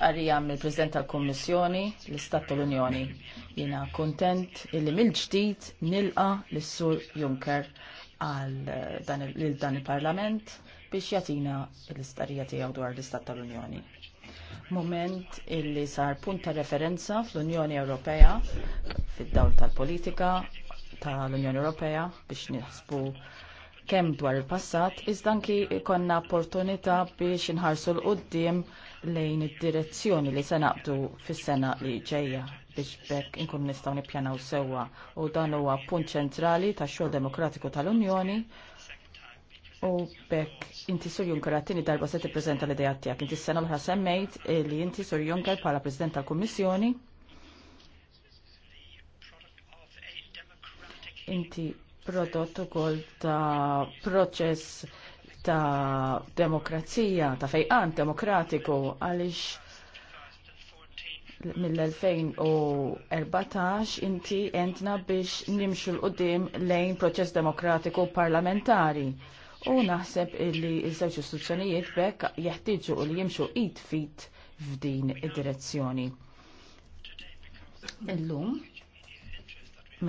stqarrija mill-President tal-Kommissjoni l-Istat tal-Unjoni. Jiena kontent illi mill-ġdid nilqa l-Sur Juncker għal eh, dan il-Parlament biex jatina l-istqarrija tiegħu dwar l-Istat tal-Unjoni. Moment illi sar punt ta' referenza fl-Unjoni Ewropea fid-dawl tal-politika tal-Unjoni Ewropea biex nisbu kemm dwar il-passat, iżda anki konna opportunità biex inħarsu l-qoddim lejn id-direzzjoni li se naqdu fis-sena li ġejja biex bekk inkun nistgħu nippjanaw sewwa u dan huwa punt ċentrali tax-xogħol demokratiku tal-Unjoni u bekk inti Sur Juncker għattini darba se tippreżenta l-idea tiegħek. Inti s-sena l semmejt li inti Sur Juncker bħala President tal-Kummissjoni inti prodott ukoll ta' proċess ta' demokrazija, ta' fejqan demokratiku għaliex mill-2014 inti entna biex nimxu l-qoddim lejn proċess demokratiku parlamentari. U naħseb illi iż-żewġ istituzzjonijiet bekk jeħtieġu li jimxu id fit f'din id-direzzjoni. Illum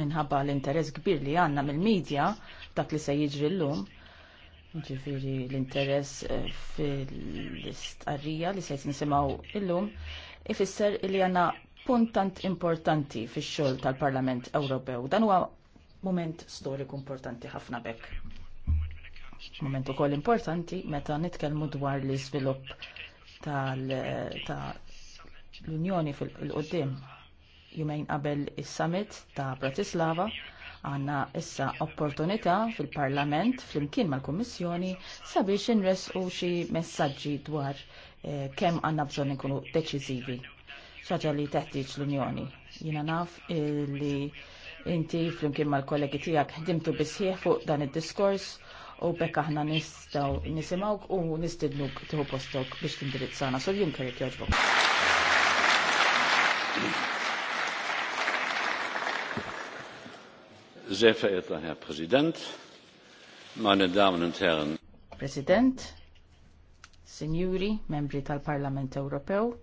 minħabba l-interess kbir li għandna mill-medja dak li se jiġri llum, ġifiri l-interess eh, fil-istqarrija li se nisimaw illum, ifisser il għanna puntant importanti fix xogħol tal-Parlament Ewropew. Dan huwa moment storiku importanti ħafna bekk. Moment ukoll importanti meta nitkellmu dwar l-iżvilupp eh, tal-Unjoni fil-qudiem jumejn qabel is-summit ta' Bratislava Għanna issa opportunità fil-Parlament flimkien mal-Kummissjoni sabiex inresqu xi messaġġi dwar eh, kemm għandna bżonn ikunu deċiżivi. Xaġa li teħtieġ l-Unjoni. Jina naf li inti flimkien mal-kollegi tiegħek ħdimtu bisħieħ fuq dan id-diskors u bekk aħna nistgħu nisimawk u nistidnuk tieħu postok biex tindirizzana. So Thank you. Sehr verehrter Herr Präsident, meine Damen und Herren. Präsident, Signori, membri tal-Parlament Ewropew,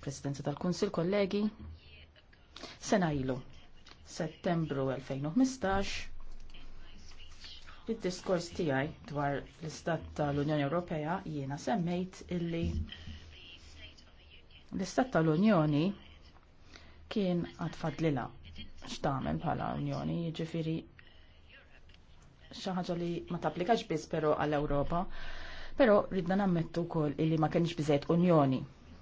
Presidenza tal-Kunsil, kollegi, sena ilu, settembru 2015, Id-diskors tiegħi dwar l-istat tal-Unjoni Ewropea jiena semmejt illi l-istat tal-Unjoni kien għad x'tagħmel bħala Unjoni, jiġifieri xi ħaġa li ma tapplikax biss però għall-Ewropa, però ridna nammettu wkoll illi ma kenix biżejt Unjoni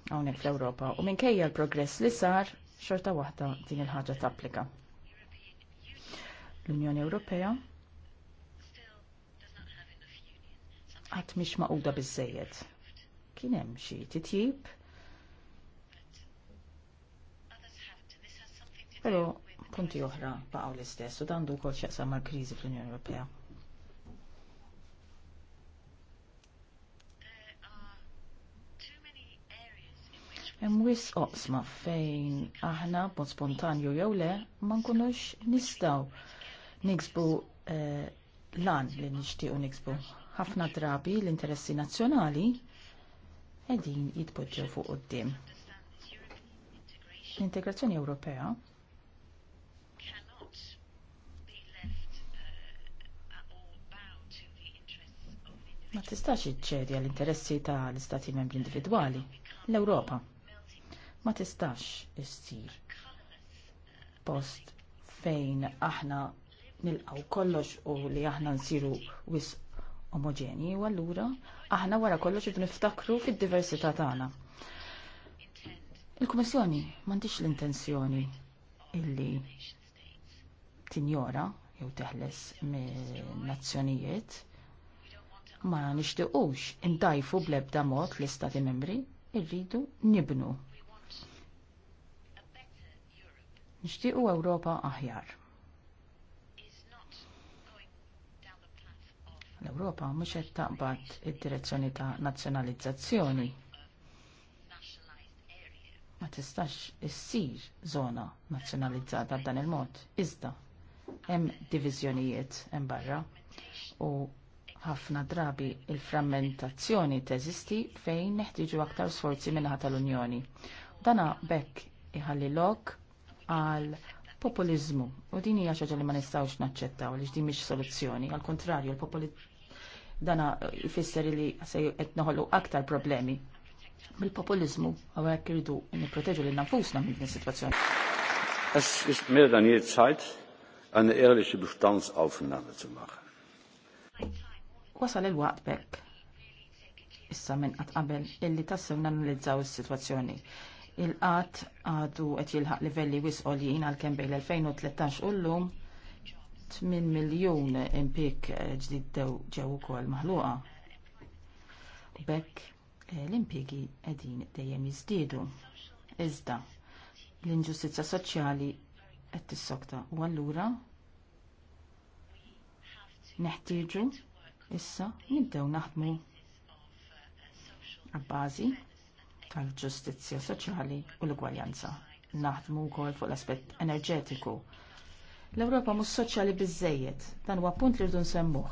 hawnhekk fl-Ewropa u minkejja l-progress li sar xorta waħda din il-ħaġa tapplika. L-Unjoni Ewropea għat miex maquda bizzejiet. Kien hemm xi titjib. Pero punti oħra baqgħu l-istess u dan du wkoll x'jaqsam mal-kriżi fl-Unjoni Ewropea. Hemm wis oqsma fejn aħna b'mod spontanju jew le ma nkunux nistgħu niksbu eh, lan li nixtiequ niksbu. Ħafna drabi l-interessi nazzjonali qegħdin jitpoġġew fuq quddiem. L-integrazzjoni Ewropea ma tistax iċċedi għall interessi ta' l-istati membri individwali. L-Ewropa ma tistax issir post fejn aħna nilqaw kollox u li aħna nsiru wis omogeni u allura aħna wara kollox idu niftakru fid-diversità tagħna. Il-Kummissjoni m'għandix l-intenzjoni illi tinjora jew teħles minn nazzjonijiet ma nixtiequx indajfu bl-ebda mod l-istati membri irridu nibnu. Nixtiequ Ewropa aħjar. L-Ewropa mhux qed taqbad id-direzzjoni ta' nazzjonalizzazzjoni ma tistax issir żona nazzjonalizzata b'dan il-mod. Iżda, hemm diviżjonijiet hemm barra u ħafna drabi il-frammentazzjoni teżisti fejn neħtiġu aktar sforzi minnaħat tal-Unjoni. Dana bekk iħalli lok għal populizmu u din hija xaġa li ma nistgħux naċċettaw li ġdi mhix soluzzjoni, għal kontrarju l dana jfisser li se qed noħolqu aktar problemi. Bil-populizmu għawek iridu nipproteġu lil nafusna minn din is-sitwazzjoni. Es ist mehr denn je Zeit, eine ehrliche Bestandsaufnahme zu machen. Wasal il-waqt berk. Issa minn qatt qabel illi tassew nanalizzaw is-sitwazzjoni. Il-qatt għadu qed jilħaq livelli wisqolin għalkemm bejn l-2013 u llum 8 miljun impik eh, ġdid ġew ukoll maħluqa. Bekk eh, l-impjegi qegħdin dejjem jiżdiedu. Iżda l inġustizza soċjali qed tissokta u allura neħtieġu Issa nibdew naħdmu għabbażi tal-ġustizzja soċjali u l-ugwaljanza. Naħdmu wkoll fuq l-aspett enerġetiku. L-Ewropa mhux soċjali biżejjed, dan huwa punt li rridu nsemmuh.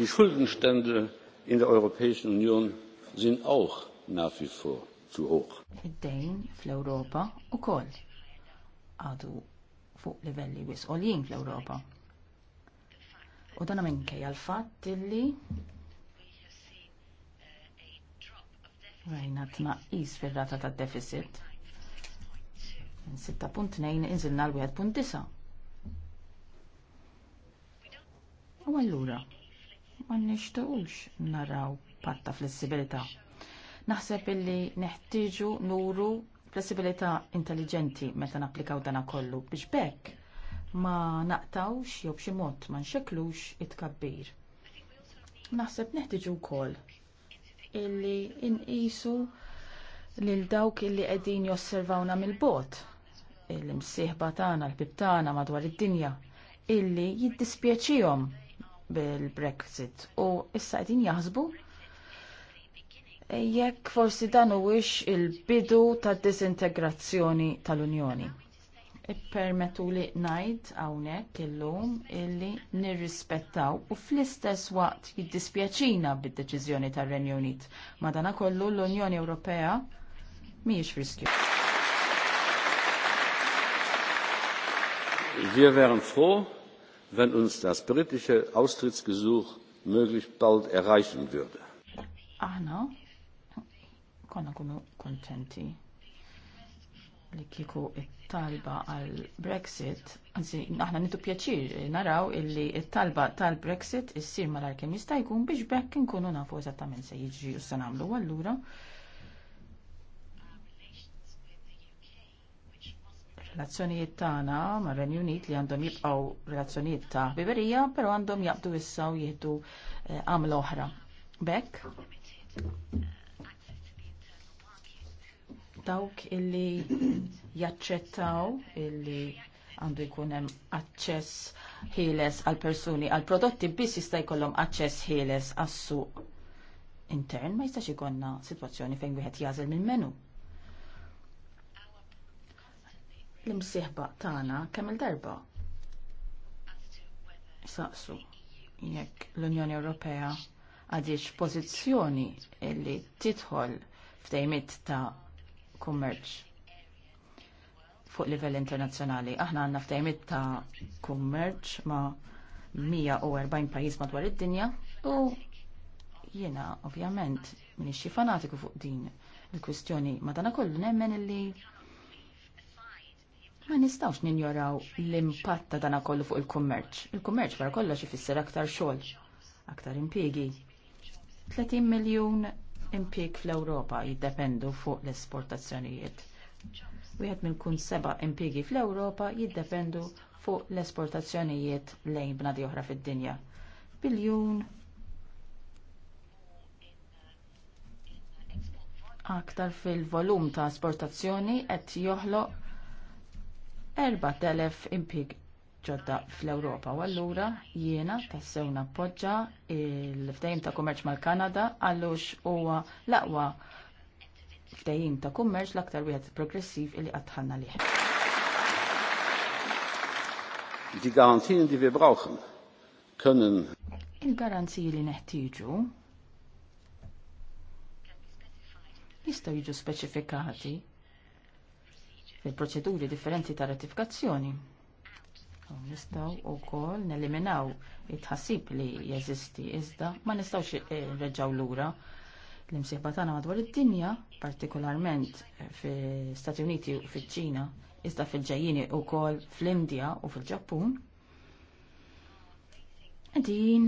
Die Schuldenstände in der Europäischen Union sind auch nach wie vor zu hoch. Id-dejn fl-Ewropa ukoll għadu fuq livelli wis oljin fl-Ewropa. U dan minnke għal-fatt illi rajna tnaqqis fir-rata tad deficit minn 6.2 inżilna l-1.9. U allura ma nixtiequx naraw patta flessibilità. Naħseb illi neħtieġu nuru flessibilità intelligenti meta napplikaw dana kollu biex bekk ma naqtawx jew b'xi mod ma nxeklux it tkabbir Naħseb neħtiġu wkoll illi inqisu lil dawk illi qegħdin josservawna mill-bot il-msieħba tagħna l-bib tagħna madwar id-dinja illi jiddispjaċihom bil-Brexit u issa qegħdin jaħsbu jekk forsi dan huwiex il-bidu tad disintegrazzjoni tal-Unjoni. Ippermetu li ngħid hawnhekk illum illi nirrispettaw u fl-istess waqt jiddispjaċina bid-deċiżjoni tar-Renju Unit. kollu l-Unjoni Ewropea mhijiex friskju. Wir wären froh, wenn uns das britische Austrittsgesuch möglichst bald erreichen würde. Aħna konna kunu kontenti li kiku it-talba għal Brexit, għanzi, aħna nitu pjaċir naraw illi it-talba tal-Brexit issir mal kemm jista' jkun biex bekk nkunu nafu eżattament se jiġri u se nagħmlu allura. Relazzjonijiet tagħna mar-Renju Unit li għandhom jibqgħu relazzjonijiet ta' biberija, però għandhom jaqdu issa u jieħdu eh, għamla oħra. Bekk, dawk illi jaċċettaw illi għandu jkun hemm aċċess ħieles għal persuni għal prodotti biss jista' jkollhom aċċess ħieles għas-suq intern ma jistax ikonna sitwazzjoni fejn wieħed jażel minn menu L-imsieħba tagħna kemm il-darba saqsu jekk l-Unjoni Ewropea għadiex pożizzjoni illi tidħol f'dejmit ta' kummerċ fuq livell internazzjonali. Aħna għandna ftajmit ta' kummerċ ma' 140 pajjiż madwar id-dinja u jiena ovvjament minixi fanatiku fuq din il-kwistjoni kollu nemmen illi ma nistawx ninjoraw l-impatt ta' dana kollu fuq il-kummerċ. Il-kummerċ barra kollu ifisser aktar xogħol, aktar impiegi. 30 miljun impjieg fl-Ewropa jiddependu fuq l-esportazzjonijiet. Wieħed minn kun seba' impjiegi fl-Ewropa jiddependu fuq l-esportazzjonijiet lejn bnadi oħra fid-dinja. Biljun aktar fil-volum ta' esportazzjoni qed joħloq 4,000 impjieg ġodda fl-Ewropa. U allura jiena tassew nappoġġa il-ftehim ta' kummerċ mal-Kanada għallux huwa l-aqwa ftehim ta' kummerċ l-aktar wieħed progressiv li għadħanna liħ. Die Garantien, die wir brauchen, können Il-garanziji li neħtieġu jistgħu jiġu speċifikati fil-proċeduri differenti ta' ratifikazzjoni. Nistaw u kol neliminaw it-ħassib li jeżisti, iżda ma nistawx eh, reġaw lura l-imsiħba tagħna madwar id-dinja, partikolarment eh, fl-Stati Uniti u fiċ-Ċina, iżda fil-ġejjini u kol fl-Indja u fil-Ġappun. Din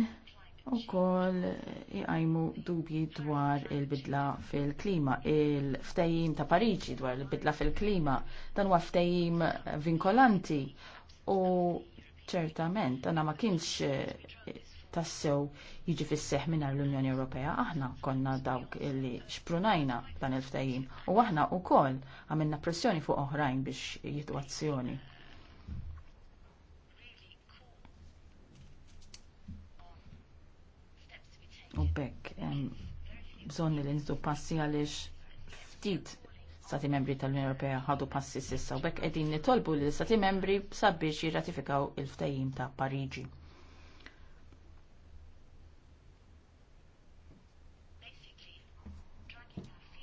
u kol eh, jgħajmu dubji dwar il-bidla fil-klima, il-ftejim ta' Pariġi dwar il-bidla fil-klima, dan u ftejim vinkolanti U ċertament, għana ma kienx eh, tassew jiġi fisseħ minna l-Unjoni Ewropea, aħna konna dawk li xprunajna dan il-ftajim u aħna u kol għamilna pressjoni fuq oħrajn biex jitu azzjoni. U bekk, bżonni li nżdu passi għalix ftit stati membri tal-Unjoni Ewropea ħadu passi sissa u bekk qegħdin nitolbu li stati membri sabiex jirratifikaw il ftehim ta' Pariġi.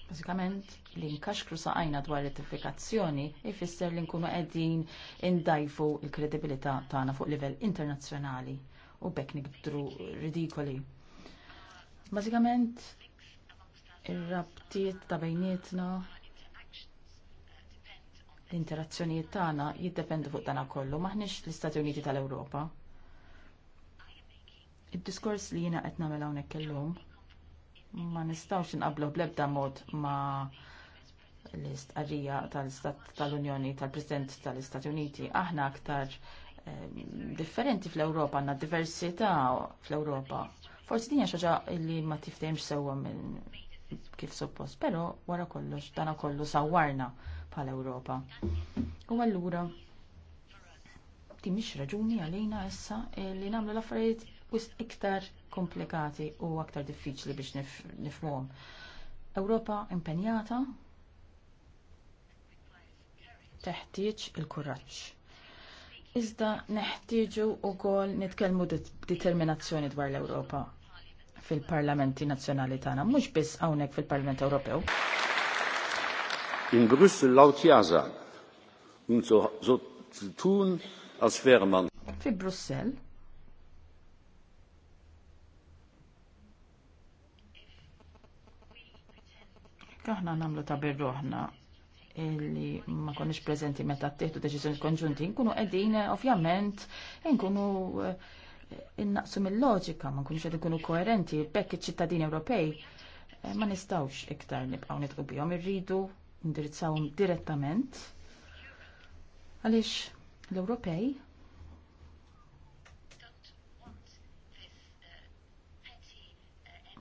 Basikament, l-inkaxkru saqajna dwar ratifikazzjoni jfisser li nkunu qegħdin indajfu l kredibilità tagħna fuq livell internazzjonali u bekk nikdru ridikoli. Basikament, ir-rabtiet ta' bejnietna L-interazzjonijiet tagħna jiddependu fuq dan kollu, maħniex l-Istati Uniti tal-Ewropa. Id-diskors li jiena qed nagħmel hawnhekk illum ma nistgħux inqablu bl-ebda mod ma' l-istqarrija tal-Istat tal-Unjoni tal-President tal-Istati Uniti. Aħna aktar ehm, differenti fl-Ewropa, għandna diversità fl-Ewropa. Forsi dinja xaġa li ma tiftehmx sewwa minn kif suppost, però wara kollox dana kollu sawwarna bħala Ewropa. U allura ti mhix raġuni għalina issa eh, li nagħmlu l-affarijiet iktar komplikati u aktar diffiċli biex nifhmuhom. Ewropa impenjata teħtieġ il-kuraġġ. Iżda neħtieġu wkoll nitkellmu determinazzjoni dwar l-Ewropa fil-parlamenti nazzjonali tagħna, mhux biss hawnhekk fil-Parlament Ewropew. In Brüssel laut ja und um so, so tun, als wäre man. Fi Brussell? Aħna namlu ta' berruħna illi ma konniex prezenti meta t deċiżjoni konġunti, nkunu qegħdin eh, ovvjament nkunu uh, innaqsu mill-loġika, ma nkunux qed ikunu koerenti, bekk iċ-ċittadini Ewropej eh, ma nistawx iktar nibqgħu nitqu bihom irridu indirizzawhom direttament. Għaliex l-Ewropej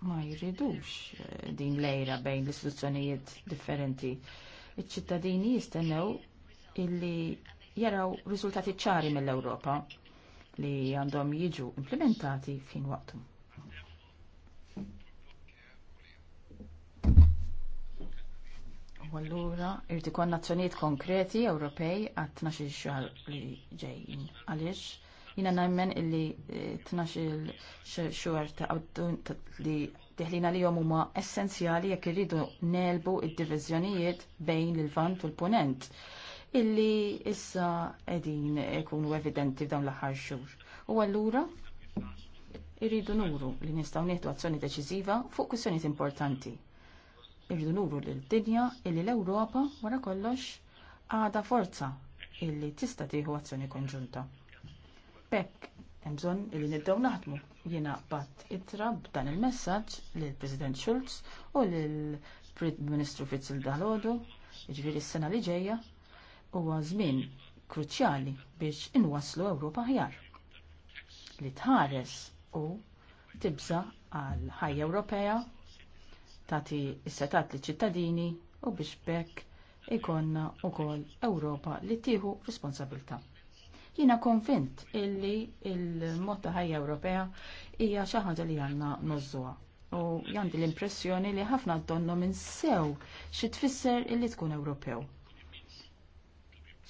ma jridux eh, din lejra bejn l-istituzzjonijiet differenti. Iċ-ċittadini jistennew illi jaraw riżultati ċari mill-Ewropa li għandhom jiġu implementati fin waqtum. U allura irti kon nazzjonijiet konkreti Ewropej għat 12 xahar li ġejjin. Għaliex jina najmen illi 12 eh, xahar ta' li diħlina li jom huma essenzjali jekk irridu nelbu id-diviżjonijiet bejn il-vant u l-punent. il vant u l ponent il vant u l punent illi issa edin ikunu evidenti f'dawn l-aħħar xhur. U allura irridu nuru li nistgħu nieħdu azzjoni deċiżiva fuq kwistjonijiet importanti. Irridu nuru lil dinja illi l-Ewropa wara kollox għada forza illi tista' tieħu azzjoni konġunta. Bekk hemm bżonn illi nibdew naħdmu. Jiena batt itra b'dan il-messaġġ lill President Schulz u lill Prim Ministru Fitzel Dalodu, jiġifieri s-sena li ġejja huwa żmien kruċjali biex inwasslu Ewropa ħjar li tħares u tibza għal ħajja Ewropea tagħti s-setat li ċittadini u biex bekk ikonna wkoll Ewropa li tiħu responsabilta. Jiena konvint illi il motta ħajja Ewropea hija xi ħaġa li għandna nożżuha. U għandi l-impressjoni li ħafna donnu minn sew xi tfisser illi tkun Ewropew.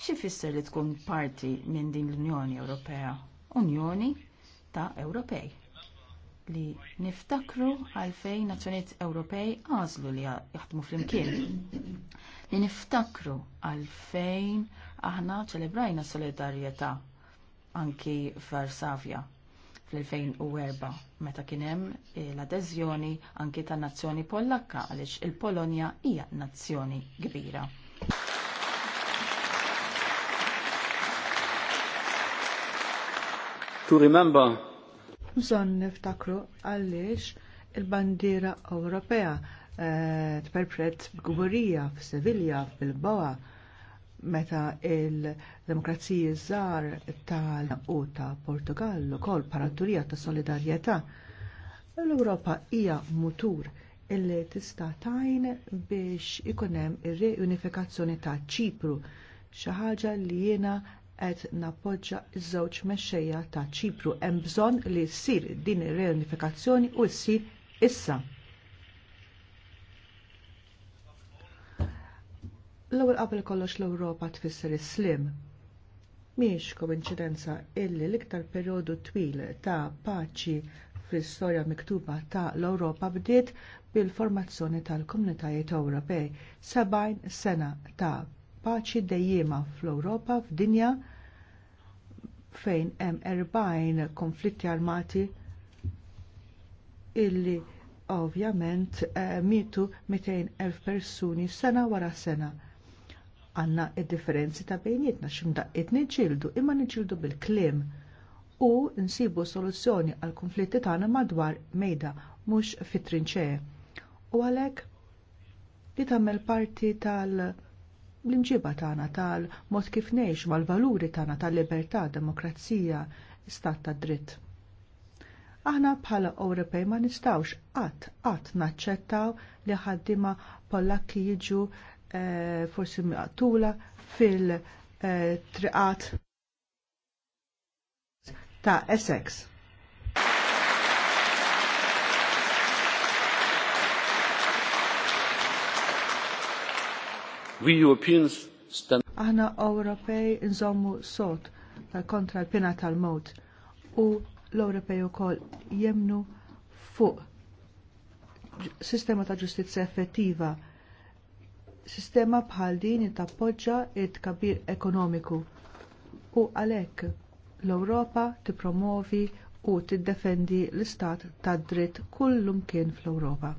Xi fisser li tkun parti minn din l-Unjoni Ewropea? Unjoni ta' Ewropej li niftakru għalfejn nazzjoniet Ewropej għażlu li jaħdmu flimkien. Li niftakru għalfejn aħna ċelebrajna solidarjetà anki f'Varsavja fl-2004 meta kien hemm l-adeżjoni anki tan nazzjoni Pollakka għaliex il-Polonja hija nazzjoni kbira. to remember. Bżonn niftakru għaliex il-bandiera Ewropea eh, tperpret b'gwerija f'Sevilja, f'Bilboa, meta il-demokrazija żgħar tal u ta' Portugal ukoll paraturija ta' solidarjetà. L-Ewropa hija mutur illi tista' tajn biex ikun hemm ir-reunifikazzjoni ta' Ċipru xi ħaġa li jiena qed nappoġġa ż-żewġ mexxejja ta' Ċipru. Hemm bżonn li ssir din ir-reunifikazzjoni u ssir issa. L-ewwel qabel kollox l-Ewropa tfisser is-slim. Mhix koinċidenza illi l-iktar perjodu twil ta' paċi fl-istorja miktuba ta' l-Ewropa bdiet bil-formazzjoni tal-Komunitajiet Ewropej. 70 sena ta' paċi dejjema fl-Ewropa f'dinja fejn hemm erbajn konflitti armati illi ovvjament eh, mitu 200.000 persuni sena wara sena. Għanna id-differenzi ta' bejnietna etni ġildu imma niġildu bil-klim u nsibu soluzzjoni għal konflitti tagħna madwar mejda mhux fit trinċe U għalhekk li tagħmel parti tal- l-imġiba tagħna tal-mod kif ngħix mal-valuri tagħna tal-libertà, demokrazija, stat ta' dritt. Aħna bħala Ewropej ma nistawx qatt qatt naċċettaw li ħaddiema Pollakki jiġu e, forsi miqtula fil-triqat eh, ta' Essex. We Europeans stand. Aħna Ewropej nżommu sot kontra l-pina tal-mod u l-Ewropej ukoll jemnu fuq sistema ta' ġustizzja effettiva. Sistema bħal din tappoġġa it-kabir ekonomiku u għalhekk l-Ewropa tippromovi u tiddefendi l-istat tad dritt kullum kien fl-Ewropa.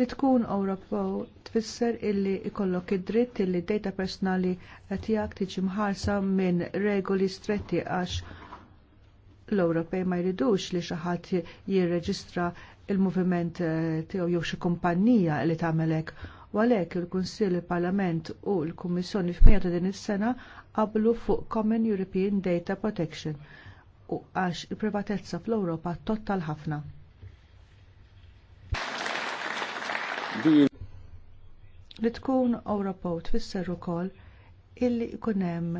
Li tkun Ewropew tfisser illi ikollok id-dritt illi data personali tiegħek tiġi mħarsa minn regoli stretti għax l-Ewropej ma jridux li xi ħadd jirreġistra il-moviment eh, tiegħu jew xi kumpanija li tagħmel hekk. U għalhekk il-Kunsill, il-Parlament u l-Kummissjoni f'Mejja ta' din is-sena qablu fuq Common European Data Protection u għax il-privatezza fl-Ewropa tottal ħafna. din. Li tkun Ewropew tfisser ukoll illi jkun hemm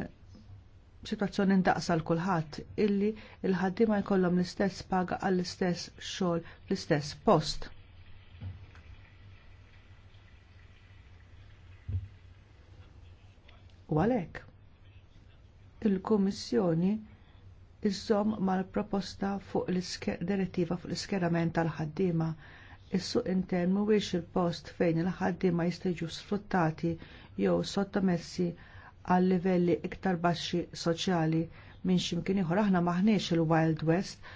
sitwazzjoni ndaqsa l kulħadd illi l-ħaddiema jkollhom l-istess paga għall-istess xogħol fl-istess post. U għalhekk il-Kummissjoni iżżomm mal-proposta fuq l-direttiva fuq l-iskerament tal-ħaddiema Is-suq intern mhuwiex il-post fejn il-ħaddiema jistiġu sfruttati jew sottomessi għal livelli iktar baxxi soċjali minn x'imkien ieħor aħna maħniex il-Wild West,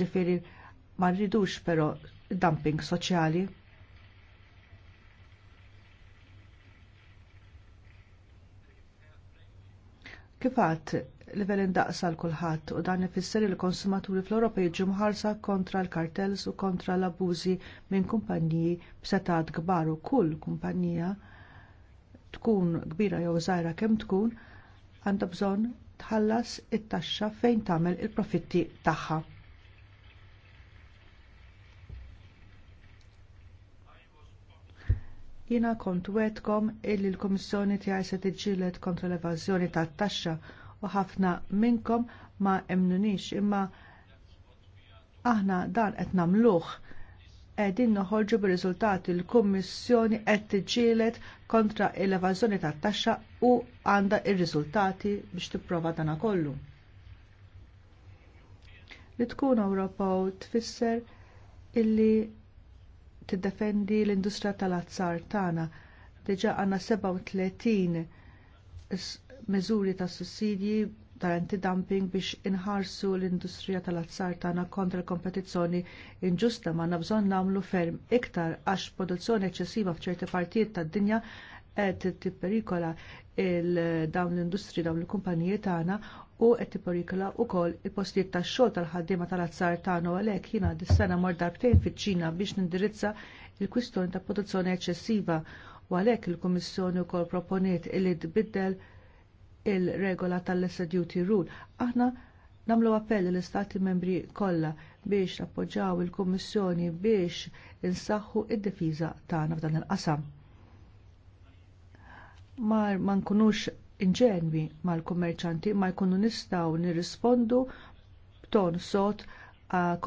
ġifieri ma rridux però dumping soċjali. Kif Kifat livell indaqsa l kulħadd u dan ifisser li l-konsumaturi fl-Ewropa jiġu mħarsa kontra l-kartels u kontra l-abużi minn kumpaniji b'setat kbar u kull kumpanija tkun kbira jew żgħira kemm tkun għandha bżonn tħallas it-taxxa fejn tagħmel il-profitti tagħha. Jiena kont wetkom illi l-Komissjoni tiegħi se tiġġieled kontra l-evażjoni tat-taxxa u ħafna minnkom ma emnunix imma aħna dan qed nagħmluh qegħdin noħorġu bir-riżultati l-Kummissjoni qed tiġġieled kontra l-evażjoni tat-taxxa u għandha r-riżultati biex tipprova dana kollu. Li tkun Ewropew tfisser illi tiddefendi l-industrija tal-azzar tagħna diġà għandna 37 miżuri ta' sussidji ta' antidumping biex inħarsu l-industrija tal-azzar tagħna kontra l-kompetizzjoni inġusta ma bżonn nagħmlu ferm iktar għax produzzjoni eċċessiva f'ċerti partijiet tad-dinja qed tipperikola dawn l-industri dawn il-kumpaniji tagħna u qed tipperikola wkoll il-postijiet tax-xogħol tal-ħaddiema tal-azzar tagħna u għalhekk jiena dis-sena mor darbtejn fiċ-Ċina biex nindirizza l kwistjoni ta' produzzjoni eċċessiva u għalhekk il-Kummissjoni wkoll proponiet li tbiddel il-regola tal-Duty Rule. Aħna namlu appell l-Istati membri kollha biex appoġġaw il-Kummissjoni biex insaħħu id-difiża tagħna f'dan il-qasam. Mar ma nkunux inġenwi mal-kummerċanti ma jkunu nistgħu nirrispondu b'ton sot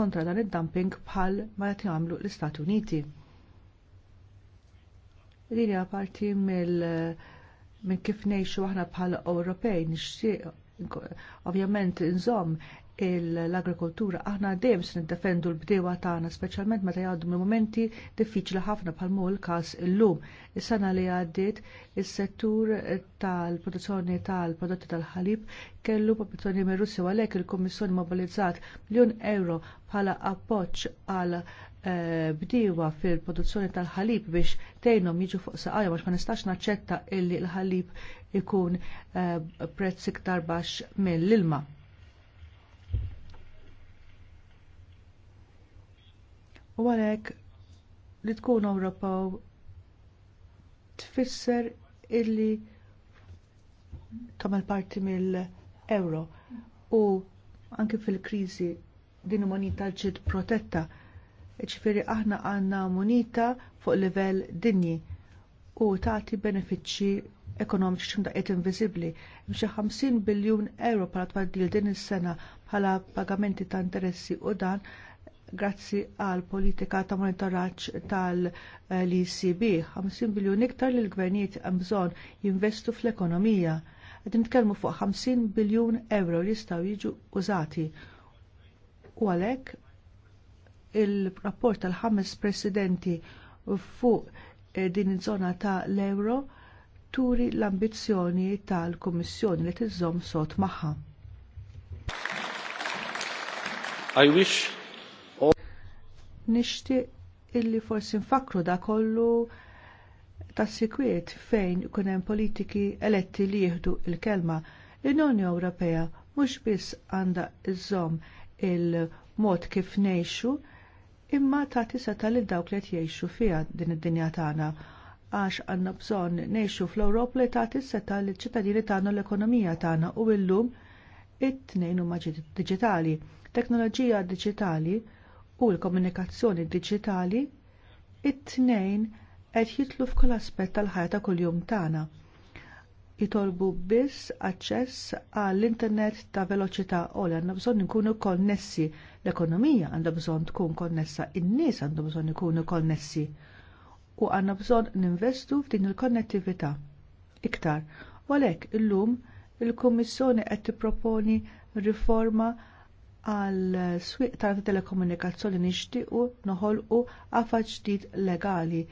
kontra dan id-dumping bħal ma qed jagħmlu l-Istati Uniti. Din hija parti mill- minn kif ngħixu aħna bħala Ewropej nixtieq ovvjament nżomm l-agrikoltura aħna dejjem se niddefendu l-bdewa tagħna speċjalment meta jgħaddu minn momenti diffiċli ħafna bħal mu l-każ illum. Is-sena li għaddiet is-settur tal-produzzjoni tal-prodotti tal-ħalib kellu produzzjoni mir Russja għalhekk il-Kummissjoni mobilizzat miljun euro bħala appoġġ għal Eh, bdiewa fil-produzzjoni tal-ħalib biex tgħinhom jiġu fuq saqajja għax ma nistax naċċetta illi l-ħalib ikun eh, prezz iktar baxx mill-ilma. U għalhekk li tkun Ewropew tfisser illi tagħmel parti mill-euro u anke fil-kriżi din moneta ġiet protetta ċifiri aħna għandna munita fuq livell dinji u tagħti benefiċċji ekonomiċi x'imdaqiet inviżibbli. Hemm xi 50 biljun euro bħala tfaddil din is-sena bħala pagamenti ta' interessi u dan grazzi għal politika ta' monitoraġġ tal-ECB. 50 biljun iktar li l-gvernijiet hemm bżonn jinvestu fl-ekonomija. Qed nitkellmu fuq 50 biljun euro li jistgħu jiġu użati. U għalhekk il-rapport tal-ħames presidenti fuq eh, din iż-żona ta' l-euro turi l-ambizzjoni tal-Kummissjoni li tiżżomm sod magħha. I wish Nixtieq illi forsi nfakru da kollu ta' sikwiet fejn kun hemm politiki eletti li jieħdu l kelma L-Unjoni Ewropea mhux biss għandha iżżomm il-mod kif ngħixu imma tagħti seta' lil dawk li qed jgħixu fiha din id-dinja tagħna għax għandna bżonn ngħixu fl europ li tagħti seta' li ċittadini tagħna l-ekonomija tagħna u llum it-tnejn huma diġitali. Teknoloġija diġitali u l-komunikazzjoni diġitali it-tnejn qed jitlu f'kull aspett tal-ħajja ta' kuljum tagħna jitolbu biss aċċess għall-internet ta' veloċità għolja għandna bżonn nkunu konnessi. L-ekonomija għandha bżonn tkun konnessa, in-nies għandhom bżonn ikunu konnessi. U għandna bżonn ninvestu f'din il-konnettività. Iktar, u għalhekk illum il-Kummissjoni qed tipproponi riforma għal swieq tal telekomunikazzjoni nixtiequ noħolqu għafa ġdid legali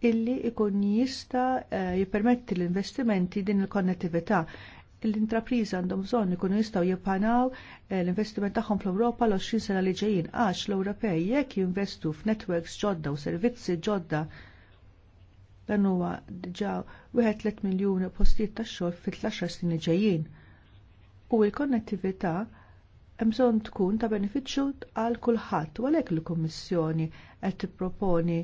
illi ikun jista eh, jippermetti l-investimenti din il-konnettività. L-intrapriża għandhom bżonn ikunu jistgħu jippanaw eh, l-investiment tagħhom fl-Ewropa l-20 sena li ġejjin għax l-Ewropej jekk jinvestu f'networks ġodda u servizzi ġodda dan huwa diġà wieħed 3 miljun postijiet tax-xogħol fit-13 snin ġejjin. U l-konnettività hemm bżonn tkun ta' benefiċċju għal kulħadd u għalhekk il-Kummissjoni qed tipproponi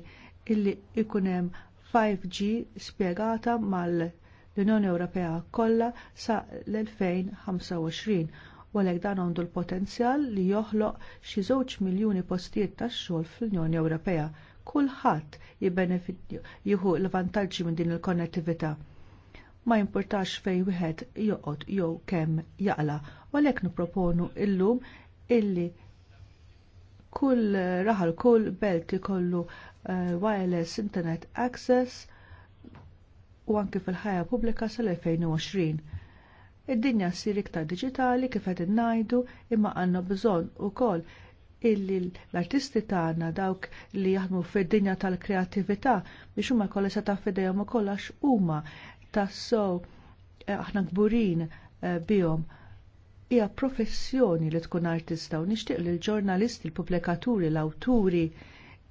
illi ikun hemm 5G spjegata mal-Unjoni Ewropea kollha sa l-2025 u għalhekk dan għandu l-potenzjal li joħloq xi żewġ miljuni postijiet tax-xogħol fl-Unjoni Ewropea. Kulħadd jieħu l-vantaġġi minn din il-konnettività. Ma jimpurtax fejn wieħed joqgħod jew kemm jaqla. U għalhekk nipproponu llum illi kull raħal kull belt ikollu uh, wireless internet access u anki fil-ħajja pubblika sal-2020. Id-dinja ssir iktar diġitali kif qed innajdu imma għandna bżonn ukoll illi l-artisti tagħna dawk li jaħdmu fid-dinja tal-kreattività biex huma jkollha seta' f'idejhom ukoll għax huma tassew eh, aħna kburin eh, bihom hija professjoni li tkun artista u nixtieq lill ġurnalisti, l-pubblikaturi, l-awturi,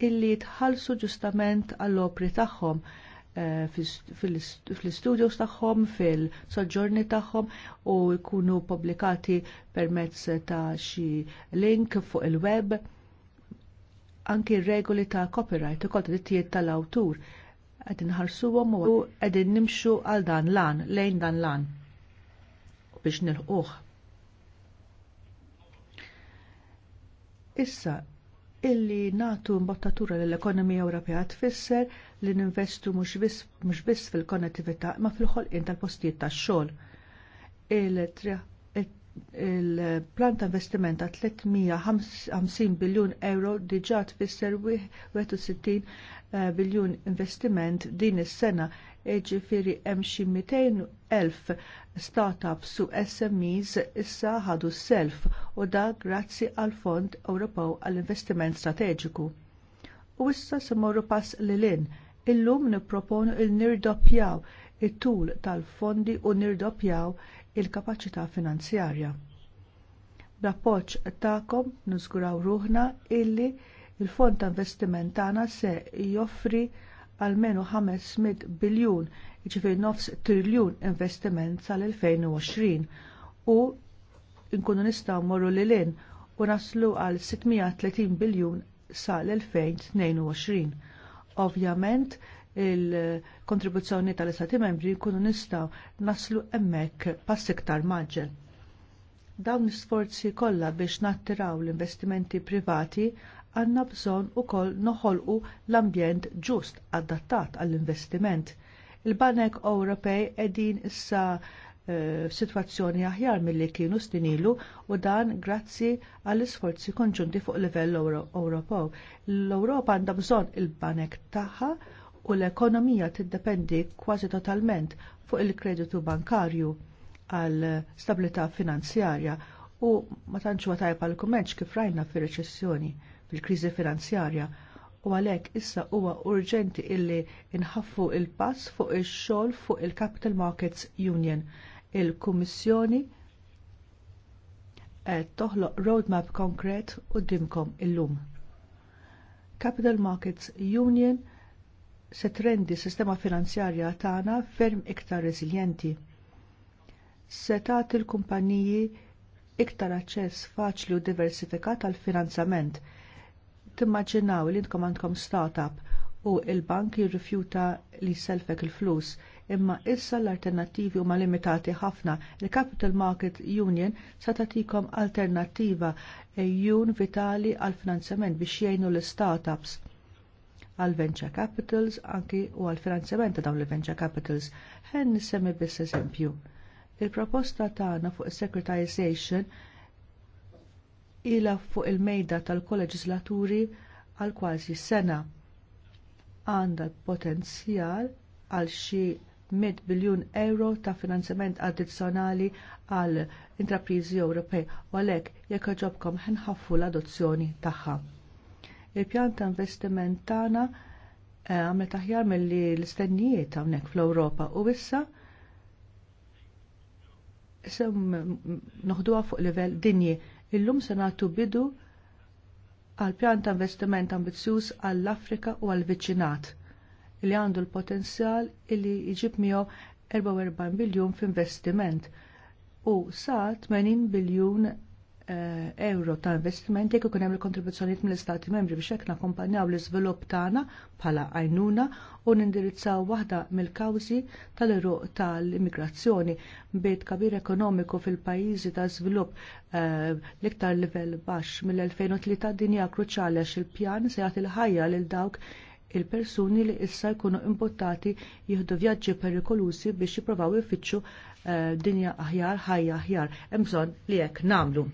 illi tħallsu ġustament għall-opri tagħhom eh, fil-studios tagħhom, fil-soġġorni tagħhom u jkunu publikati permezz ta' xi link fuq il-web anki regoli ta' copyright u kol tal-awtur qed inħarsuhom u qegħdin nimxu għal dan lan, lejn dan lan biex nilħuh. Issa, illi natu mbottatura l-ekonomija Ewropea tfisser li ninvestu mhux biss fil-konnettività ma fil-ħolqien tal-postijiet tax-xogħol. Il-plan ta' investiment ta' 350 biljun euro diġà tfisser 61 eh, biljun investiment din is-sena ġifiri hemm xi elf startups su SMEs issa ħadu self u da grazzi għal Fond Ewropew għall-Investiment Strateġiku. U issa se morru pass lilin, illum nipproponu il nirdoppjaw it-tul tal-fondi u nirdoppjaw il-kapaċità finanzjarja. B'appoġġ tagħkom niżguraw ruħna illi il-fond ta' investiment tagħna se joffri għalmenu 500 biljun, ġifir nofs triljun investiment sal-2020 u nkunu nistaw morru li lin u naslu għal 630 biljun sal-2022. Ovjament, il-kontribuzzjoni tal-Istati membri jkunu nistgħu naslu hemmhekk pass iktar maġġel. Dawn l isforzi kollha biex nattiraw l-investimenti privati għandna bżonn ukoll noħolqu l-ambjent ġust adattat għall-investiment. Il-Banek Ewropej qegħdin issa eh, situazzjoni aħjar milli kienu stinilu u dan grazzi għall isforzi konġunti fuq livell Ewropew. L-Ewropa għandha bżonn il-banek tagħha u l-ekonomija tiddependi kważi totalment fuq il-kreditu bankarju għal stabilità finanzjarja u ma tantx huwa tajba l-kummerċ kif rajna fir-reċessjoni fil-kriżi finanzjarja u għalhekk issa huwa urġenti illi inħaffu l il pass fuq ix-xogħol fuq il-Capital Markets Union. Il-Kummissjoni qed toħloq roadmap konkret qudiemkom illum. Capital Markets Union se trendi sistema finanzjarja tagħna ferm iktar reżiljenti. Se tagħti l-kumpaniji iktar aċċess faċli u diversifikat għal finanzament Timmaġinaw li ntkom għandkom startup u l bank jirrifjuta li selfek il-flus imma issa l-alternattivi huma limitati ħafna. Il-Capital Market Union sa tagħtikom alternattiva e jun vitali għall finanzjament biex jgħinu l-startups għal venture capitals anki u għal finanzjament ta' dawn il-venture capitals. Ħen nisemmi biss eżempju. Il-proposta tagħna fuq is securitization ilha fuq il-mejda tal-koleġislaturi għal kważi sena. Għandha potenzjal għal xi 100 biljun euro ta' finanzjament addizzjonali għal intrapriżi Ewropej u għalhekk jekk ġobkom ħenħaffu l-adozzjoni tagħha. Il-pjan ta' investiment tagħna eh, għamlet aħjar milli l-istennijiet hawnhekk fl-Ewropa u issa sem noħduha fuq livell dinji Illum se nagħtu bidu għal pjan ta' investiment ambizzjuż għall-Afrika u għall-viċinat li għandu l-potenzjal li jġib miegħu 44 biljun f'investiment u sa 80 biljun Eh, euro ta' investimenti kif hemm il-kontribuzzjonijiet mill-Istati membri biex hekk nakkompanjaw l-iżvilupp tagħna bħala għajnuna u nindirizzaw waħda mill-kawżi tal-eruq tal-immigrazzjoni bejt kabir ekonomiku fil-pajjiżi ta' żvilupp eh, l-iktar livell baxx mill-2003 din hija kruċjali għax il-pjan se jagħti l-ħajja lil dawk il-persuni li issa jkunu imbuttati jieħdu vjaġġi perikolusi biex jippruvaw uh, dinja aħjar, ħajja aħjar. Hemm bżonn li jekk nagħmlu.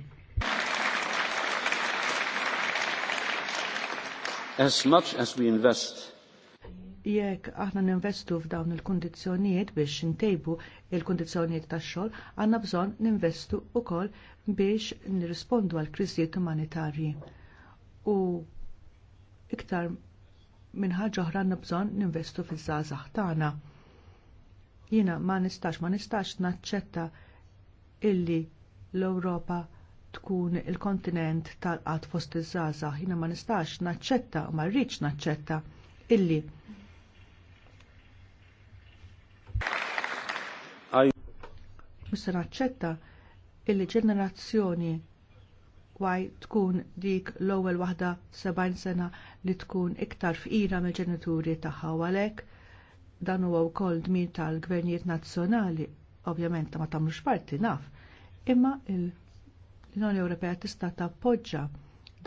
as much as we invest jekk aħna ninvestu f'dawn il-kundizzjonijiet biex ntejbu il-kundizzjonijiet tax-xogħol, għandna bżonn ninvestu wkoll biex nirrispondu għal kriżijiet umanitarji. U iktar minn ħaġa oħra għandna bżonn ninvestu fiż-żgħażagħ tagħna. Jiena ma nistax ma nistax naċċetta illi l-Ewropa tkun il-kontinent tal-qat fost iż-żgħażagħ. Jiena ma nistax naċċetta u ma rridx naċċetta illi Mista naċċetta illi ġenerazzjoni waj tkun dik l-ewwel waħda 70 sena li tkun iktar fqira mill-ġenituri tagħha għalhekk dan huwa wkoll dmir tal-gvernijiet nazzjonali, ovvjament ma tagħmlux parti naf, imma il- l-Unjoni Ewropea tista' tappoġġa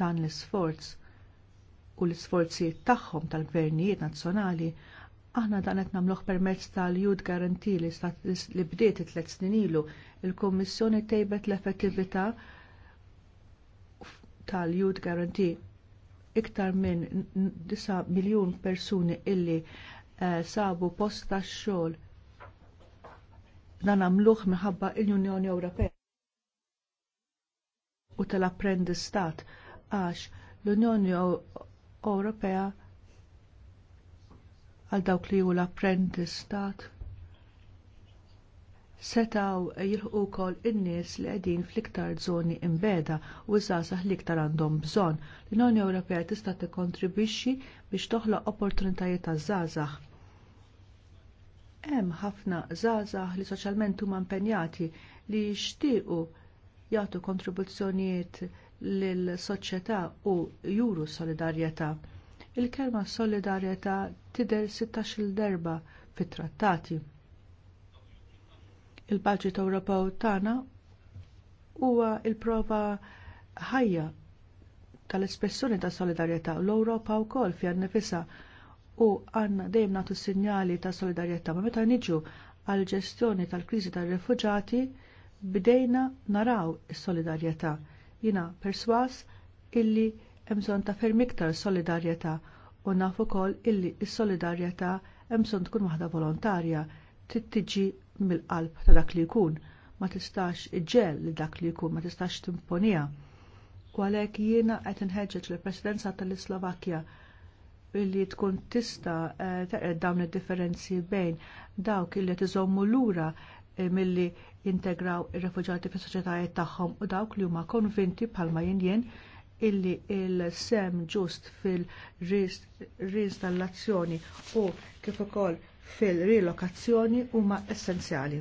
dan l-isforz u l-isforzijiet tagħhom tal-gvernijiet nazzjonali, aħna dan qed nagħmluh permezz tal-Jud Garanti li bdiet it-tliet snin ilu, il-Kummissjoni tejbet l-effettività tal-Jud Garanti iktar minn 9 miljun persuni illi eh, sabu posta x xogħol dan nagħmluh minħabba l-Unjoni Ewropea u tal-apprendistat għax l-Unjoni Ewropea għal dawk li hu l-apprendistat setaw jilħqu wkoll in-nies li qegħdin fl-iktar żoni imbeda u zazah li iktar għandhom bżonn. L-Unjoni Ewropea tista' tikkontribwixxi biex toħloq opportunitajiet ta' zazah. Hemm ħafna żgħażagħ li soċjalment huma impenjati li jixtiequ jagħtu kontribuzzjonijiet lill soċjetà u juru solidarjetà. Il-kelma solidarjetà tidher 16-il darba fit-trattati. Il-Baġit Ewropew tagħna huwa l prova ħajja tal-espressjoni ta' solidarjetà l-Ewropa wkoll fiha nifisha u għandna dejjem nagħtu sinjali ta' solidarjetà ma meta niġu għall ġestjoni tal-kriżi tar-refuġati bdejna naraw is-solidarjetà. Jina perswas illi hemm bżonn ta' ferm iktar solidarjetà u naf ukoll illi s-solidarjetà hemm bżonn tkun waħda volontarja trid tiġi mill-qalb ta' dak li jkun ma tistax iġġel li dak li jkun ma tistax timponija. U għalhekk jiena qed inħeġġeġ lill presidenza tal-Islovakkja illi tkun tista eh, teqred dawn id-differenzi bejn dawk illi tiżommu lura eh, milli jintegraw ir refuġjati fis soċjetajiet tagħhom u dawk li huma konvinti bħalma jien jien illi il-sem ġust fil-reinstallazzjoni u kif ukoll fil-rilokazzjoni huma essenzjali.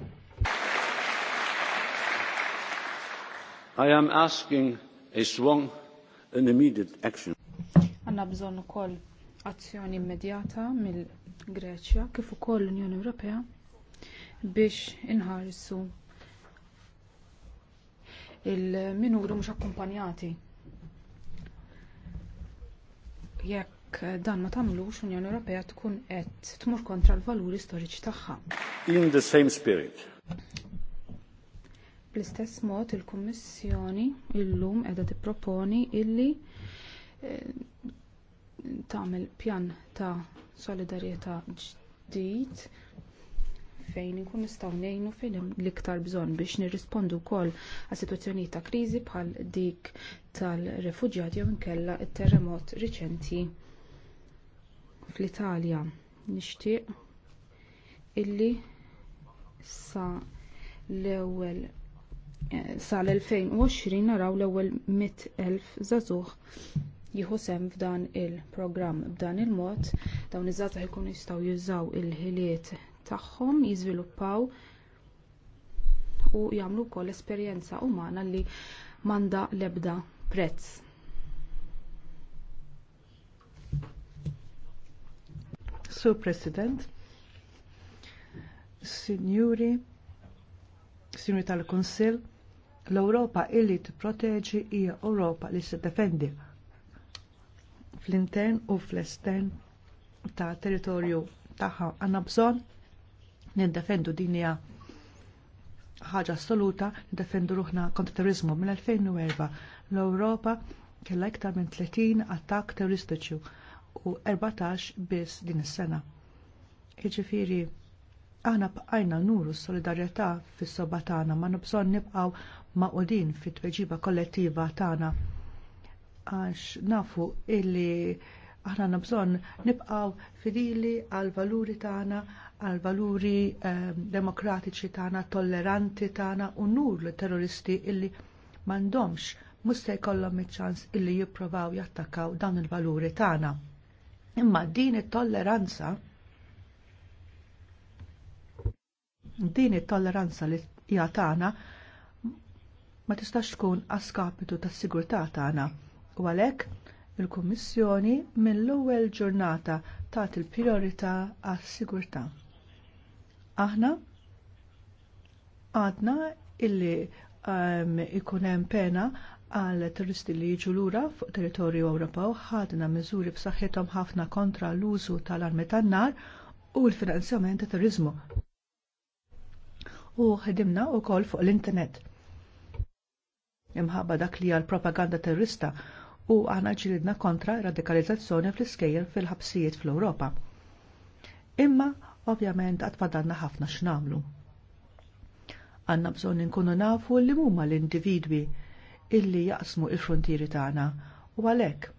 I am asking a strong and immediate action. Għanna bżonn ukoll azzjoni immedjata mill-Greċja kif ukoll l-Unjoni Ewropea biex inħarsu il minuru mhux akkumpanjati. Jekk dan ma tagħmlux Unjoni Ewropea tkun qed tmur kontra l-valuri storiċi tagħha. In the same spirit. Bl-istess mod il-Kummissjoni illum qiegħda tipproponi illi eh, tagħmel pjan ta' solidarjetà ġdid fejn inkun nistgħu ngħinu hemm l-iktar bżonn biex nirrispondu wkoll għal sitwazzjoni ta' kriżi bħal dik tal-refuġjati jew inkella t terremot riċenti fl-Italja. Nixtieq illi sa l-ewwel sal-2020 naraw l-ewwel 100,000 żagħżugħ jieħu sehem f'dan il-programm. B'dan il-mod dawn iż-żagħżugħ ikunu jistgħu jużaw il-ħiliet tagħhom jiżviluppaw u jagħmlu wkoll esperjenza umana li manda l-ebda prezz. Sur President, Signuri, Signuri tal-Konsil, l-Europa illi t-proteġi hija Europa li se defendi fl-intern u fl-estern ta' territorju tagħha għandna bżonn niddefendu din hija ħaġa assoluta, nindefendu ruħna kontra terrorizmu mill-2004. L-Ewropa kellha iktar minn 30 attakk terroristiċi u 14 biss din is-sena. Jiġifieri aħna bqajna nuru s-solidarjetà fis-soba tagħna ma nibżonn nibqgħu maqudin fit-tweġiba kollettiva tagħna. Għax nafu illi aħna nibżonn nibqgħu fidili għal valuri tagħna għal valuri ehm, demokratiċi tagħna, tolleranti tagħna u nur li terroristi illi m'għandhomx mhux se jkollhom iċ-ċans illi jippruvaw jattakaw dawn il-valuri tagħna. Imma din it-tolleranza din it-tolleranza li hija tagħna ma tistax tkun għaskapitu tas-sigurtà tagħna. U għalhekk il-Kummissjoni mill-ewwel ġurnata tagħti il-priorità għas-sigurtà. Aħna għadna illi um, ehm, ikunem pena għal turisti li jiġu lura fuq territorju Ewropew ħadna miżuri b'saħħithom ħafna kontra l-użu tal-armi tan-nar u l-finanzjament ta' turizmu. U ħedimna wkoll fuq l-internet. Imħabba dak li għal propaganda terrorista u aħna ġilidna kontra radikalizzazzjoni fl-iskejjer fil-ħabsijiet fl-Ewropa. Imma Ovvjament għad fadanna ħafna x'namlu. Għanna bżonn inkunu nafu li huma l-individwi illi jaqsmu il-frontieri tagħna u għalhekk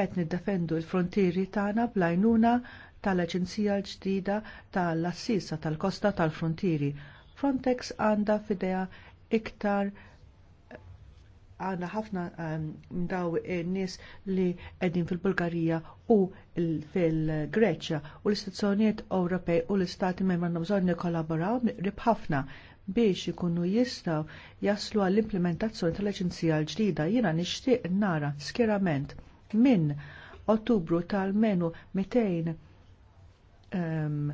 qed niddefendu l-frontieri tagħna blajnuna tal-Aġenzija l-ġdida tal-Assisa tal-Kosta tal-Frontieri. Frontex għandha fidea iktar għanna ħafna minn ehm, daw in-nies li qegħdin fil-Bulgarija u fil-Greċja u l-istituzzjonijiet Ewropej u l-istati membri għandhom bżonn jikkollaboraw rib ħafna biex ikunu jistgħu jaslu għall-implementazzjoni tal-Aġenzija l-ġdida jiena nixtieq nara skjerament minn Ottubru tal-menu 200 um,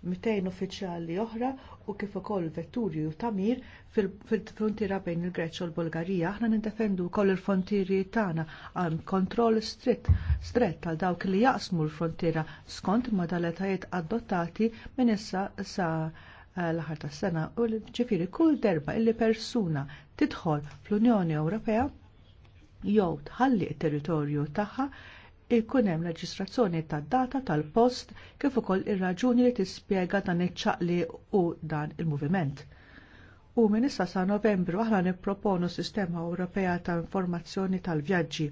200 uffiċjali oħra u kif ukoll vetturi u tamir fil-frontiera bejn il-Greċja u l-Bulgarija. Aħna nindefendu wkoll il-frontieri tagħna għal kontroll stritt strett għal dawk li jaqsmu l-frontiera skont modalitajiet adottati minn issa sa eh, l-aħħar tas-sena u ġifieri kull derba illi persuna tidħol fl-Unjoni Ewropea jew tħalli t territorju tagħha ikun hemm reġistrazzjoni tad-data tal-post kif ukoll ir-raġuni li tispjega dan iċ-ċaqli u dan il-moviment. U minn issa sa Novembru aħna nipproponu Sistema Ewropea ta' Informazzjoni tal-Vjaġġi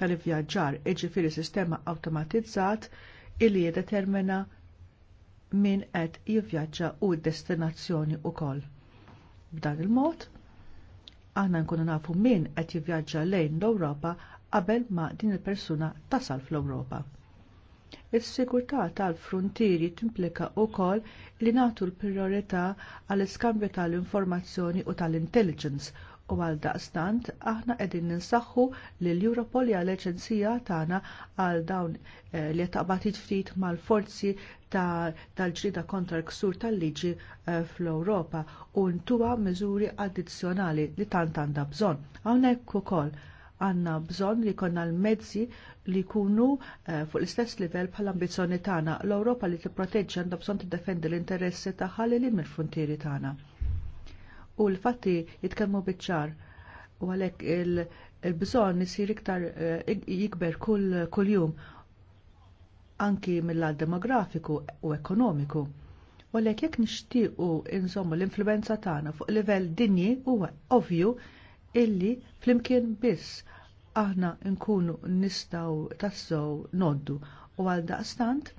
tal-ivvjaġġar, iġifieri sistema awtomatizzat illi jiddetermina min qed jivvjaġġa u d-destinazzjoni wkoll. B'dan il-mod, aħna nkunu nafu min qed jivvjaġġa lejn l-Ewropa qabel ma din il-persuna tasal fl-Ewropa. Is-sigurtà tal frontieri timplika wkoll li nagħtu l-priorità għall-iskambju tal-informazzjoni u tal-intelligence u għal daqstant aħna qegħdin ninsaħħu l Europol hija l-eċenzija tagħna għal dawn eh, li taqbad ftit mal-forzi tal-ġrida kontra l-ksur tal-liġi eh, fl-Ewropa u ntuwa miżuri addizzjonali li tant għandha bżonn. Hawnhekk ukoll għanna bżonn li konna l-mezzi li jkunu eh, fuq l-istess livell bħal ambizzjoni tagħna. L-Ewropa li tipproteġġi għandha bżonn tiddefendi l-interessi tagħha li mill-frontieri tagħna. U l-fatti jitkellmu biċ-ċar u għalhekk il-bżonn isir iktar eh, jikber kull jum anki mill-għal demografiku u ekonomiku. U għalhekk jekk nixtiequ inżommu l-influenza tagħna fuq livell dinji huwa ovvju illi flimkien biss aħna nkunu nistgħu tassow noddu u għal daqstant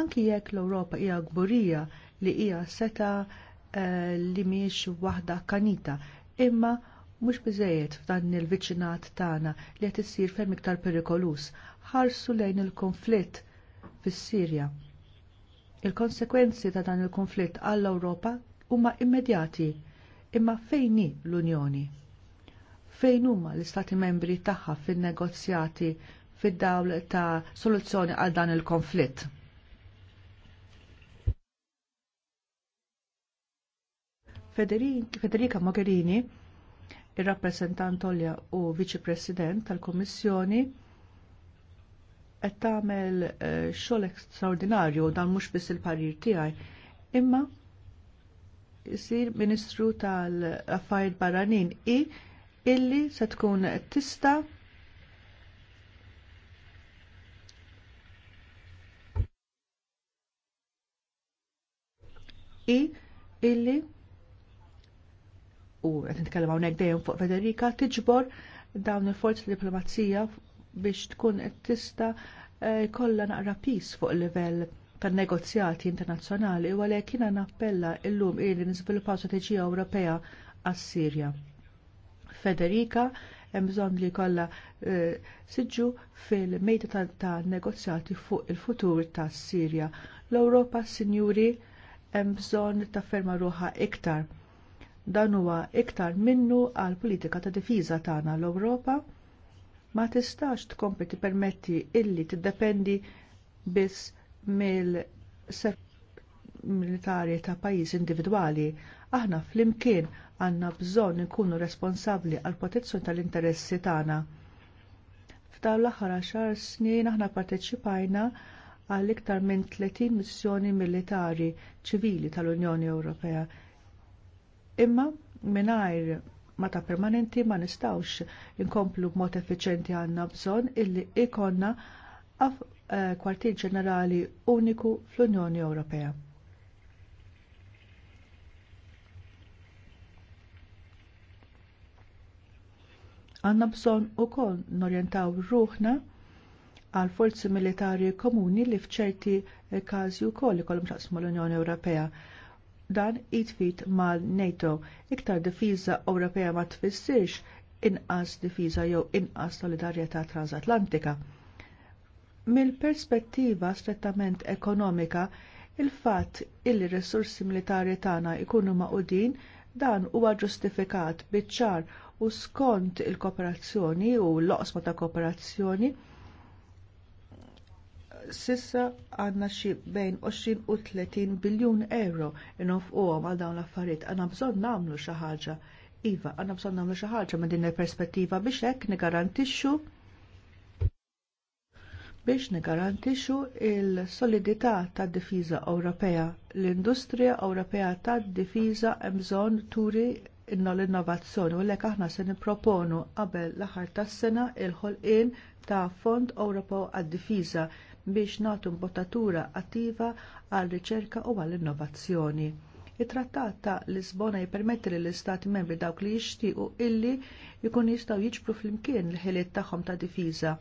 anki jekk l-Ewropa hija gburija li hija seta eh, li miex waħda kanita imma mhux biżejjed f'dan il-viċinat tagħna li qed issir ferm iktar perikolus ħarsu lejn il-konflitt fis-Sirja. Il-konsekwenzi ta' dan il-konflitt għall-Ewropa huma immedjati imma fejn hi l-Unjoni? fejn huma l-Istati membri tagħha fin-negozjati fid-dawl ta' soluzzjoni għal dan il-konflitt. Federica Mogherini, ir-rappresentant Olja u viċi-president tal kummissjoni qed tagħmel eh, xogħol ekstraordinarju dan mhux biss il-parir tiegħi, imma jsir Ministru tal-Affarijiet Barranin i illi se tkun tista i illi u qed nitkellem hawnhekk dejjem fuq Federika tiġbor dawn il-forzi diplomazija biex tkun qed tista jkollha eh, naqra pis fuq il-livell tan negozjati internazzjonali u għalhekk jiena nappella llum illi niżviluppaw strateġija Ewropea għas-Sirja. Federica hemm bżonn li kollha eh, siġġu fil-mejda ta' negozjati fuq il-futur tas Sirja. L-Ewropa, sinjuri, hemm bżonn ferma ruħa iktar. Dan huwa iktar minnu għal politika ta' difiża tagħna l-Ewropa ma tistax tkompeti permetti illi tiddependi biss mill-militari ta' pajjiż individwali. Aħna flimkien għandna bżonn ikunu responsabbli għall protezzjoni tal-interessi tagħna. F'dawn l-aħħar għaxar snin aħna parteċipajna għal iktar minn 30 missjoni militari ċivili tal-Unjoni Ewropea. Imma mingħajr mata permanenti ma nistawx inkomplu b'mod effiċenti għandna bżonn illi ikonna għaf eh, kwartier ġenerali uniku fl-Unjoni Ewropea. għandna bżonn ukoll norjentaw ruħna għal forzi militari komuni li fċerti każi wkoll ikollhom xaqsmu l-Unjoni Ewropea. Dan jitfit mal-NATO. Iktar difiża Ewropea ma tfissirx inqas difiża jew inqas solidarjetà transatlantika. Mill-perspettiva strettament ekonomika, il-fatt illi r-resursi militari tagħna jkunu maqudin dan huwa ġustifikat biċ-ċar u skont il-kooperazzjoni u l-oqsma ta' kooperazzjoni sissa għandna xi bejn 20 u 30 biljun euro inofquhom għal dawn l-affarijiet għandna bżonn nagħmlu xi ħaġa. Iva, għandna bżonn nagħmlu xi ħaġa minn din il-perspettiva biex hekk nigarantixxu biex nigarantixxu il-solidità tad-difiża Ewropea. L-industrija Ewropea tad-difiża hemm bżonn turi inna l-innovazzjoni u lek aħna se nipproponu qabel l-aħħar tas-sena il-ħolqien ta' Fond Ewropew għad-Difiża biex nagħtu mbottatura attiva għall riċerka u għall innovazzjoni it-trattat ta' Lisbona jippermetti lill istati membri dawk li jixtiequ illi jkun jistgħu jiġbru flimkien il-ħiliet tagħhom ta' difiża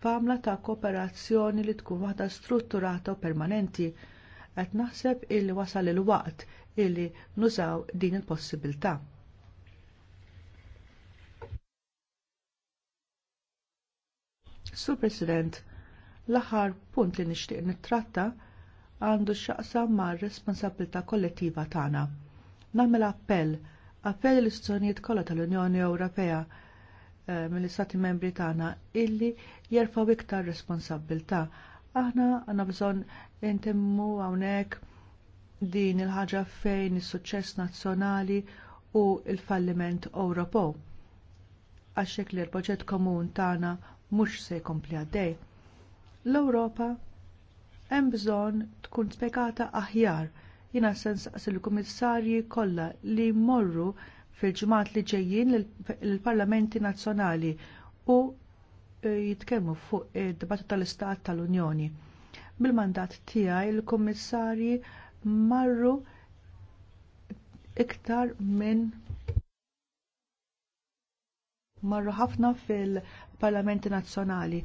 f'għamla ta' kooperazzjoni li tkun waħda strutturata u permanenti. Qed naħseb illi wasal il-waqt illi nużaw din il-possibilità. Sur President, l-aħħar punt li nixtieq nittratta għandu x'aqsam mar responsabilità kollettiva tagħna. Nagħmel appell, appell l-istituzzjonijiet kollha tal-Unjoni Ewropea eh, mill-Istati Membri tagħna illi jerfgħu iktar responsabilità. Aħna għandna bżonn intemmu hawnhekk din il-ħaġa fejn is-suċċess nazzjonali u l falliment Ewropew għaxek li l-proġett komun tagħna mhux se jkompli għaddej. L-Ewropa hemm bżonn tkun spjegata aħjar jiena sens il l-kummissarji kollha li jmorru fil-ġimgħat li ġejjin lill-Parlamenti Nazzjonali u e, jitkellmu fuq id-dibattu tal-Istat tal-Unjoni. Bil-mandat tiegħi il-kummissarji marru iktar minn marru ħafna fil parlamenti nazzjonali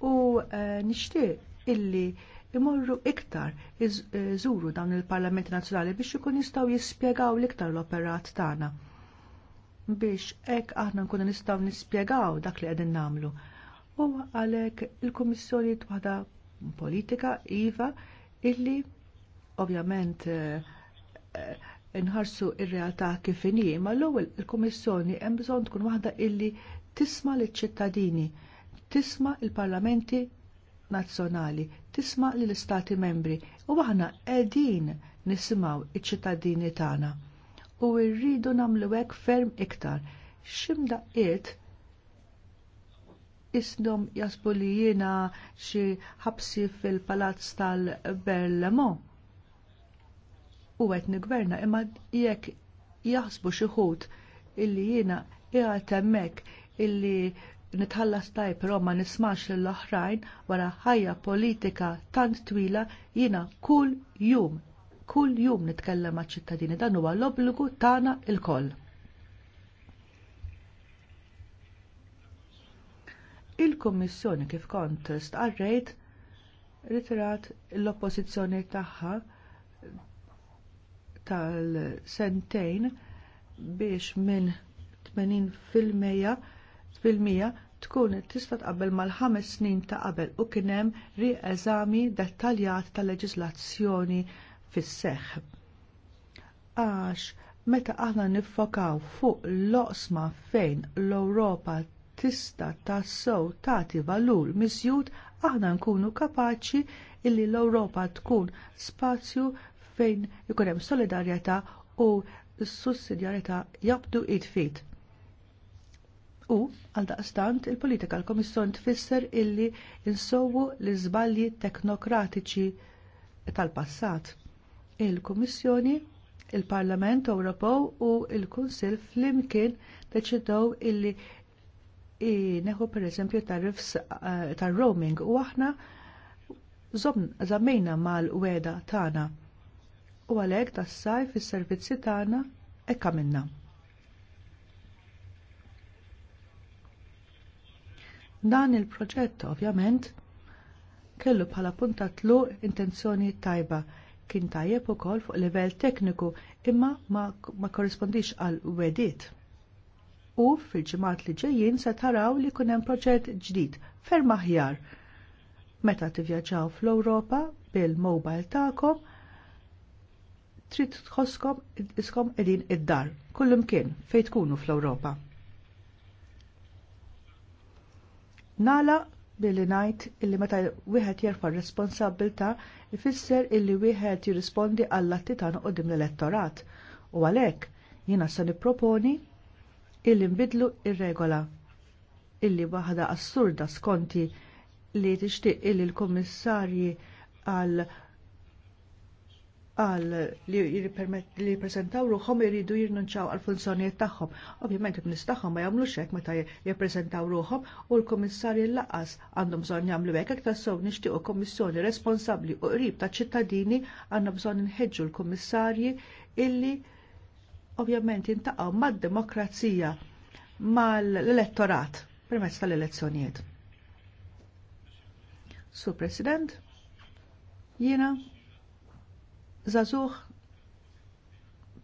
u eh, nixtieq illi imorru iktar iżuru eh, dawn il-Parlamenti Nazzjonali biex ikun jistgħu jispjegaw l-iktar l-operat tagħna. Biex hekk aħna nkunu nistgħu nispjegaw dak li qegħdin nagħmlu. U għalhekk il-Kummissjoni waħda politika iva illi ovvjament eh, nħarsu ir-realtà kif inhi, ma l-ewwel il-Kummissjoni hemm bżonn tkun waħda illi tisma liċ ċittadini tisma il-parlamenti nazzjonali, tisma lill istati membri u aħna qegħdin nisimgħu iċ-ċittadini tagħna. U rridu nagħmlu hekk ferm iktar. X'imdaqqiet isnom jasbu li jiena xi ħabsi fil-Palazz tal-Berlemont. U għet nigverna imma jekk jaħsbu xi illi jiena jgħatemmek hemmhekk illi nitħallas tajb però ma nismax l-oħrajn wara ħajja politika tant twila jiena kull jum, kull jum nitkellem ma' ċittadini dan huwa l-obbligu tagħna il-koll. Il-Kummissjoni kif kont stqarrejt ritirat l-oppożizzjoni tagħha tal-sentejn biex minn 80% fil-mija tkun tista' tqabbel mal-ħames snin ta' qabel u kien hemm rieżami dettaljat tal leġiżlazzjoni fis-seħħ. Għax meta aħna niffokaw fuq l-oqsma fejn l-Ewropa tista' tassew tagħti valur miżjud aħna nkunu kapaċi illi l-Ewropa tkun spazju fejn ikun hemm solidarjetà u s-sussidjarjetà jabdu id-fit U, għal daqstant, il-politika l-Komissjon tfisser illi insowu l-izbalji teknokratiċi tal-passat. Il-Komissjoni, il-Parlament Ewropew u il-Kunsil flimkien deċidew illi neħu per eżempju tar-roaming eh, u aħna zammejna mal-weda tagħna u għalhekk tas-sajf is-servizzi tagħna hekk għamilna. Dan il-proġett ovvjament kellu bħala tlu intenzjoni tajba kien tajjeb ukoll fuq livell tekniku imma ma, ma korrispondix għal wedit. U fil-ġimgħat li ġejjin se taraw li kun hemm proġett ġdid ferm aħjar. Meta tivvjaġġaw fl-Ewropa bil-mobile tagħkom trid tħosskom iskom qegħdin id-dar kullimkien fejn tkunu fl-Ewropa. Nala billi najt illi meta wieħed jerfa' responsabilta ifisser illi wieħed jirrispondi għall-atti tagħna qudiem l-elettorat. U għalhekk jiena se nipproponi illi nbidlu ir-regola illi waħda assurda skonti li tixtieq illi l-kummissarji għal għal li jirrepresentaw ruħom iridu jirnunċaw għal funzjonijiet tagħhom. Ovvjament il tagħhom ma jagħmlux hekk meta jippreżentaw ruħom u l-Kummissarji laqas għandhom bżonn jagħmlu hekk hekk tassew nixtiequ kommissjoni responsabbli u qrib ta' ċittadini għandna bżonn inħeġġu l-kummissarji illi ovvjament jintaqgħu mad-demokrazija mal-elettorat permezz tal-elezzjonijiet. Sur President, jiena Zazuh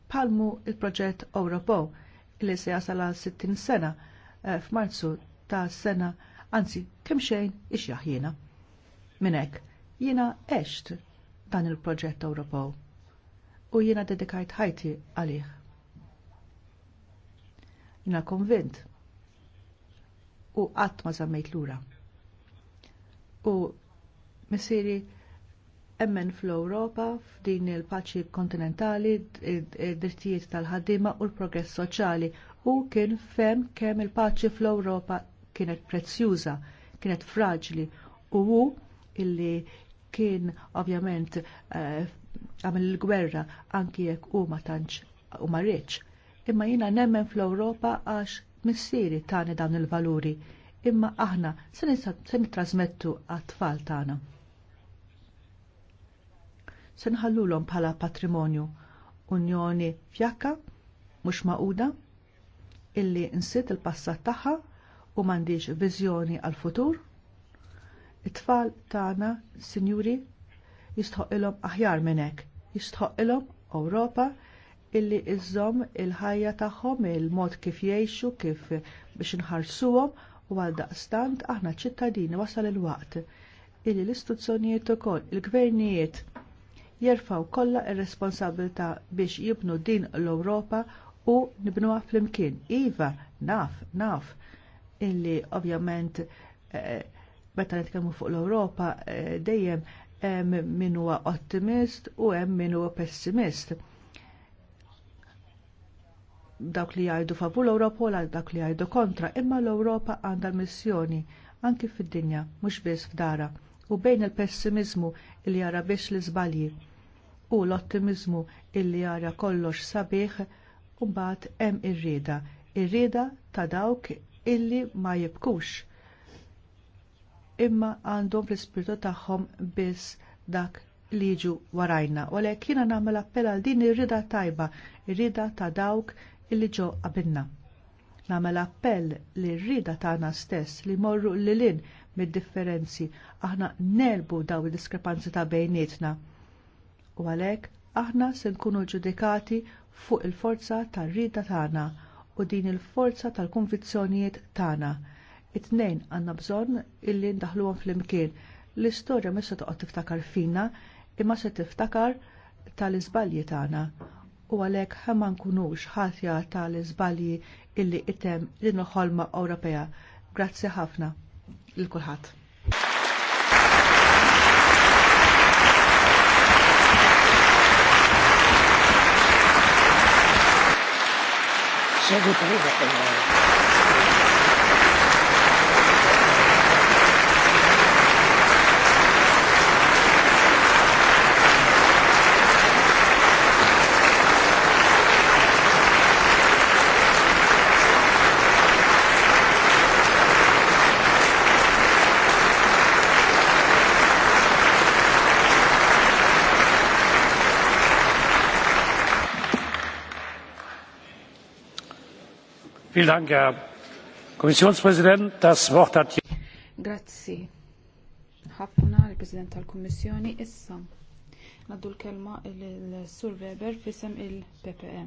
palmu il-proġett Ewropew li se jasal għal 60 sena eh, f'Marzu ta' sena anzi kemm xejn ixjaħ jiena. Minn hekk jiena għext dan il-proġett Ewropew u jiena dedikajt ħajti għalih. Jiena konvint u qatt ma żammejt lura. U misiri emmen fl-Europa f'din il-paċi kontinentali, drittijiet tal-ħaddiema u l-progress soċjali u kien fem kemm il-paċi fl-Europa kienet prezzjuża, kienet fragili u hu illi kien ovvjament eh, għamil il-gwerra anki jekk u ma tantx u ma rridx. Imma jiena nemmen fl-Ewropa għax missieri tani dan il-valuri imma aħna se nittrasmettu għat-tfal tagħna se nħallulhom bħala patrimonju unjoni fjakka mhux maquda illi nsit il-passat tagħha u m'għandix viżjoni għal futur it-tfal tagħna, sinjuri, jistħoqilhom aħjar minn hekk, jistħoqilhom Ewropa illi iżżomm il-ħajja tagħhom il-mod kif jgħixu kif biex inħarsuhom u għal daqstant aħna ċittadini wasal il-waqt illi l-istituzzjonijiet ukoll il-gvernijiet jerfaw kollha ir-responsabilità biex jibnu din l-Ewropa u nibnuha flimkien. Iva, naf, naf, illi ovvjament eh, meta nitkellmu fuq l-Ewropa eh, dejjem hemm min huwa ottimist u hemm min huwa pessimist. Dawk li jgħidu favur l-Ewropa u dawk li jgħidu kontra, imma l-Ewropa għandha missjoni anki fid-dinja, mhux biss f'dara, u bejn il-pessimizmu li jara biex l-iżbalji u l-ottimizmu illi jara kollox sabiħ u bat hemm ir-rieda, ir-rieda ta' dawk illi ma jibkux. Imma għandhom fl-ispirtu tagħhom biss dak li jiġu warajna. U għalhekk jiena nagħmel appell għal din ir-rieda tajba, ir-rieda ta' dawk illi ġo qabilna. Nagħmel appell li rrida tagħna stess li morru lilin mid-differenzi aħna nelbu daw id diskrepanzi ta' bejnietna u għalhekk aħna se nkunu ġudikati fuq il-forza tar-rida tagħna u din il-forza tal-konvizzjonijiet tagħna. It-tnejn għandna bżonn illi ndaħluhom flimkien. L-istorja ma se toqgħod tiftakar fina imma se tiftakar tal-iżbalji tagħna u għalhekk ma nkunux ħatja tal-iżbalji illi item lil ħolma Ewropea. Grazzi ħafna lil kulħadd. Xedu Grazzi. Ħafna l-President tal-Kummissjoni issa. Naddu l-kelma lill sur Weber fisem il-PPE.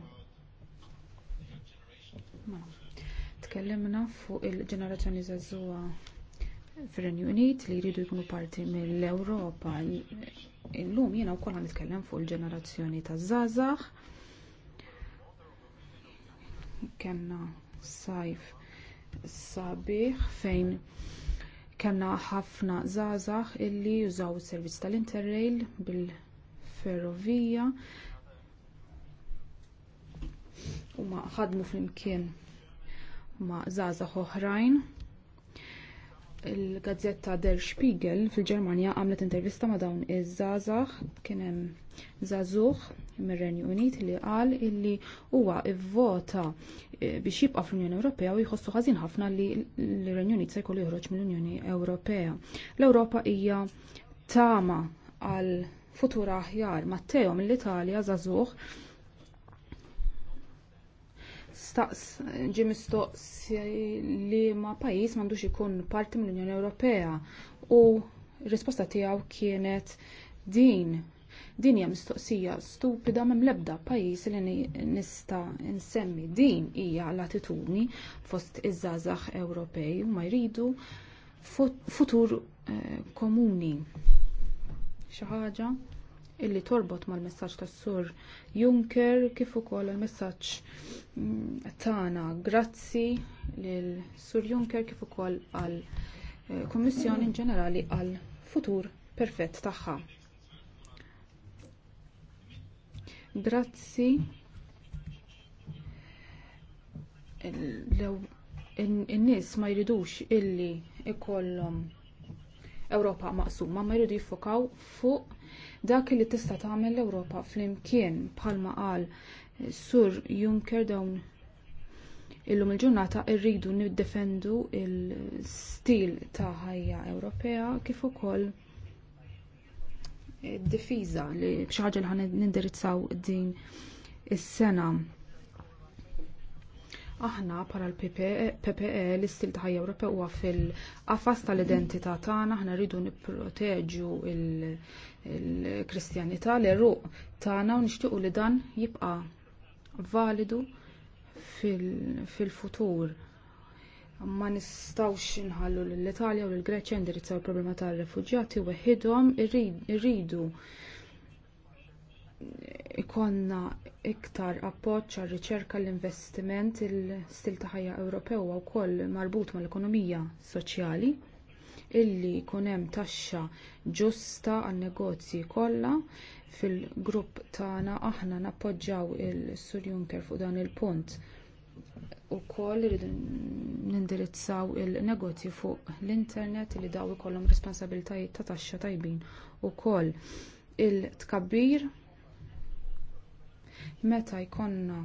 Mela, tkellimna fuq il-ġenerazzjoni zazzuwa fir-Renju Unit li jridu jkunu parti mill-Ewropa. Illum jiena wkoll nitkellem fuq il-ġenerazzjoni taż-żgħażagħ. Kenna sajf sabiħ fejn kellna ħafna żgħażagħ illi jużaw is-servizz tal-Interrail bil-ferrovija u ma ħadmu flimkien ma' żgħażagħ oħrajn il-gazzetta Der Spiegel fil-Ġermanja għamlet intervista ma' dawn iż-żazax kien hemm żagħżugħ mir-Renju Unit li qal illi huwa vvota eh, biex jibqa' fl-Unjoni Ewropea u jħossu ħażin ħafna li l-Renju Unit se jkollu joħroġ mill-Unjoni Ewropea. L-Ewropa hija tama għal futur aħjar Matteo mill-Italja żagħżugħ staqs ġi mistoqs li ma pajjiż m'għandux ikun parti mill-Unjoni Ewropea u r risposta tiegħu kienet din. Din hija mistoqsija stupida m'hemm l-ebda pajjiż li nista' nsemmi. Din hija l-attitudni fost iż-żgħażagħ Ewropej u ma jridu futur eh, komuni. Xi ħaġa illi torbot mal-messaġġ tas-sur Juncker kif ukoll il-messaġġ mm, tagħna. Grazzi lil sur Juncker kif ukoll għal eh, Kummissjoni ġenerali għal futur perfett tagħha. Grazzi in-nies ma jridux illi ikollhom Ewropa maqsuma ma jridu jiffokaw fuq dak li tista' tagħmel l-Ewropa flimkien bħalma qal Sur Juncker dawn illum il-ġurnata rridu niddefendu il-stil ta' ħajja Ewropea kif ukoll id-difiża li xi ħaġa li ħan nindirizzaw din is-sena. Aħna para l-PPE e, l-istil ta' ħajja Ewropew huwa fil-qafas tal-identità tagħna aħna rridu nipproteġu l-Kristjanità l ruq tagħna u nixtiequ li dan jibqa' validu fil-futur. Ma nistawx inħallu l-Italja u l-Greċja indirizzaw il-problema tal-refuġjati weħidhom irridu ikonna iktar appoġġ għar riċerka l-investiment il-stil ta' ħajja Ewropew wkoll marbut mal-ekonomija soċjali illi jkun hemm taxxa ġusta għan negozji kollha fil-grupp tagħna aħna nappoġġjaw il-Sur Juncker fuq dan il-punt ukoll iridu nindirizzaw il-negozji fuq l-internet li daw ikollhom responsabiltajiet ta' taxxa tajbin ukoll il-tkabbir Meta jkollna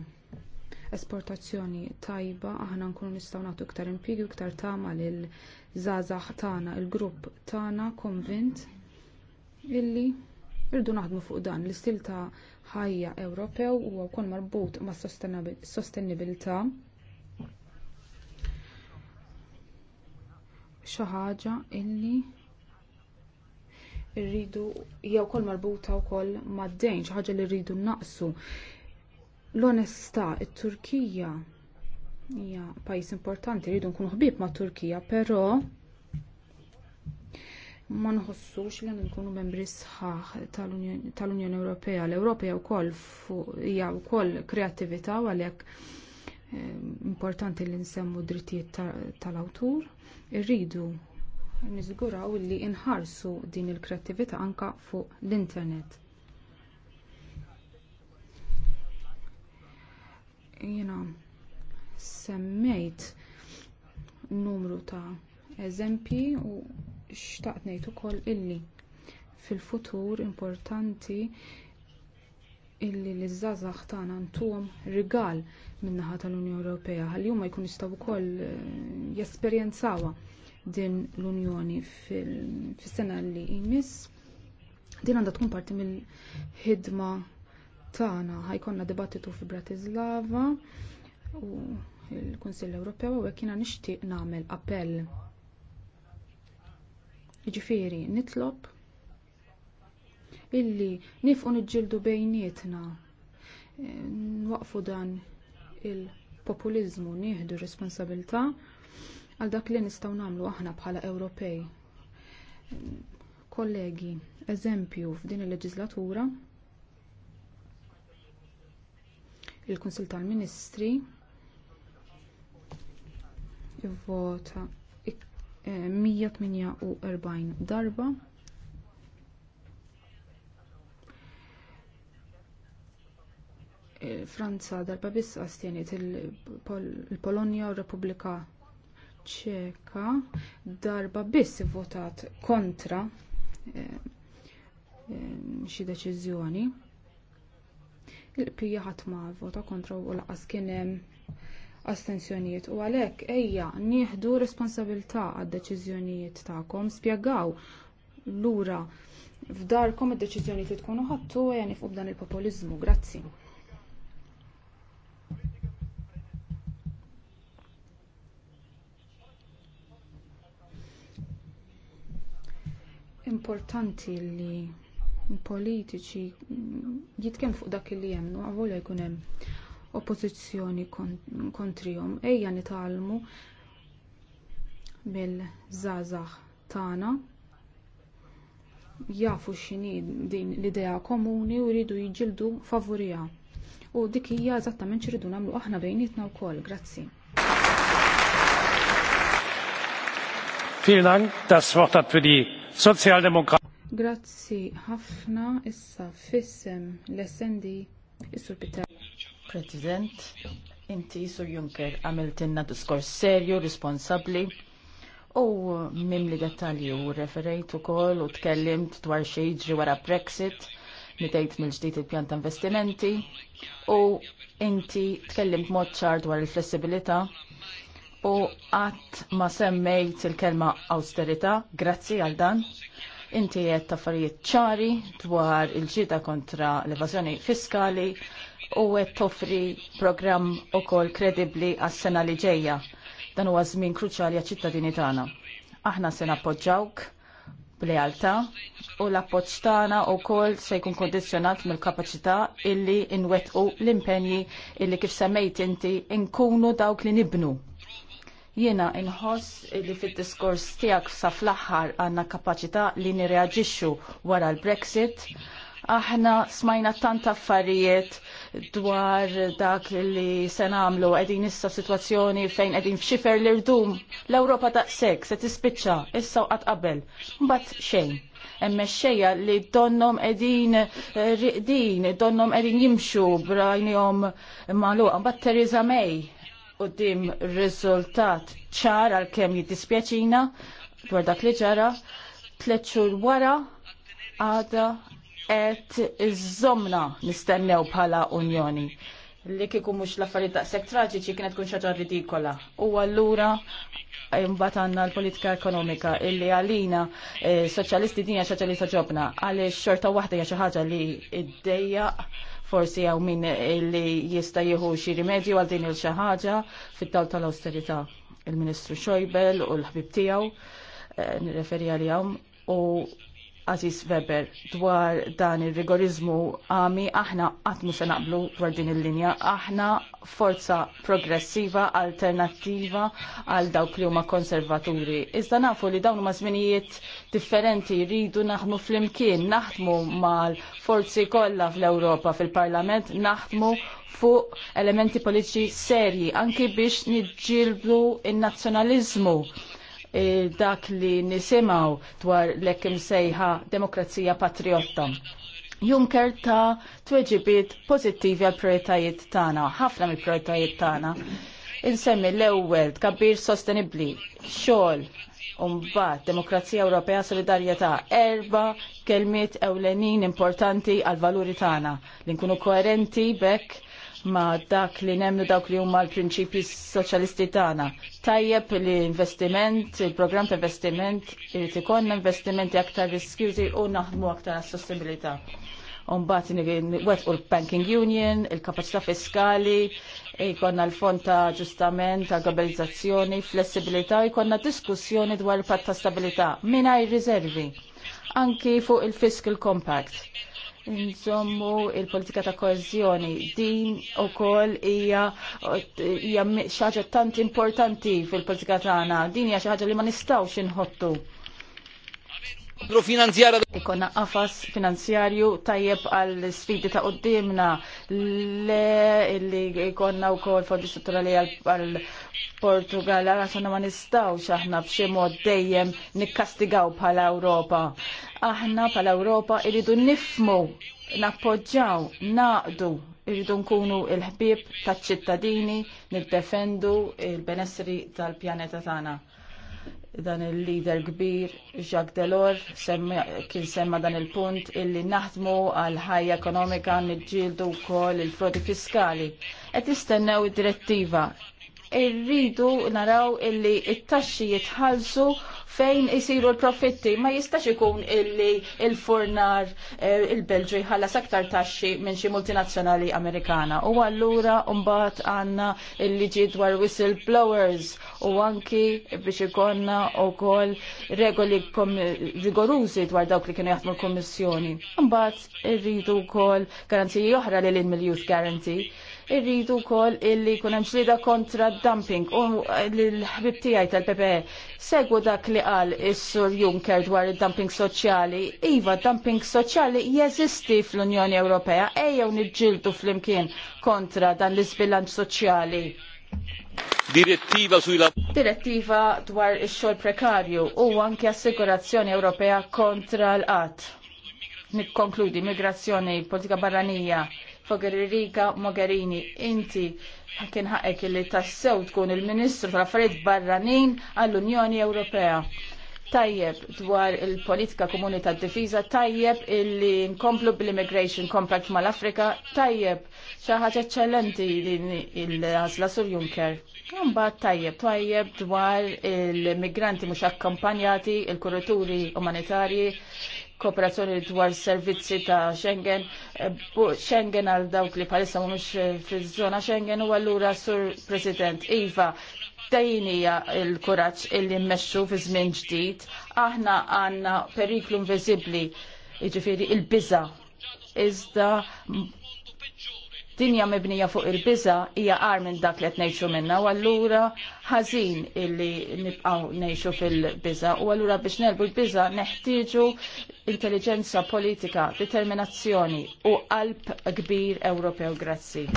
esportazzjoni tajba aħna nkunu nistgħu nagħtu iktar impjiegi iktar tama lil żgħażagħ tagħna il-grupp tagħna konvint illi irdu naħdmu fuq dan l-istil ta' ħajja Ewropew huwa wkoll marbut mas sostenibilità xi ħaġa illi irridu jew kol marbuta wkoll mad-dejn xi ħaġa li rridu naqsu. l onesta it-Turkija hija pajjiż importanti, rridu nkunu ħbieb ma' Turkija, però ma nħossux li nkunu membri sħaħ tal-Unjoni Ewropea. L-Ewropa hija wkoll hija wkoll kreattività u għalhekk eh, importanti li nsemmu drittijiet tal-awtur. Irridu niżguraw li inħarsu din il-kreattività anke fuq l-internet. Jiena semmejt numru ta' eżempji u xtaqt ngħid ukoll illi fil-futur importanti illi l żgħażagħ tagħna ntuhom rigal min-naħa tal-Unjoni Ewropea ħalli huma jkun jistgħu eh, jesperjenzawha din l-Unjoni fis-sena li jmiss. Din għandha tkun parti mill-ħidma tagħna ħajkonna dibattitu fi Bratislava u l-Kunsill Ewropew u jiena nixtieq nagħmel appell. Jiġifieri nitlob illi nifqu niġġieldu bejnietna eh, nwaqfu dan il-populizmu nieħdu r responsabilità għal dak li nistgħu nagħmlu aħna bħala Ewropej. Kollegi, eżempju f'din il-leġislatura il-Kunsil tal-Ministri jivvota 148 darba eh, Franza darba biss astjeniet il-Polonja u Republika Repubblika ċeka darba biss votat kontra eh, eh, xi deċiżjoni. Il-pija ħadd ma vota kontra u laqas kien hemm astensjonijiet u għalhekk ejja nieħdu responsabilità għad-deċiżjonijiet tagħkom spjegaw lura f'darkom id-deċiżjoni li tkunu ħadtu ejja nifqu il populiżmu Grazzi. importanti li politiċi jitkem fuq dak li jemnu, għavola jkun hemm oppożizzjoni kontrihom. Ejja nitalmu mill-żgħażagħ tagħna jafu x'inhi din l-idea komuni u jridu jiġildu favurija. U dik hija eżattament x'ridu nagħmlu aħna bejnietna wkoll. Grazzi. Vielen Dank. Das Wort hat für die Sozialdemokrat. Grazzi ħafna issa fissem l-essendi Isur Peter. President, inti Isur Juncker għamiltinna diskors serju, responsabli u mimli dettalji u referejtu ukoll u tkellimt dwar xieġri wara Brexit, nitejt mill-ġdid il-pjan ta' investimenti u inti tkellimt mod ċar dwar il-flessibilità u għat ma semmejt il-kelma austerita, grazzi għal dan. Inti għed taffarijiet ċari dwar il ġita kontra l-evażjoni fiskali u qed toffri programm ukoll kredibbli għas-sena li ġejja. Dan huwa żmien kruċjali għaċ-ċittadini tagħna. Aħna se nappoġġawk b'lealtà u l-appoġġ tagħna wkoll se jkun kondizzjonat mill-kapaċità illi nwettqu l-impenji illi kif semmejt inti nkunu dawk li nibnu Jiena inħoss li fid-diskors tiegħek sa fl-aħħar għandna kapaċità li nirreaġixxu wara l-Brexit. Aħna smajna tant affarijiet dwar dak li se nagħmlu qegħdin issa situazzjoni fejn qegħdin f'xifer l-irdum. L-Ewropa daqshekk se tispiċċa issa qatt qabel. Mbagħad xejn. Emme xejja li donnom qegħdin riqdin, donnom qegħdin jimxu brajnihom magħluqa. Mbagħad Theresa May qudiem riżultat ċar għalkemm jiddispjaċina dwar dak li ġara tliet xhur wara għada qed iżomna nistennew bħala Unjoni li kieku mhux l-affarijiet daqshekk traġiċi kienet tkun xaġa ridikola. U allura imbat għandna l-politika ekonomika illi għalina eh, soċjalisti dinja xaġa li ġobna għaliex xorta waħda hija xi ħaġa li iddejjaq forsi għaw min eh, li jista jieħu xi rimedju għal din il-xi ħaġa fit-tal tal-austerità. Il-Ministru Xojbel u l-ħbib tiegħu eh, nirreferi għalihom u Aziz Weber dwar dan il-rigorizmu għami aħna għatmu se naqblu dwar din il-linja, aħna forza progressiva, alternativa għal dawk li huma konservaturi. Iżda nafu li dawn huma żminijiet differenti jridu naħdmu fl-imkien, naħdmu mal-forzi kollha fl-Ewropa fil-Parlament, naħdmu fuq elementi politiċi serji anki biex niġġieldu in-nazzjonaliżmu E, dak li nisimaw dwar l-ekkim sejħa demokrazija patriotta. Junker ta' tweġibiet pozittivi għal projettajiet tagħna, ħafna mill projettajiet tagħna. Insemmi l-ewwel kabir sostenibbli, xogħol, Umbat, Demokrazija Ewropea Solidarjetà, erba kelmiet ewlenin importanti għal valuri tagħna li nkunu koerenti bekk ma dak li nemmu dawk li huma l-prinċipji soċjalisti tagħna. Tajjeb li investiment, il-programm ta' investiment, irid ikollna investimenti aktar riskjużi u naħdmu aktar għas-sostenibilità. Umbat niwet u l-Banking Union, il-kapacità fiskali, ikonna l-fond ta' ġustament, ta' globalizzazzjoni, flessibilità, jkollna diskussjoni dwar il-patt ta' stabilità, minna riservi anki fuq il-Fiscal Compact nżommu il-politika ta' koezjoni. Din u koll ija xaġa tant importanti fil-politika tagħna. Din hija xi ħaġa li ma nistgħux inħottu. Ikonna qafas finanzjarju tajjeb għal sfidi ta' qoddimna le li ikonna u kol fondi strutturali għal Portugal għaxan ma nistawx aħna b'xi mod dejjem nikkastigaw bħala Ewropa. Aħna bħala Ewropa irridu nifmu, nappoġġaw, naqdu irridu nkunu il-ħbib taċ-ċittadini, niddefendu il-benessri tal-pjaneta tagħna dan il leader kbir, Jacques Delors, kien semma dan il-punt illi naħdmu għal ħajja ekonomika niġġieldu kol il-frodi fiskali. Et istennew id-direttiva irridu naraw illi it-taxxi jitħallsu fejn isiru l-profitti. Ma jistax ikun illi il-furnar eh, il-Belġu jħallas aktar taxxi minn xi multinazzjonali Amerikana. U allura mbagħad għandna il-liġi dwar whistleblowers u anki biex ikonna wkoll regoli rigorużi dwar dawk li kienu jaħdmu l-Kummissjoni. Mbagħad irridu wkoll garanziji oħra lil il-Youth Guarantee irridu wkoll illi jkun hemm ġlieda kontra dumping u l-ħbib tiegħi tal-PPE segwu dak li qal is-Sur Juncker dwar id-dumping soċjali. Iva, dumping soċjali jeżisti fl-Unjoni Ewropea ejjew niġġieldu flimkien kontra dan l-isbilanċ soċjali. Direttiva sui la... Direttiva dwar ix-xogħol prekarju u anke assigurazzjoni Ewropea kontra l-qatt. Nikkonkludi migrazzjoni, politika barranija, Federica Mogherini. Inti kien ħaqek li tassew tkun il-Ministru tal-Affarijiet Barranin għall-Unjoni Ewropea. Tajjeb dwar il-politika komuni tad difiża tajjeb illi nkomplu bl-Immigration Compact mal-Afrika, tajjeb xi ħaġa eċċellenti il-ħasla sur Juncker. Imbagħad tajjeb tajjeb dwar il-migranti mhux akkampanjati, il-kuraturi umanitarji, kooperazzjoni dwar servizzi ta' Schengen, eh, Schengen għal dawk li palissa mhumiex eh, fiż-żona Schengen u allura sur President Iva tajnija il-kuraċ illi mmexxu fi żmien ġdid, aħna għandna periklu inviżibbli, jiġifieri il-biża' iżda dinja mibnija fuq il biza hija qar minn dak li qed ngħixu minnha u allura ħażin illi nibqgħu ngħixu fil-biża u allura biex nelbu l-biża neħtieġu intelligenza politika, determinazzjoni u qalb kbir Ewropew. Grazzi.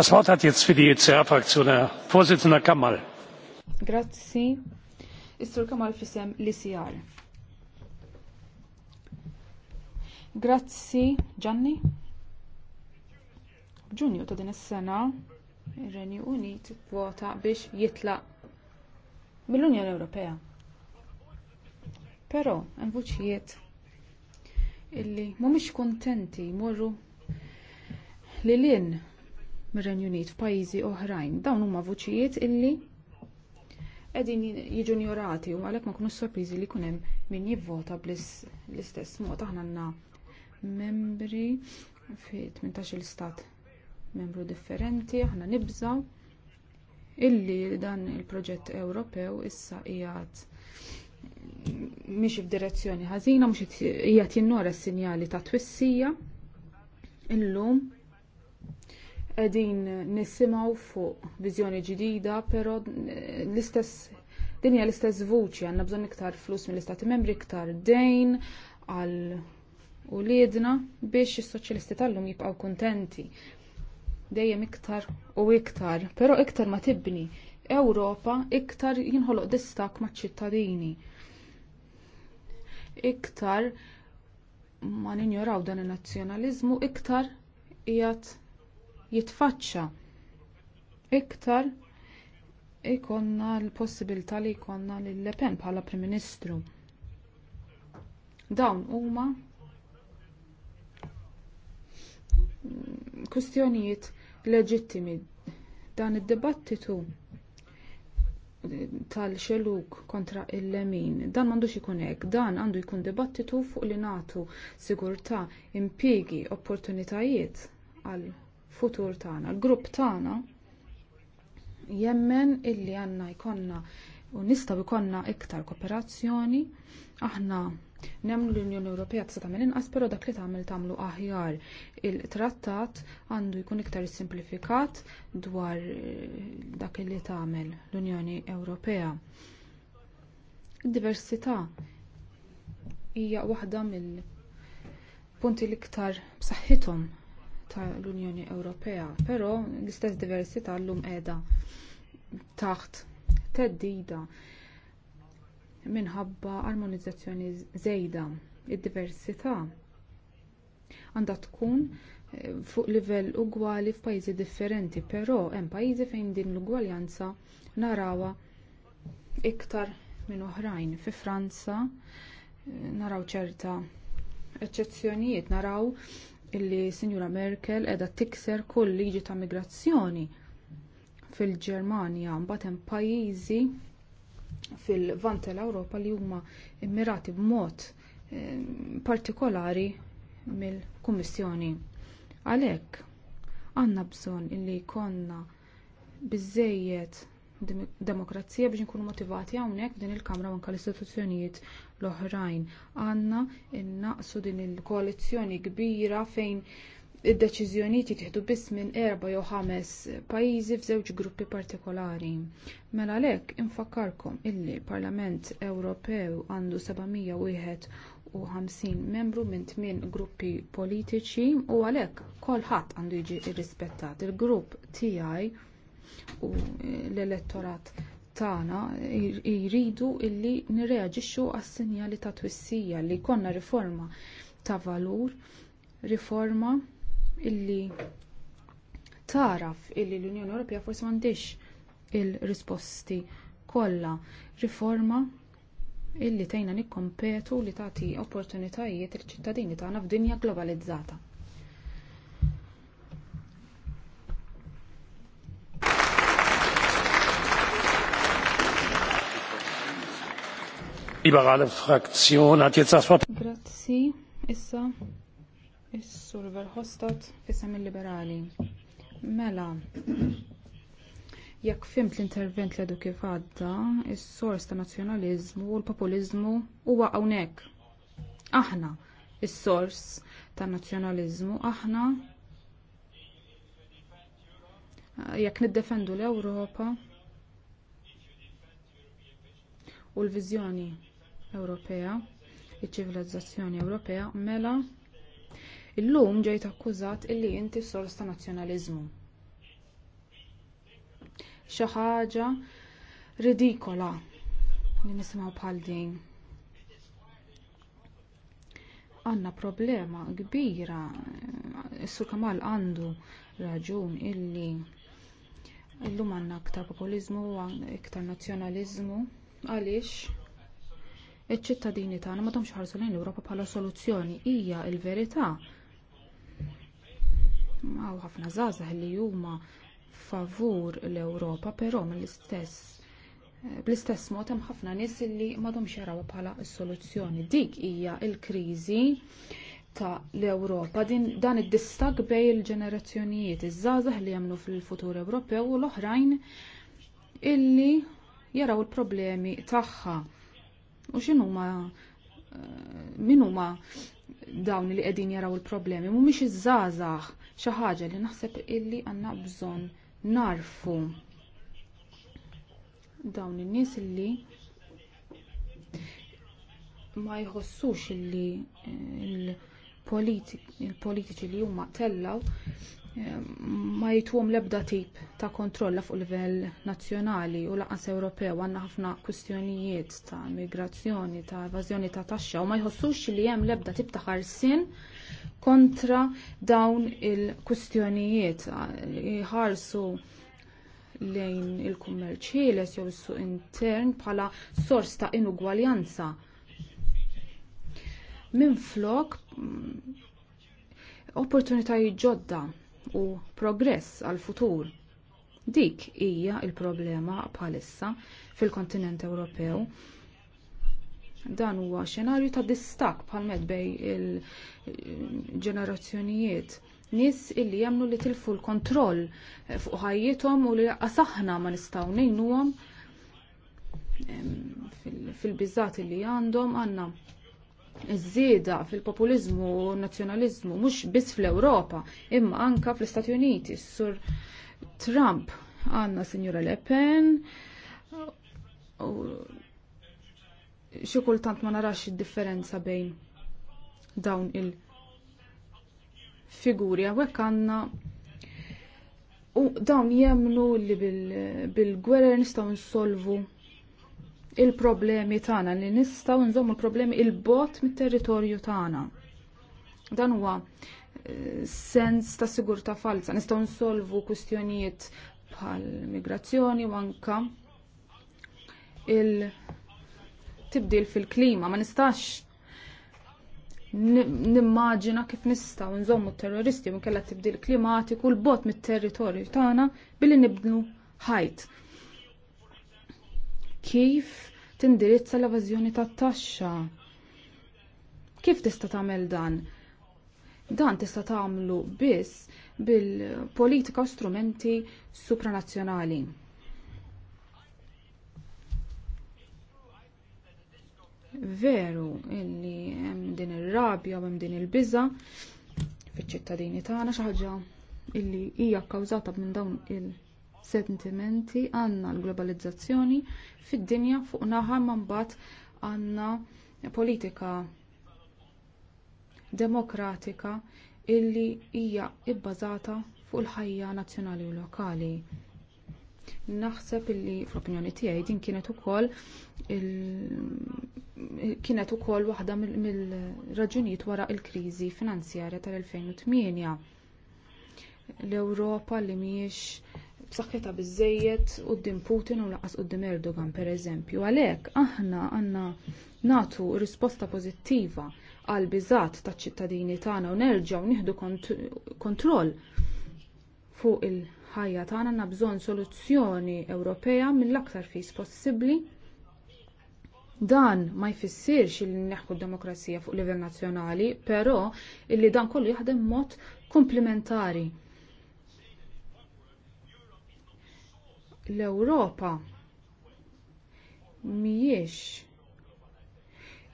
Das Wort hat jetzt für die Kamal. Grazzi. Istur Kamal fisem l-ICR. Grazzi, Gianni. Ġunju ta' din is-sena ir-Renju Unit vota biex jitlaq mill-Unjoni Ewropea. Però hemm vuċijiet illi mhumiex kuntenti jmorru lil hinn mir-Renju Unit f'pajjiżi oħrajn. Dawn huma vuċijiet illi qegħdin jiġu njorati u għalhekk ma kunux sorpriżi li jkun hemm min jivvota bl-istess mod aħna għandna membri fi 18-il stat membru differenti, aħna nibża illi dan il-proġett Ewropew issa qiegħed mhix f'direzzjoni ħażina, mhux qiegħed jinnora s-sinjali ta' twissija illum qegħdin nisimgħu fuq viżjoni ġdida, però eh, l-istess din hija l-istess vuċi għandna bżonn iktar flus mill-istati membri, iktar dejn għal uliedna biex is-soċjalisti tal-lum jibqgħu kuntenti. Dejjem iktar u iktar, però iktar ma tibni Ewropa iktar jinħoloq distak maċ-ċittadini. Iktar ma ninjoraw dan in-nazzjonaliżmu iktar jgħat jitfaċċa iktar ikonna l-possibilità li jkollna lil Le Pen bħala Prim Ministru. Dawn huma kwistjonijiet leġittimi dan id-dibattitu tal-xeluk kontra il-lemin. Dan m'għandux ikun hekk, dan għandu jkun dibattitu fuq li nagħtu sigurtà impjiegi opportunitajiet għal futur tagħna. l grupp tagħna jemmen illi għandna jkollna u nistaw jkollna iktar kooperazzjoni aħna Nemlu l-Unjoni Ewropea tista' tagħmel inqas, però dak li tagħmel tagħmlu aħjar. Il-trattat għandu jkun iktar simplifikat dwar eh, dak li tagħmel l-Unjoni Ewropea. Id-diversità hija waħda mill-punti l-iktar b'saħħithom tal-Unjoni Ewropea, però l-istess diversità llum qiegħda taħt theddida minħabba armonizzazzjoni żejda. Id-diversità għandha tkun eh, fuq livell ugwali f'pajjiżi differenti, però hemm pajjiżi fejn din l-ugwaljanza narawha iktar minn oħrajn. Fi Franza eh, naraw ċerta eċċezzjonijiet, naraw illi Sinjura Merkel qiegħda tikser kull liġi ta' migrazzjoni fil-Ġermanja mbagħad hemm pajjiżi fil-vant tal-Ewropa li huma immirati b'mod eh, partikolari mill-Kummissjoni. Għalhekk għandna bżonn illi jkollna biżżejjed demokrazija biex nkunu motivati hawnhekk f'din il-Kamra u anke l-istituzzjonijiet l-oħrajn. Għandna innaqsu din il-koalizzjoni kbira fejn id-deċiżjonijiet jittieħdu biss minn erba' jew ħames pajjiżi f'żewġ gruppi partikolari. Mela għalhekk infakkarkom illi Parlament Ewropew għandu 751 membru minn tmien gruppi politiċi u għalhekk kulħadd għandu jiġi rrispettat. Il-grupp tiegħi u l-elettorat tagħna jridu illi nirreaġixxu għas-sinjali ta' twissija li jkollna riforma ta' valur, riforma illi taraf illi l-Unjoni Ewropea forsi m'għandix il-risposti kollha, riforma illi tejna nikkompetu li tagħti opportunitajiet il-ċittadini tagħna f'dinja globalizzata. liberale Fraktion hat jetzt das Wort. Grazie. issa, is-sur Verhostat, fissam il-liberali. Mela, jekk fimt l-intervent li għadu kif għadda, is-sors ta' nazjonalizmu u l-populizmu huwa hawnhekk. Aħna, is-sors ta' nazjonalizmu, aħna jekk niddefendu l-Ewropa, u l-viżjoni Ewropea, iċ-ċivilizzazzjoni Ewropea, mela illum ġejt akkużat illi inti sors ta' nazzjonaliżmu. Xi ħaġa ridikola li nisimgħu bħal din. Għandna problema kbira, s sur għandu raġun illi illum għandna aktar populiżmu iktar nazzjonaliżmu għaliex iċ-ċittadini tagħna ma domx ħarsu lejn l-Ewropa bħala soluzzjoni hija l-verità. Għaw ħafna żgħażagħ li huma favur l-Ewropa, però mill-istess eh, bl-istess mod hemm ħafna nies li m'għadhomx jarawha bħala s-soluzzjoni. Dik hija l-kriżi ta' l-Ewropa dan id-distak bej il-ġenerazzjonijiet iż-żgħażagħ li jagħmlu fil-futur Ewropew u l-oħrajn illi jaraw il-problemi tagħha U x'inhuma eh, min huma dawn li qegħdin jaraw il-problemi mhumiex iż-żgħażagħ xi ħaġa li naħseb illi għandna bżonn narfu dawn in-nies illi ma jħossux illi eh, il-politiċi li huma tellaw ma jitwom lebda tip ta' kontrolla fuq livell nazzjonali u laqas Ewropew għandna ħafna kwistjonijiet ta' migrazzjoni, ta' evażjoni ta' taxxa u ma jħossux li hemm lebda tip ta' ħarsien kontra dawn il-kwistjonijiet li ħarsu lejn il-kummerċ ħieles jew is-suq intern bħala sors ta' inugwaljanza. Minflok mm, opportunitajiet ġodda u progress għal futur. Dik hija il-problema bħalissa fil-kontinent Ewropew. Dan huwa xenarju ta' distak bħalmet bej il-ġenerazzjonijiet nies illi jemnu li tilfu l-kontroll fuq ħajjithom u li aħna ma nistgħu ngħinuhom fil-biżat illi għandhom għandna iż-żieda fil-populizmu u nazzjonaliżmu mhux biss fl-Ewropa, imma anka fl-Istati Uniti. Sur Trump għandna Sinjura Le Pen u xi kultant ma narax id-differenza bejn dawn il-figuri hawnhekk għandna u dawn jemnu li bil-gwerer nistgħu nsolvu il-problemi tagħna li nistgħu nżommu l-problemi il-bot mit-territorju tagħna. Dan huwa eh, sens ta' sigurta falsa. Nistgħu nsolvu kwistjonijiet bħall migrazzjoni u anke il-tibdil fil-klima. Ma nistax nimmaġina kif nistgħu nżommu terroristi minn kella tibdil klimatiku l-bot mit-territorju tagħna billi nibnu ħajt kif tindirizza l-evażjoni tat-taxxa. Kif tista' tagħmel dan? Dan tista' tagħmlu biss bil-politika u strumenti supranazzjonali. Veru illi hemm din ir-rabja u hemm din il-biża fiċ-ċittadini tagħna xi ħaġa illi hija kkawżata minn dawn il- sentimenti għandna l-globalizzazzjoni fid-dinja fuq naħa ma mbagħad għandna politika demokratika illi hija bbażata fuq il-ħajja nazzjonali u lokali. Naħseb illi fl-opinjoni tiegħi din kienet ukoll kienet ukoll waħda mill-raġunijiet wara l-kriżi finanzjarja tal-2008. L-Ewropa li mhijiex b'saħħitha biżżejjed quddiem Putin u laqas quddiem Erdogan pereżempju. Għalhekk aħna għandna nagħtu risposta pożittiva għal biżat taċ-ċittadini tagħna u nerġgħu nieħdu kontroll fuq il-ħajja tagħna għandna bżonn soluzzjoni Ewropea mill-aktar fis possibbli. Dan ma jfissirx li neħku d-demokrazija fuq livell nazzjonali, però illi dan kollu jaħdem mod komplementari l-Ewropa mhijiex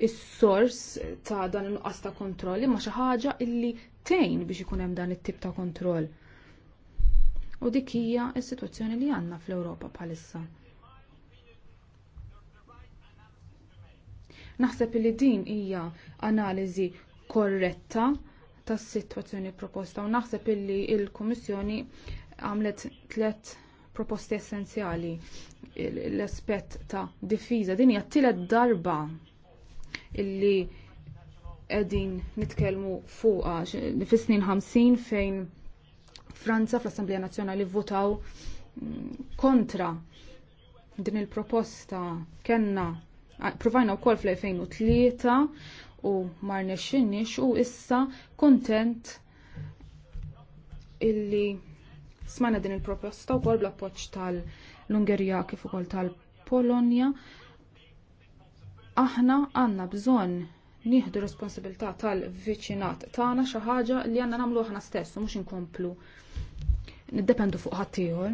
is-sors ta' dan il-nuqqas ta' kontroll imma xi ħaġa illi tgħin biex ikun hemm dan it-tip ta' kontroll. U dik hija s-sitwazzjoni li għandna fl-Ewropa bħalissa. Naħseb li din hija analiżi korretta tas-sitwazzjoni proposta u naħseb illi l-Kummissjoni għamlet tliet proposti essenzjali l-aspett ta' difiża. Din hija tielet darba illi qegħdin nitkellmu fuqha fis-snin 50 fejn Franza fl-Assemblea Nazzjonali votaw mm, kontra din il-proposta kellna provajna wkoll fl-2003 u marnexxinniex u issa kuntent illi Smajna din il-proposta wkoll bl-appoġġ tal-Ungerija kif ukoll tal-Polonja. Aħna għandna bżonn nieħdu responsabilità tal-viċinat tagħna xi ħaġa li għandna nagħmlu aħna stess u mhux inkomplu niddependu fuq ħadd ieħor.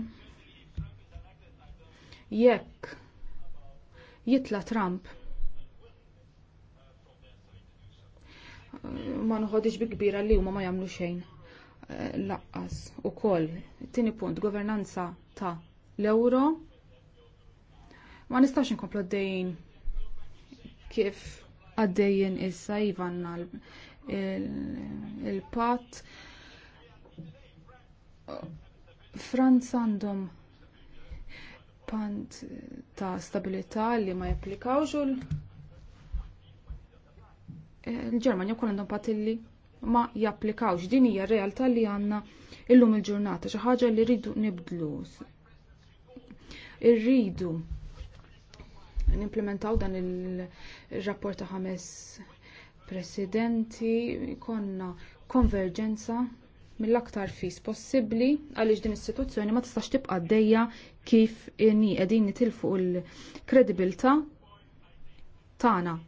Jekk jitla Trump ma nħodix bi kbira li huma ma jagħmlu xejn laqqas ukoll. Tieni punt, governanza ta' l-euro. Ma nistax inkomplu għaddejjin kif għaddejjen issa jivanna il-pat. Franza għandhom pant ta' stabilità li ma japplikawx il ġermanja kol għandhom pat li ma japplikawx. Din hija realtà li għandna illum il-ġurnata xi ħaġa li rridu nibdlu. Irridu nimplementaw dan il-rapport ta' ħames presidenti, konna konverġenza mill-aktar fis possibbli għaliex din is-sitwazzjoni ma tistax tibqa' għaddejja kif inni qegħdin nitilfu l-kredibilità tagħna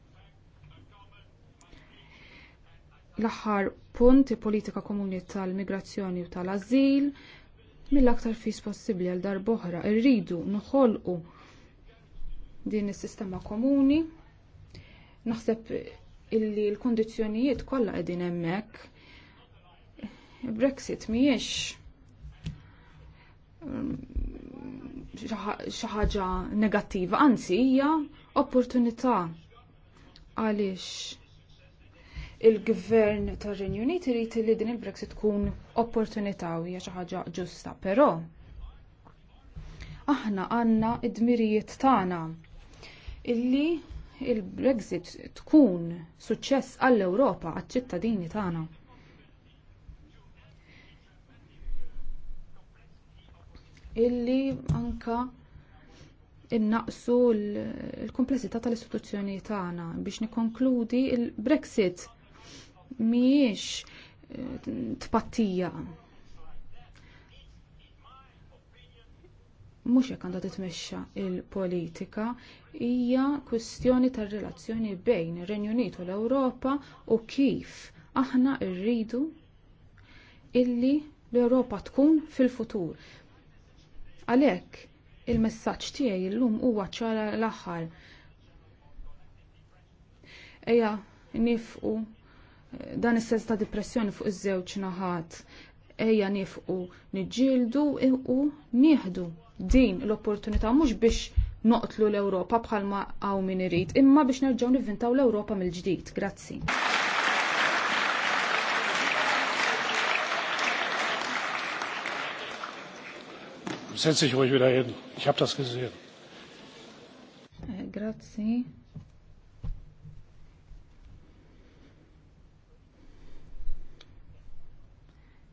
l-aħħar punt politika komuni tal-migrazzjoni u tal-azil mill-aktar fis possibbli għal darboħra irridu nħolqu din is-sistema komuni. Naħseb illi l kundizzjonijiet kollha qegħdin hemmhekk. Brexit mhijiex mm, xi ħaġa negattiva, anzi hija opportunità għaliex il-gvern tar renju Unit irid li din il-Brexit tkun opportunità u hija xi ħaġa ġusta, però aħna għandna id-dmirijiet tagħna illi il-Brexit tkun suċċess għall-Ewropa għaċ-ċittadini tagħna. illi anka innaqsu l-komplessità tal-istituzzjoni tagħna biex nikkonkludi l brexit miex eh, tpattija. Mhux hekk għandha titmexxa l politika hija kwistjoni tar-relazzjoni bejn ir-Renju Unit u l-Ewropa u kif aħna rridu illi l-Ewropa tkun fil-futur. Għalhekk il-messaġġ tiegħi illum huwa ċara l-aħħar. Eja nifqu dan is-sens ta' depressjoni fuq iż-żewġ naħat ejja nifqu niġġieldu u nieħdu din l-opportunità mhux biex noqtlu l-Ewropa bħalma hawn min irid, imma biex nerġgħu nivvintaw l-Ewropa mill-ġdid. Grazzi. Setz dich ruhig wieder hin. Ich habe das gesehen. Eh, grazzi.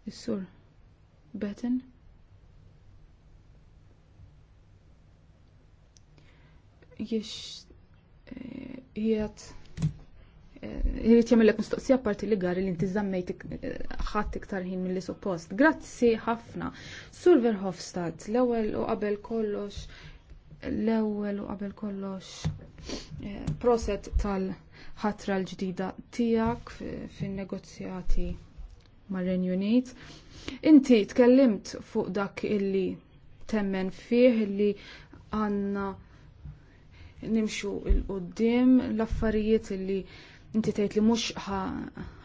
Is-sur Betten. Jiex eh, jiet eh, jirrit jamillek mistoqsija parti li gari li inti zammejt eh, ħadd iktar ħin mill-li suppost. Grazzi ħafna. Sur Verhofstadt, l-ewwel u qabel kollox l-ewwel u qabel kollox proset tal-ħatra l-ġdida tiegħek fin-negozjati mar-Renju Unit. Inti tkellimt fuq dak illi temmen fih illi għanna nimxu il-qoddim l-affarijiet illi inti tgħid li mhux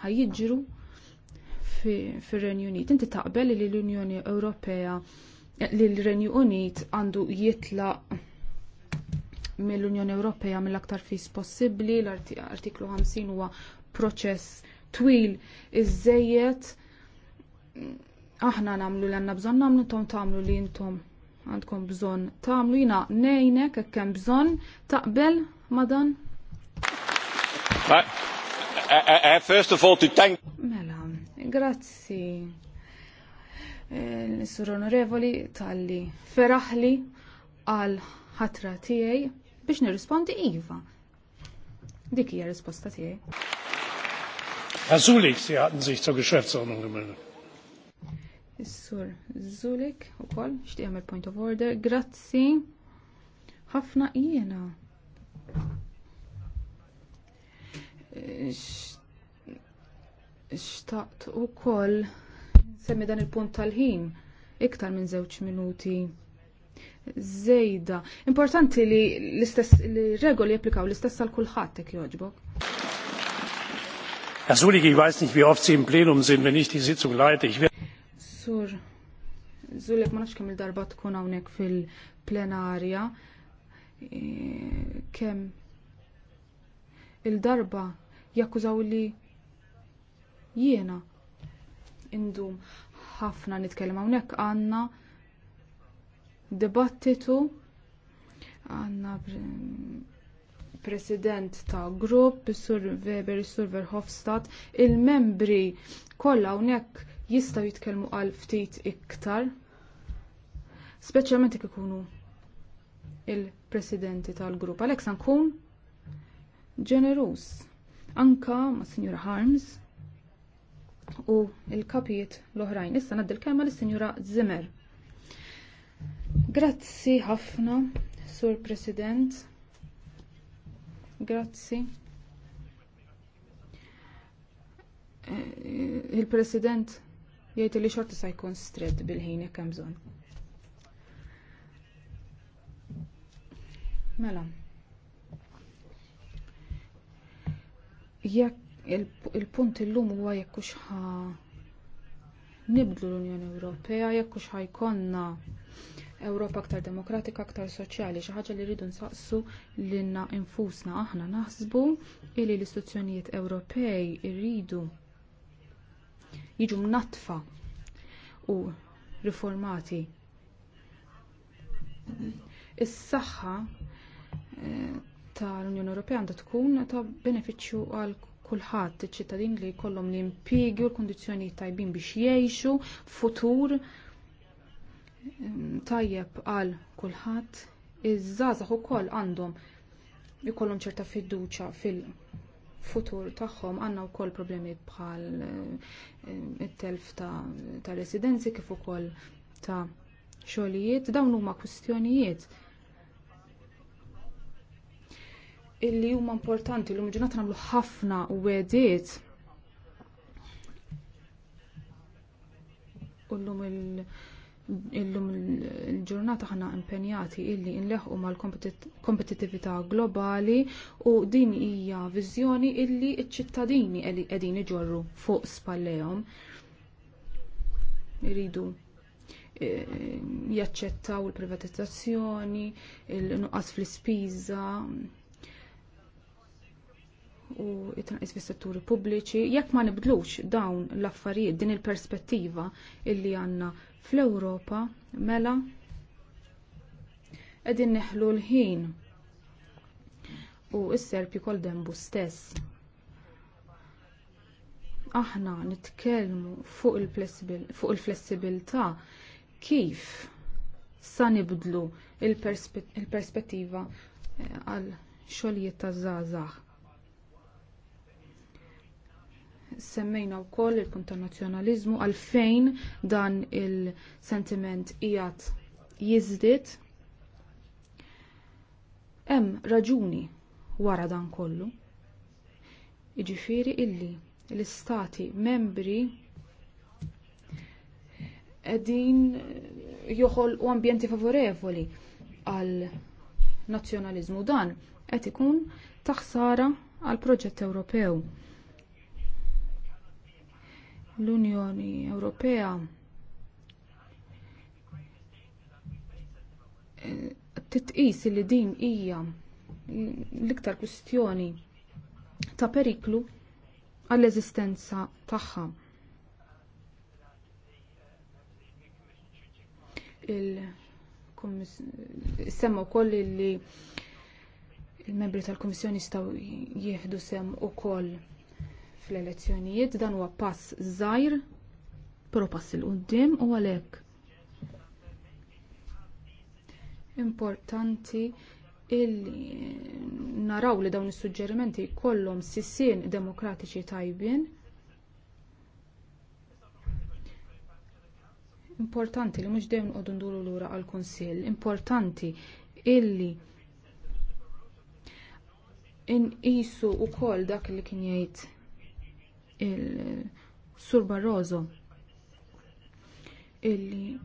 ħajjiġru fir-Renju Unit. Inti taqbel li l-Unjoni Ewropea li l-Renju Unit għandu jitlaq mill-Unjoni Ewropea mill-aktar fis possibbli l-artiklu 50 huwa proċess twil iż aħna namlu l għanna bżon namlu tom tamlu li jintom għandkom bżon tamlu jina nejnek kem bżon taqbel madan uh, uh, uh, First of all, to thank... Mela, grazzi. Nisur eh, onorevoli tal-li feraħli għal ħatra tiegħi biex nirrispondi iva. Dik hija risposta tiegħi. Herr Sulik, Sie hatten sich zur Geschäftsordnung gemeldet. sur Zulik ukoll xtieq jagħmel point of order. Grazzi. Ħafna jiena. Xtaqt ukoll semmi dan il-punt tal-ħin iktar minn żewġ minuti. Zejda. Importanti li l-istess li regoli japplikaw l-istess għal kulħadd jekk jogħġbok. Herr Sulik, ich weiß nicht, wie oft Sie im Plenum sind, wenn ich die Sitzung leite. Ich Sur, Zulik, ma nafx kemm il-darba tkun fil plenaria. E, Kem il-darba jakkużaw li jiena indum ħafna nitkellem hawnhekk għandna dibattitu għandna president ta' grupp, sur Weber, sur Verhofstadt, il-membri kollha hawnhekk jistgħu jitkellmu għal ftit iktar, speċjalment jekk ikunu il-presidenti tal-grupp. Għalhekk se nkun ġeneruż anka ma' Sinjura Harms u il-kapijiet l-oħrajn. Issa naddi l-kelma lis-Sinjura Zimmer. Grazzi ħafna, Sur President. Grazzi. Eh, Il-President jgħid li xorta sa jkun stred bil-ħin jekk hemm bżonn. Mela. Jekk il-punt il illum huwa jekk hux ħa nibdlu l-Unjoni Ewropea, jekk hux ħajkonna Ewropa aktar demokratika, aktar soċjali, xi ħaġa li rridu nsaqsu lilna infusna aħna naħsbu li l-istituzzjonijiet Ewropej irridu jiġu mnatfa u riformati. Is-saħħa eh, tal-Unjoni Ewropea għandha tkun ta' benefiċċju għal kulħadd iċ-ċittadin li jkollhom l-impjiegi u l-kundizzjonijiet tajbin biex jgħixu futur tajjeb għal kulħadd, iż-żgħażagħ ukoll għandhom ikollhom ċerta fiduċja fil-futur tagħhom għandna wkoll problemi bħal eh, it-telf ta' residenzi kif ukoll ta' xogħlijiet dawn huma kwistjonijiet illi huma importanti li ġurnata nagħmlu ħafna wediet il- illum il-ġurnata ħana impenjati illi nleħqu mal-kompetittività globali u din hija viżjoni illi ċ-ċittadini qegħdin iġorru fuq spallejhom. Iridu e, jaċċettaw il-privatizzazzjoni, il-nuqqas fl-ispiża, u it-tanqis fis-setturi pubbliċi, jekk ma nibdlux dawn l-affarijiet din il-perspettiva illi għandna fl-Ewropa, mela qegħdin neħlu l-ħin u s-serb jkoll dembu stess. Aħna nitkellmu fuq il-flessibilità kif sa nibdlu il-perspettiva eh, għal xogħlijiet ta' żgħażagħ semmejna wkoll il-punt ta' nazzjonaliżmu għalfejn dan il-sentiment qiegħed jiżdied. Hemm raġuni wara dan kollu. Jiġifieri illi l-istati membri qegħdin joħolqu ambjenti favorevoli għal nazzjonaliżmu dan qed ikun taħsara għall proġett Ewropew l-Unjoni Ewropea eh, titqis li din hija l-iktar kwistjoni ta' periklu għall-eżistenza tagħha. il-semma wkoll li il-membri tal-Kummissjoni jistgħu jieħdu sem ukoll fl-elezzjonijiet dan huwa pass żgħir, però pass il qudiem u għalhekk. Importanti illi naraw li dawn is-suġġerimenti jkollhom sissien demokratiċi tajbin. Importanti li mhux dejjem noqogħdu nduru lura għall kunsill importanti illi inqisu wkoll dak li kien jgħid il-Sur Barroso illi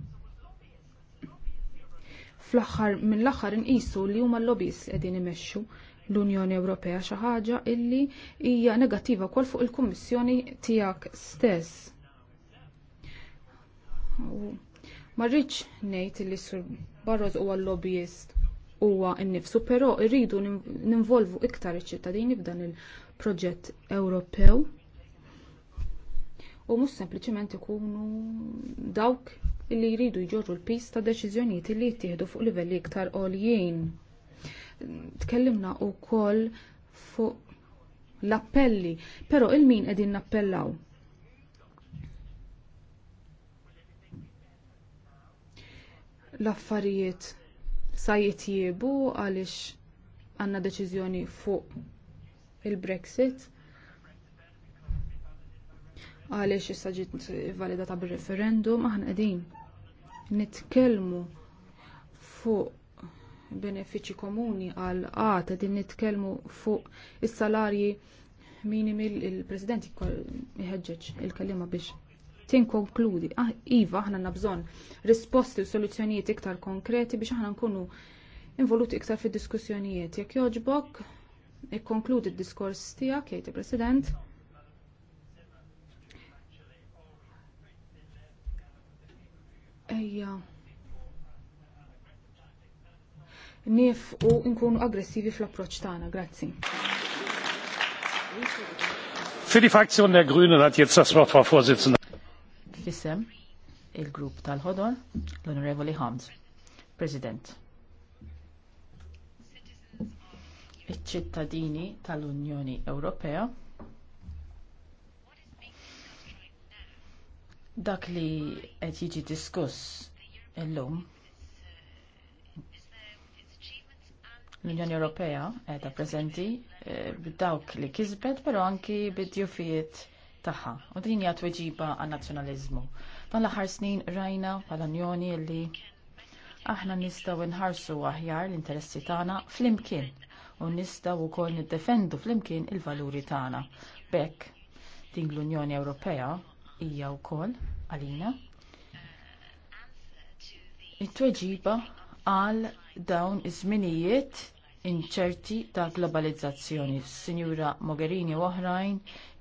fl-aħħar mill-aħħar inqisu li huma l-lobbies qegħdin imexxu l-Unjoni Ewropea xi ħaġa illi hija negattiva kol fuq il-Kummissjoni tiegħek stess. Ma rridx ngħid li Sur Barroso huwa l-lobbyist huwa nnifsu, però rridu ninvolvu iktar iċ-ċittadini f'dan il-proġett Ewropew u mhux sempliċement ikunu dawk li jridu jġorru l-pis ta' deċiżjonijiet li jittieħdu fuq livelli iktar għoljien. Tkellimna wkoll fuq l-appelli, però il-min qegħdin nappellaw. L-affarijiet sa jitjiebu għaliex għandna deċiżjoni fuq il-Brexit għaliex issa ġiet validata bir-referendum aħna qegħdin nitkellmu fuq benefiċi komuni għal qatt qegħdin nitkellmu fuq is-salarji minimi il-President iħeġġeġ il-kelliema biex tinkonkludi. Ah, iva, aħna għandna bżonn risposti u soluzzjonijiet iktar konkreti biex aħna nkunu involuti iktar fid-diskussjonijiet. Jekk jogħġbok, ikkonkludi d-diskors tiegħek, jgħid il-President. Ejja. Nif u nkunu aggressivi fl-approċ tagħna, grazzi. Für die Fraktion der Grünen hat jetzt das Wort Frau Vorsitzende. Fissem, il-grupp tal ħodon l honorevoli Hans, President. il ċittadini tal-Unjoni Ewropea Dak li qed jiġi diskuss illum l-Unjoni Ewropea qiegħda preżenti eh, b'dawk li kisbet però anki bid-djufijiet tagħha. U din hija tweġiba għan nazzjonaliżmu. Dan l-aħħar snin rajna bħall-Unjoni li aħna nistgħu nħarsu aħjar l-interessi tagħna flimkien u nistgħu wkoll niddefendu flimkien il-valuri tagħna. Bekk din l-Unjoni Ewropea hija wkoll għalina it-tweġiba għal dawn iż-żminijiet inċerti ta' globalizzazzjoni. Sinjura Mogherini u oħrajn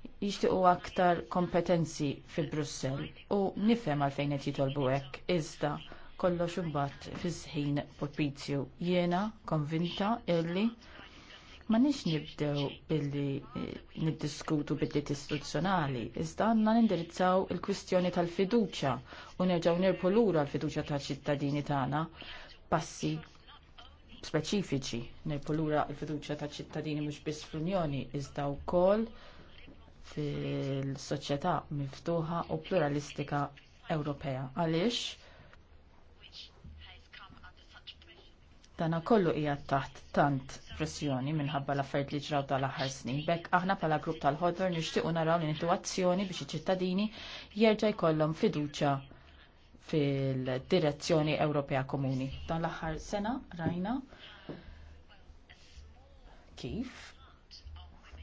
jixtiequ aktar kompetenzi fi Brussell u nifhem għalfejn qed jitolbu hekk iżda kollox imbagħad fiż-żħin propizju. Jiena konvinta illi ma nix nibdew billi eh, niddiskutu bidliet istituzzjonali, iżda għandna nindirizzaw il-kwistjoni tal-fiduċja u nerġaw nirpu lura l-fiduċja tal-ċittadini tagħna passi speċifiċi nirpu lura l-fiduċja tal-ċittadini mhux biss fl-Unjoni iżda wkoll fil-soċjetà miftuħa u pluralistika Ewropea. Għaliex dana kollu hija taħt tant pressjoni minħabba l-affarijiet li ġraw tal-aħħar snin. Bekk aħna bħala grupp tal-ħodor nixtiequ naraw l-intuazzjoni biex iċ-ċittadini jerġa' jkollhom fiduċja fil-direzzjoni Ewropea Komuni. Dan l-aħħar sena rajna kif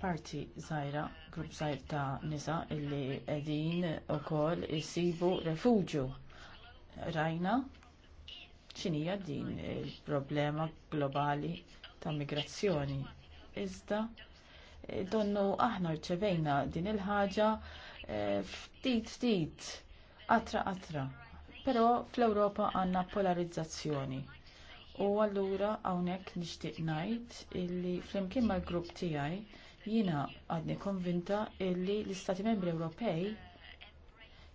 parti żgħira, grupp żgħir ta' nisa illi qegħdin ukoll isibu refuġju. Rajna x'inhija din il-problema globali ta' migrazzjoni. Iżda eh, donnu aħna rċevejna din il-ħaġa eh, ftit ftit qatra qatra. Però fl-Ewropa għandna polarizzazzjoni. U allura hawnhekk nixtieq ngħid illi flimkien mal-grupp tiegħi jiena għadni konvinta illi l-Istati Membri Ewropej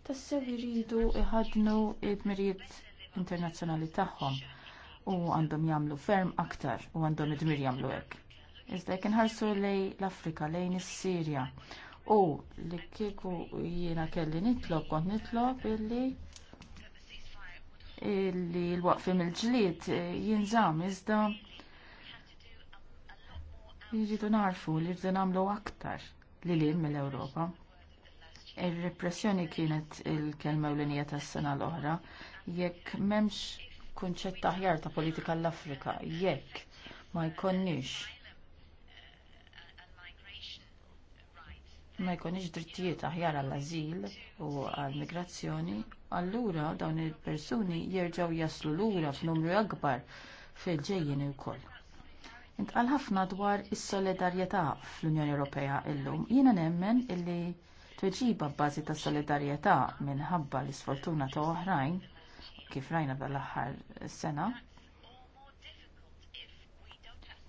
tassew jridu iħadnu t mirijiet internazzjonali tagħhom u għandhom jagħmlu ferm aktar u għandhom id-dmir jagħmlu hekk. Iżda jekk inħarsu lejn l-Afrika lejn is-Sirja u li kieku jiena kelli nitlob kont nitlob illi illi l-waqfim il-ġlied eh, jinżamm iżda jridu narfu li rridu nagħmlu aktar li li mill-Ewropa. Ir-repressjoni kienet il-kelma ewlenija tas-sena l-oħra jekk m'hemmx kunċett aħjar ta' politika l-Afrika jekk ma jkonniex ma jkunx drittijiet aħjar għall ażil u għall migrazzjoni, allura dawn il-persuni jerġgħu jaslu lura f'numru akbar fil-ġejjin ukoll. Intqal ħafna dwar is-solidarjetà fl-Unjoni Ewropea illum. Jiena nemmen illi tweġiba bbażi tas solidarjetà minħabba l-isfortuna ta' oħrajn kif rajna tal-aħħar sena.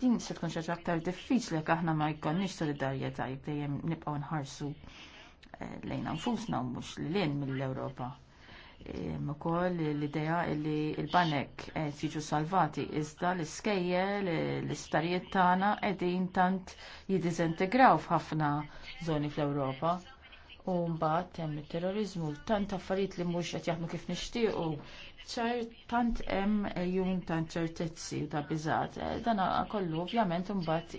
Din se tkun xaġa aktar diffiċli jekk aħna ma jkollniex solidarjetà jekk dejjem nibqgħu nħarsu eh, lejn anfusna u mhux lilien mill-Ewropa. Ukoll l-idea li l-banek qed jiġu salvati iżda l-iskejjel, l-istarijiet tagħna qegħdin tant jiddiżintegraw f'ħafna żoni fl-Ewropa. U mbagħad hemm it-terrorizmu, tant affarijiet li mhux qed jaħdmu kif nixtiequ, ċar tant hemm eh, jum tant ċertezzi u ta' biżat, eh, dan kollu ovvjament imbagħad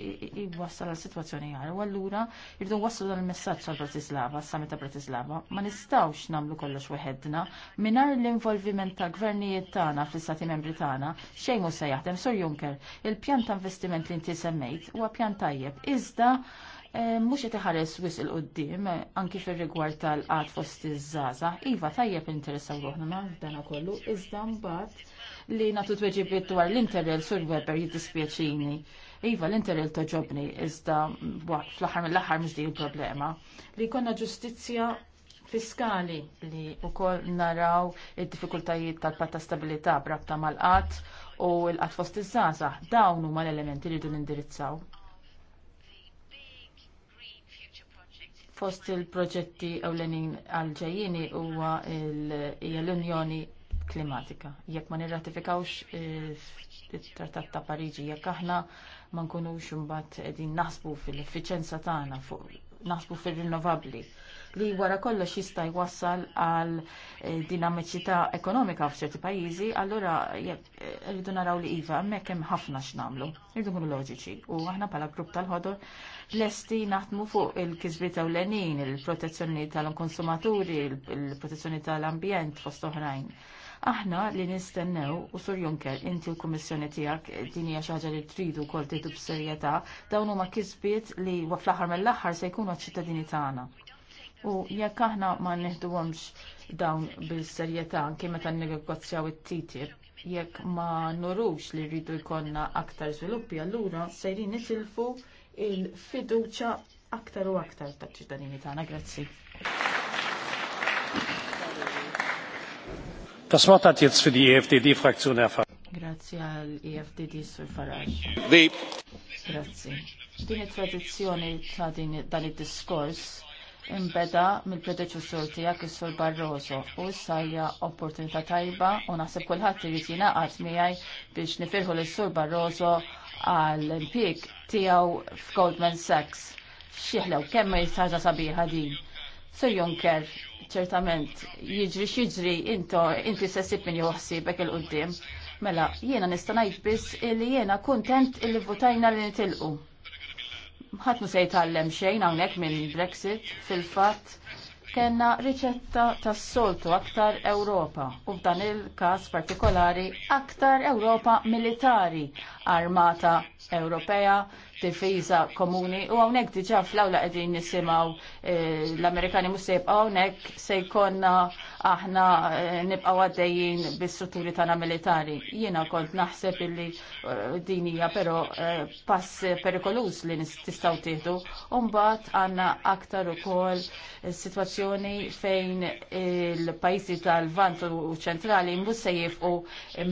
jwassal għal sitwazzjoni ħar. U allura irdu waslu dan il-messaġġ għal Bratislava, s ta' Bratislava, ma nistgħux nagħmlu kollox weħedna mingħajr l-involviment ta' gvernijiet tagħna fl-Istati Membri tagħna xejn mhux se jaħdem Sur Juncker. Il-pjan ta' investiment li inti semmejt huwa pjan tajjeb iżda Eh, mhux qed iħares wis il qudiem eh, anki fir-rigward tal-qat fost iż-żgħażagħ. Iva tajjeb interessaw ruħna ma' dan kollu iżda mbagħad li nagħtu tweġibiet dwar l-interrel sur Weber jiddispjaċini. Iva l-interrel toġobni iżda fl-aħħar mill-aħħar mhux din il-problema. Li jkollna ġustizzja fiskali li wkoll naraw id-diffikultajiet tal-patta stabilità brabta mal qat u l qat fost iż-żgħażagħ. Dawn huma l-elementi li dun indirizzaw. Fost il-proġetti ewlenin għal-ġejjini huwa l-Unjoni Klimatika. Jekk ma nirratifikawx eh, it-Trattat ta' Pariġi, jekk aħna ma nkunux imbagħad qegħdin naħsbu fil-effiċenza tagħna fuq naħsbu fir-rinnovabbli li wara kollox jista' jwassal għal eh, dinamiċità ekonomika f'ċerti pajjiżi, allura eh, rridu naraw li iva hemmhekk hemm ħafna x'namlu. Rridu nkunu loġiċi u aħna bħala grupp tal-ħodor lesti naħdmu fuq il-kisbiet ewlenin, il-protezzjoni tal-konsumaturi, il-protezzjoni tal-ambjent fost oħrajn. Aħna li nistennew u Sur Juncker, inti l kummissjoni tiegħek din hija xi ħaġa li tridu wkoll tgħidu b'serjetà, dawn huma kisbiet li fl-aħħar mill-aħħar se jkunu ċ-ċittadini tagħna u jekk aħna ma neħduhomx dawn bil serjetà anke meta nnegozjaw it-TTIP, jekk ma nurux li rridu jkollna aktar żviluppi, allura sejrin nitilfu il-fiduċja aktar u aktar taċ-ċittadini tagħna. Grazzi. Das Wort hat jetzt für die EFDD-Fraktion Herr Grazie għal EFDD Sur Farage. Grazie. Din it-tradizzjoni ta' dan id-diskors imbeda mill-predeċessur tiegħek is-Sur Barroso u issa hija opportunità tajba u naħseb kulħadd irid jingħaqad miegħi biex nifirħu lis-Sur Barroso għall impjieg tiegħu f'Goldman Sachs. Xieħlew kemm ma jistaġa sabiħa din. Sir Juncker, ċertament, jiġri x'jiġri into inti se sib min joħsibek il-qudiem. Mela, jiena nista' ngħid biss li jiena kuntent illi votajna li nitilqu ħadd mu se jtallem xejn hawnhekk minn Brexit fil-fatt kellna riċetta tas-soltu aktar Ewropa u f'dan il-każ partikolari aktar Ewropa militari, armata Ewropea, difiża komuni u hawnhekk diġà fl-awla qegħdin nisimgħu eh, l-Amerikani mhux se hawnhekk se jkollna aħna eh, nibqaw għaddejjin bis-strutturi tagħna militari. Jiena kont naħseb illi eh, din hija però eh, pass perikoluż li tistgħu tieħdu. Mbagħad għandna aktar ukoll sitwazzjoni fejn il-pajjiżi tal-Vant u ċentrali mhux se jifqu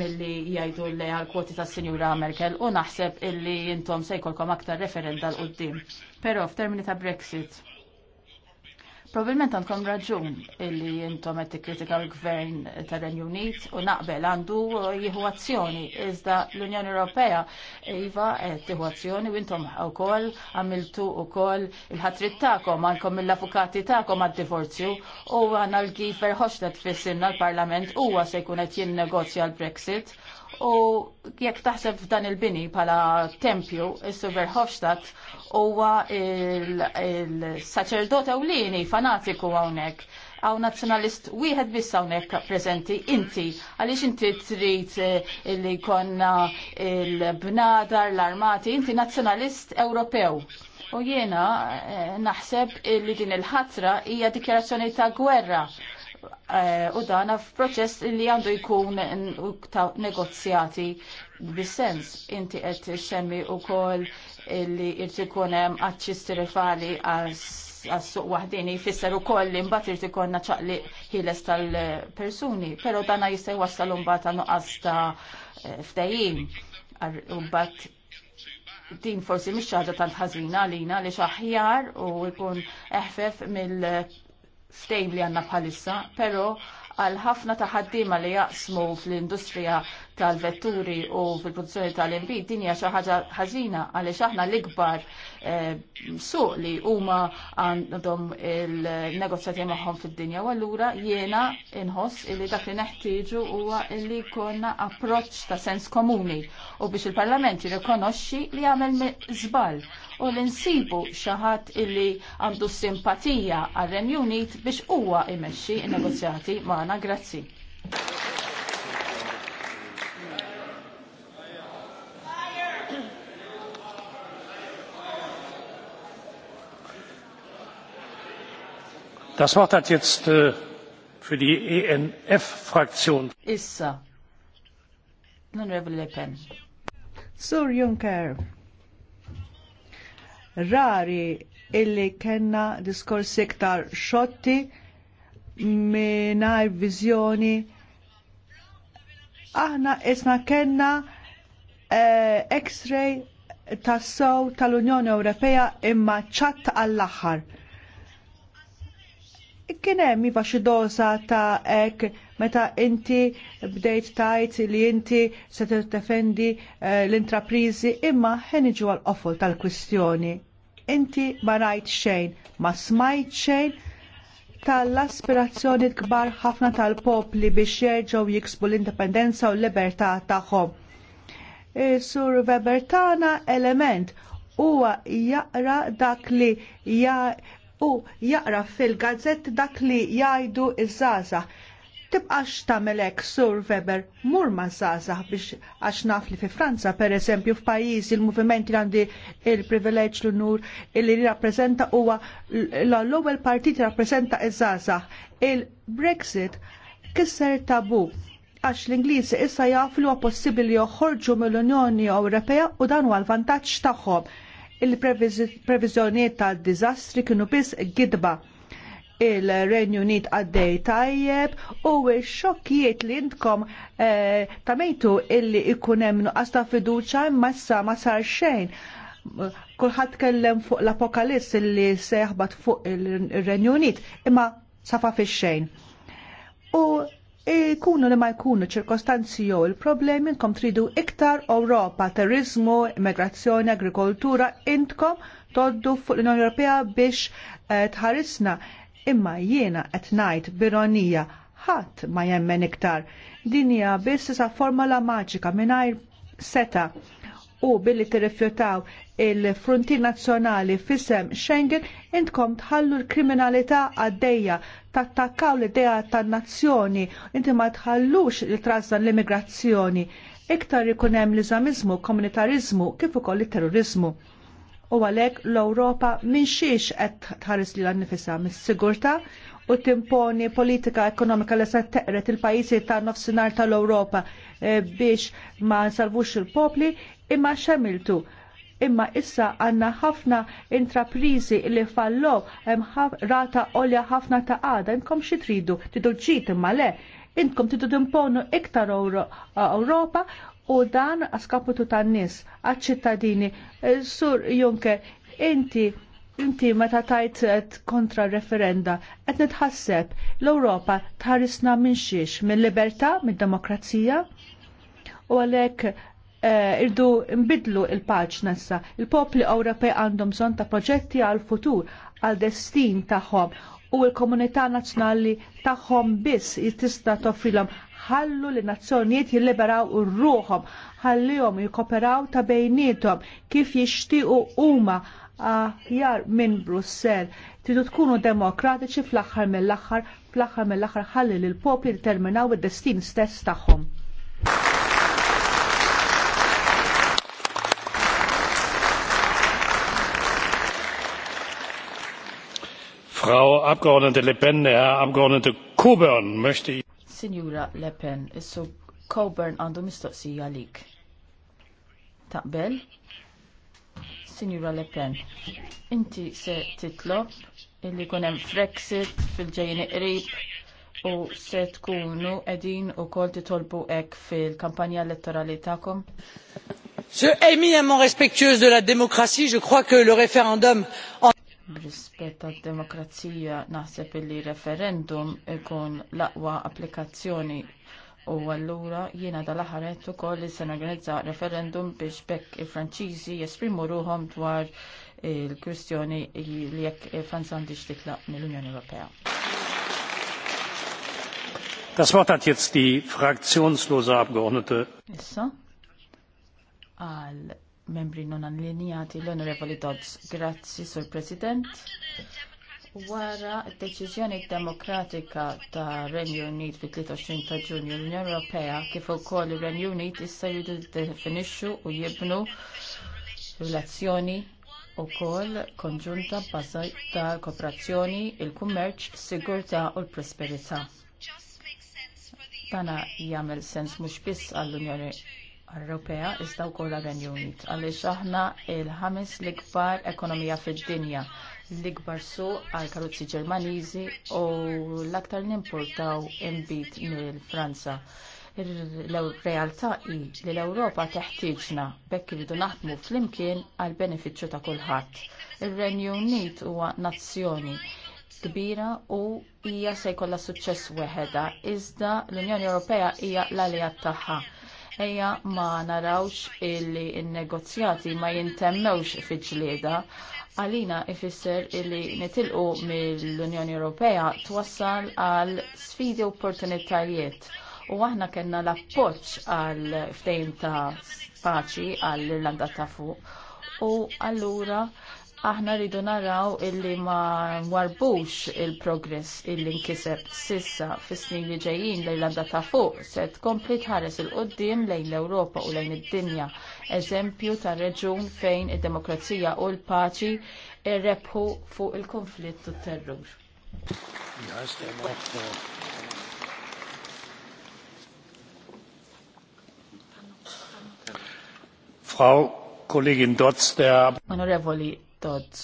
milli jgħidu li għal-kwoti tas-Sinjura Merkel u naħseb illi intom se jkollkom aktar referenda l-qudiem. Però f'termini ta' Brexit, Probabilment għandkom raġun li jintom qed tikkritika l-Gvern tal-Renju Unit u naqbel għandu jihu azzjoni. Iżda l-Unjoni Ewropea iva qed jihu azzjoni u intom kol għamiltu wkoll il-ħatrit tagħkom għandkom mill-avukati tagħkom għad-divorzju u għandna l-Gifer Hoxlet fissinna l-Parlament huwa se jkun qed l-Brexit u jekk taħseb f'dan il-bini pala tempju, il-Super Hofstadt, huwa il-saċerdot il ewlieni fanatiku hawnhekk għaw nazjonalist wieħed biss hawnhekk preżenti inti għaliex inti trid eh, li konna il-bnadar l-armati inti nazzjonalist Ewropew. U jiena eh, naħseb li din il-ħatra hija dikjarazzjoni ta' gwerra Eh, u dana f'proċess li għandu jkun negozjati bis-sens inti qed semmi wkoll li irid ikun hemm aċċis tarifali għas-suq waħdini jfisser ukoll li mbagħad irid ikolna ċaqli ħiles tal-persuni, però dana jista' jwassal imbagħad nuqqas ta' ftejim. u mbagħad din forsi mhix ħaġa tant ħażina għalina li xaħjar u jkun eħfef mill stejm li għanna bħalissa, pero għal ħafna ta' ħaddiema li jaqsmu fl-industrija tal-vetturi u fil-produzzjoni tal-inbit din hija xi ħaġa ħażina għaliex aħna l-ikbar eh, suq li huma għandhom il-negozjati magħhom fid-dinja u allura jiena inħoss li dak li neħtieġu huwa li jkollna approċċ ta' sens komuni u biex il-Parlament jirrikonoxxi li għamel żball u nsibu xi xaħat illi għandu simpatija għal Unit biex huwa imexxi n negozjati maħna grazzi. Äh, e Issa. L'Honorable Le Pen. Sur Juncker. Rari illi kenna diskors iktar xotti minar vizjoni aħna isna kenna eh, x-ray tas-sow tal-Unjoni Ewropea imma ċatt għall-aħħar Kien hemm iva xi dosa ta' hekk meta inti bdejt tajt li inti se defendi eh, l-intrapriżi imma ħen iġu għal-qofol tal-kwistjoni. Inti ma rajt xejn, ma smajt xejn, tal-aspirazzjoni kbar ħafna tal-popli biex jerġgħu jiksbu l-indipendenza u l-libertà tagħhom. E, Sur Webertana tagħna element huwa jaqra dak li ja u jaqra fil-gazzett dak li jgħidu iż-żaza. Tibqax tamelek sur Weber mur ma' żaza biex għax naf li fi Franza per eżempju f'pajjiż il movement li għandi il-privileġġ l-unur li rappreżenta huwa l-ewwel partit rappresenta iż-żaza. Il-Brexit kisser tabu għax l-Ingliżi issa jafu li huwa possibbli joħorġu mill-Unjoni Ewropea u dan huwa l-vantaġġ tagħhom il-previżjonijiet tad-diżastri kienu biss gidba il-Renju Unit għaddej tajjeb u x-xokkijiet li jintkom ta' eh, tamejtu illi ikunem ta' fiduċa massa ma sar xejn. Kulħadd kellem fuq l-apokaliss illi seħbat fuq il-Renju Unit imma safa fix xejn. U ikunu li ma jkunu ċirkostanzi jew il-problemi nkom tridu iktar Ewropa, terrorizmu, immigrazzjoni, agrikoltura, intkom toddu fuq l-Unjoni Ewropea biex eh, tħarisna. Imma jiena qed ngħid bironija ħadd ma jemmen iktar. Din hija biss sa formola maġika mingħajr seta' u billi tirrifjutaw il frunti nazzjonali fisem Schengen intkom tħallu l-kriminalità għaddejja tattakkaw l-idea tan-nazzjoni inti ma tħallux li trazzan l-immigrazzjoni iktar ikun hemm l-iżamiżmu, komunitarizmu kif ukoll it-terrorizmu. U għalhekk l-Ewropa minxiex qed tħares l annifisa mis-sigurtà u timponi politika ekonomika li se teqret il-pajjiżi ta' nofsinhar tal-Ewropa eh, biex ma nsalvux il-popli imma xemiltu imma issa għandna ħafna intraprizi li fallo hemm rata olja ħafna ta' għada inkom xi tridu tidu imma le inkom tidu timponu iktar Ewropa u dan għaskaputu tan-nies għaċ-ċittadini. Eh, Sur Junke, inti inti meta tajt eh, kontra referenda, qed nitħasseb l-Ewropa tħarisna minn xiex, minn libertà, minn demokrazija. U għalhekk Eh, irdu nbidlu il-paċ nessa. Il-popli Ewropej għandhom bżonn ta' proġetti għal-futur, għal-destin tagħhom u l-komunità nazzjonali tagħhom biss tista' toffrilhom ħallu li nazzjonijiet jilliberaw rruhom, ħallihom jikoperaw ta' bejnietom kif jixtiequ huma aħjar minn Brussell. Tridu tkunu demokratiċi fl-aħħar mill-aħħar, fl-aħħar mill-aħħar ħalli l popli determinaw id-destin stess tagħhom. Frau Abgeordnete Le Pen, Herr Abgeordnete Coburn, möchte ich. Signora Le Pen, issu Coburn għandu mistoqsija għalik. Taqbel? Signora Le Pen, inti se titlop illi kunem Frexit fil-ġejni qrib U se tkunu edin u kol titolbu ek fil-kampanja elettorali ta'kom? Je éminemment respectueuse de la démocratie, je crois que le référendum en rispetta demokrazija naħseb li referendum ikun l-aqwa applikazzjoni u allura jiena dal-aħaret ukoll li se organizza referendum biex bekk il-Franċiżi jesprimu ruhom dwar il-kwistjoni li jekk Franza għandix mill-Unjoni Ewropea. Das Wort hat jetzt die fraktionslose Abgeordnete. Issa, membri non allineati l-Onorevoli Dodds. Grazzi, Sur President. Wara d deċiżjoni demokratika ta' Renju Unit fit-23 ta' Ġunju l-Unjoni Ewropea kif ukoll ir-Renju Unit issa jridu jiddefinixxu u jibnu relazzjoni wkoll konġunta bbażata kooperazzjoni, il-kummerċ, sigurtà u l-prosperità. Dana jagħmel sens mhux biss għall-Unjoni Ewropea iżda wkoll għar-Renju Unit għaliex aħna il-ħames l-ikbar ekonomija fid-dinja l-ikbar suq għal karozzi Ġermaniżi u l-aktar nimportaw imbit mill-Franza. Il-realtà hi li l-Ewropa teħtieġna bekk iridu naħdmu flimkien għal benefiċċju ta' kulħadd. Ir-Renju Unit huwa nazzjoni kbira u hija se jkollha suċċess weħeda iżda l-Unjoni Ewropea hija l-alijat tagħha ejja ma narawx illi n-negozjati ma jintemmewx fiġlieda għalina ifisser illi nitilqu mill-Unjoni Ewropea twassal għal sfidi opportunitajiet u aħna kellna l-appoċ għal ftejn ta' paċi għall irlanda ta' fuq. U allura aħna rridu naraw illi ma warbux il-progress illi nkiseb sissa fis-snin li ġejjin l-Irlanda ta' fuq se tkompli tħares il-qoddim lejn l-Ewropa u lejn id-dinja. Eżempju ta' reġun fejn id-demokrazija u l-paċi irrebħu fuq il-konflitt u t-terrur. Frau Kollegin Dotz, der Onorevoli Dodds.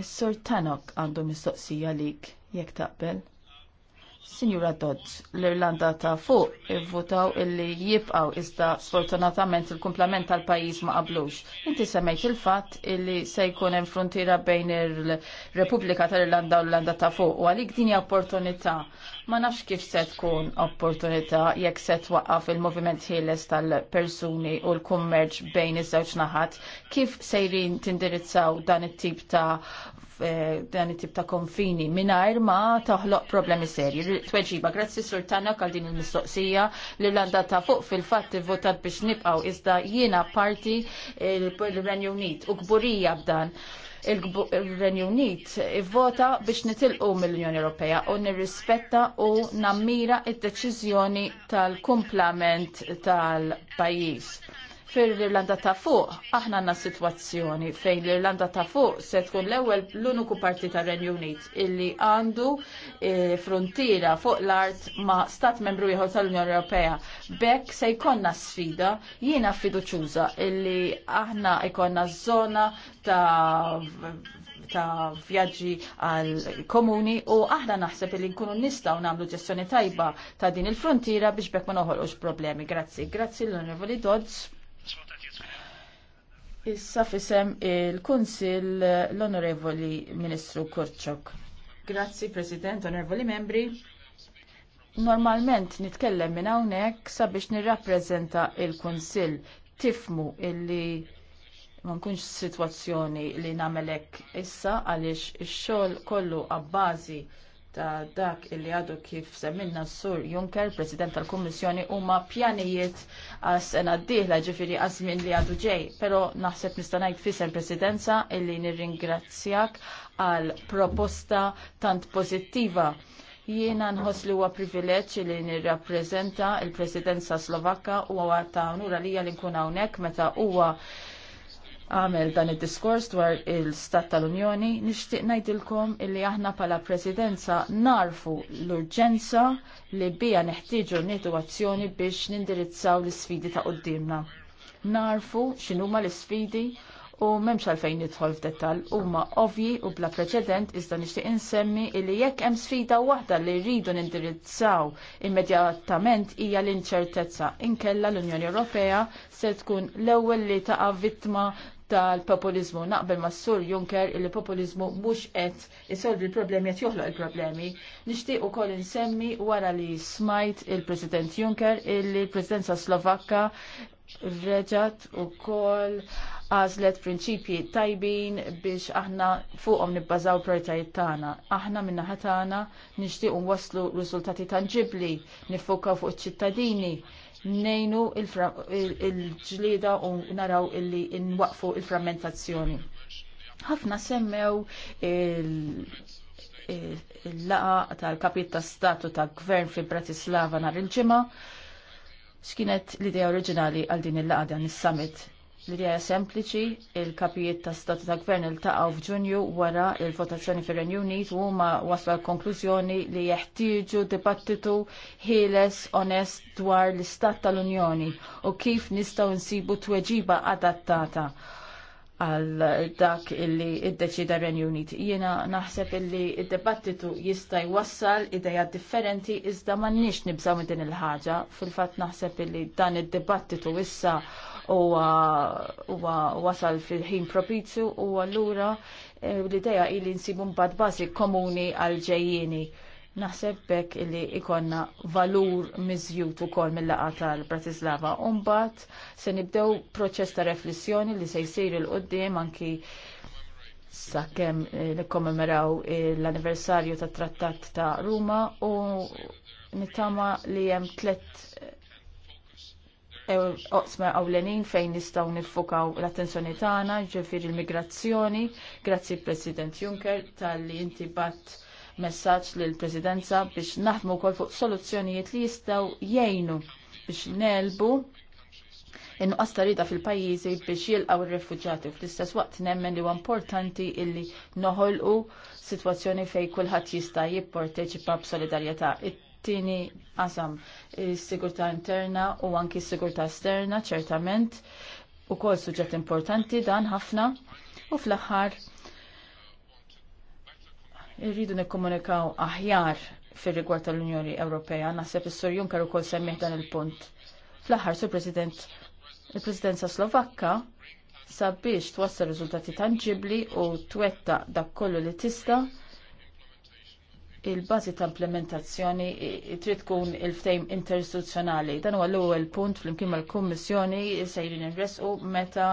Is-Sur Tanok għandu mistoqsija lik jekk taqbel. Sinjura Dodds, l-Irlanda ta' fuq ivvutaw illi jibqaw iżda sfortunatament il-kumplament tal-pajis ma qablux. Inti semmejt il-fatt illi se jkun hemm frontiera bejn ir-Repubblika tal-Irlanda u l-Irlanda ta' fuq u għalik din opportunità Ma nafx kif se tkun opportunità jekk se twaqqaf il-moviment ħieles tal-persuni u l-kummerċ bejn iż-żewġ naħat, kif sejrin tindirizzaw dan it-tip ta' eh, dan it-tip ta' konfini mingħajr ma taħloq problemi serji. Tweġiba, grazzi sur Tanna għal din il-mistoqsija l għanda ta' fuq fil-fatt votat biex nibqgħu iżda jiena parti il-Renju Unit u kburija b'dan il-Renju Unit ivvota biex nitilqu mill-Unjoni Ewropea u nirrispetta u nammira id-deċiżjoni tal-kumplament tal-pajjiż fil-Irlanda ta' fuq, aħna għanna situazzjoni fejn l-Irlanda ta' fuq se tkun l-ewwel l-uniku parti tar renju Unit illi għandu e, frontiera fuq l-art ma' stat membru ieħor tal-Unjoni Ewropea. Bekk se jkollna sfida jiena fiduċuża illi aħna jkollna żona ta' ta' vjaġġi għal komuni u aħna naħseb li nkunu nistgħu nagħmlu ġestjoni tajba ta' din il-frontiera biex bekk ma noħolqux problemi. Grazzi, grazzi l-Onorevoli Dodds. Issa fisem il-Kunsil l-Onorevoli Ministru Kurċok. Grazzi, President, Onorevoli Membri. Normalment nitkellem minn hawnhekk sabiex nirrappreżenta il-Kunsil tifmu illi ma nkunx situazzjoni li namelek issa għaliex ix-xogħol kollu għabbażi ta' dak illi għadu kif semminna s-sur Juncker, President tal-Kommissjoni, huma pjanijiet għas sena d-dihla ġifiri għazmin li għadu ġej. Pero naħseb nistanajk fisem Presidenza illi nirringrazzjak għal proposta tant pozittiva. Jiena nħoss li huwa privileġġ li nirrappreżenta il-Presidenza Slovakka u għata unura li li nkun hawnhekk meta huwa għamel dan id-diskors dwar il-Stat tal-Unjoni, nixtieq ngħidilkom illi aħna pala Presidenza narfu l-urġenza li bija neħtieġu nieħdu azzjoni biex nindirizzaw l-isfidi ta' qoddimna. Narfu x'inhuma l-isfidi u memx għalfejn nidħol f'dettall huma ovvji u bla preċedent iżda nixtieq insemmi li jekk hemm sfida waħda li rridu nindirizzaw immedjatament hija l-inċertezza inkella l-Unjoni Ewropea se tkun l-ewwel li taqa' vittma tal-populizmu. Naqbel ma' Sur Juncker il populizmu mhux qed isolvi l-problemi qed joħloq il-problemi. Nixtieq ukoll insemmi wara li smajt il-President Juncker illi l-Presidenza Slovakka reġat ukoll għażlet prinċipji tajbin biex aħna fuqhom nibbażaw prioritajiet tagħna. Aħna min-naħa tagħna nixtiequ nwasslu riżultati tanġibbli, nifokaw fuq iċ-ċittadini nejnu il-ġlida u naraw illi nwaqfu il-frammentazzjoni. Ħafna semmew il-laqa tal-kapit ta' statu ta' gvern fi Bratislava nar il ġima x'kienet l-idea oriġinali għal din il-laqa dan is-summit li idea sempliċi, il-kapijiet ta' stati ta' gvern il-taqaw f'Ġunju wara il-votazzjoni fir renju Unit u ma waslu l konklużjoni li jeħtieġu dibattitu ħieles onest dwar l-istat tal-Unjoni u kif nistgħu nsibu tweġiba adattata għal dak illi id-deċida Renju Unit. Jiena naħseb illi id-debattitu jista' jwassal ideja differenti iżda m'għandniex nibżaw minn din il-ħaġa. Fil-fatt naħseb illi dan id-debattitu issa u wasal fil-ħin propizju u allura eh, l-ideja li nsibu mbagħad bażi komuni għal ġejjini. Naħseb bekk li ikonna valur miżjut ukoll mill-laqa tal-Bratislava. Umbat, se nibdew proċess ta' reflessjoni li se jsir il-qudiem anki sakemm eh, kommemoraw l-anniversarju tat Trattat ta' Ruma u nittama li hemm tlet oqsma l-enin fejn nistaw nifukaw l-attenzjoni tagħna, ġifir l-migrazzjoni. Grazzi President Juncker tal-li inti bat messaġġ l presidenza biex naħdmu wkoll fuq soluzzjonijiet li jistgħu jgħinu biex nelbu innu tarida fil-pajjiżi biex jilqgħu refugġati u fl-istess waqt nemmen li huwa importanti illi noħolqu sitwazzjoni fejn kulħadd jista' jipparteċipa b'solidarjetà. Tini qasam is-sigurtà interna u anki s-sigurtà esterna ċertament ukoll suġġett importanti dan ħafna u fl-aħħar irridu nikkomunikaw aħjar fir rigward tal-Unjoni Ewropea. Naħseb is-Sur Juncker ukoll semmih dan il-punt. Fl-aħħar, Sur President, il-Presidenza Slovakka sabiex twassal riżultati tanġibli u twetta dak kollu li tista' il-bażi ta' implementazzjoni trid tkun il-ftejm interistituzzjonali. Dan huwa l-ewwel punt flimkien mal-Kummissjoni se jrid nirresqu meta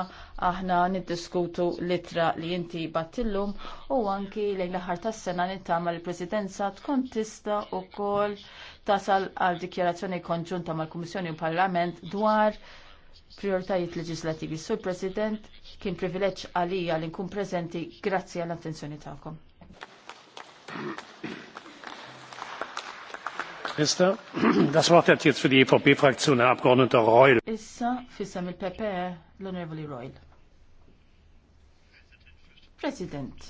aħna niddiskutu l ittra li inti battillum u anki lejn l-aħħar tas-sena nittama l-Presidenza tkun tista' wkoll tasal għal dikjarazzjoni konġunta mal-Kummissjoni u Parlament dwar prioritajiet leġislativi. Sur President, kien privileġġ għalija li nkun preżenti grazzi għall-attenzjoni tagħkom. Christa. Das Wort hat jetzt für die EVP-Fraktion Herr Abgeordneter Reul. Issa il-PPE l Reul. President,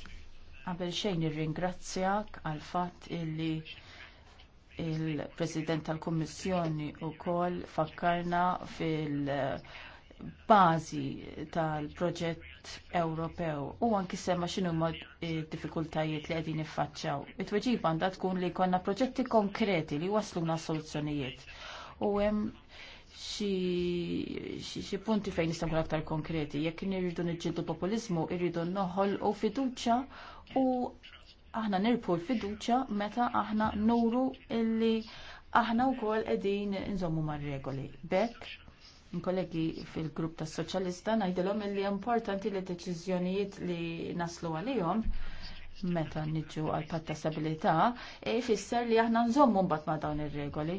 għabel xejn ir-ringrazzjak għal fatt illi il-President tal-Kommissjoni u kol fakkarna fil- uh, bażi tal-proġett Ewropew u anki semma x'inhu huma d-diffikultajiet li qegħdin iffaċċjaw. It-tweġiba għandha tkun li jkollna proġetti konkreti li wasluna soluzzjonijiet. U hemm xi punti fejn nistgħu nkunu aktar konkreti. Jekk nirridu niġġieldu populiżmu, irridu noħolqu fiduċja u aħna nirpu l-fiduċja meta aħna nuru illi aħna wkoll qegħdin inżommu mar-regoli. Bekk kollegi fil-grupp tas soċjalista ngħidilhom li importanti li deċiżjonijiet li naslu għalihom meta niġu għal patta stabilità ifisser e li aħna nżommu mbagħad ma' dawn ir-regoli.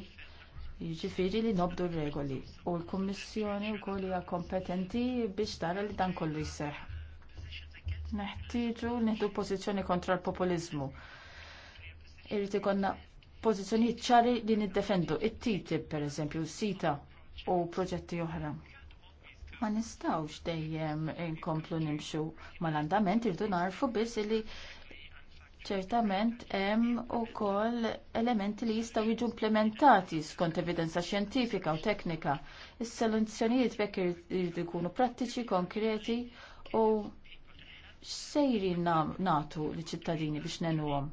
Jiġifieri li nobdu r-regoli u l-Kummissjoni wkoll hija kompetenti biex tara li dan kollu jseħħ. Neħtieġu neħdu pożizzjoni kontra l-populiżmu. Irid ikonna pożizzjonijiet ċari li niddefendu it-TTIP pereżempju, s-sita u proġetti oħra. Ma nistawx dejjem inkomplu nimxu mal-andament irdu narfu biss li ċertament hemm ukoll elementi li jistgħu jiġu implementati skont evidenza xjentifika u teknika. Is-soluzzjonijiet bekk iridu jkunu prattiċi, konkreti u x'sejri nagħtu liċ ċittadini biex nenuhom.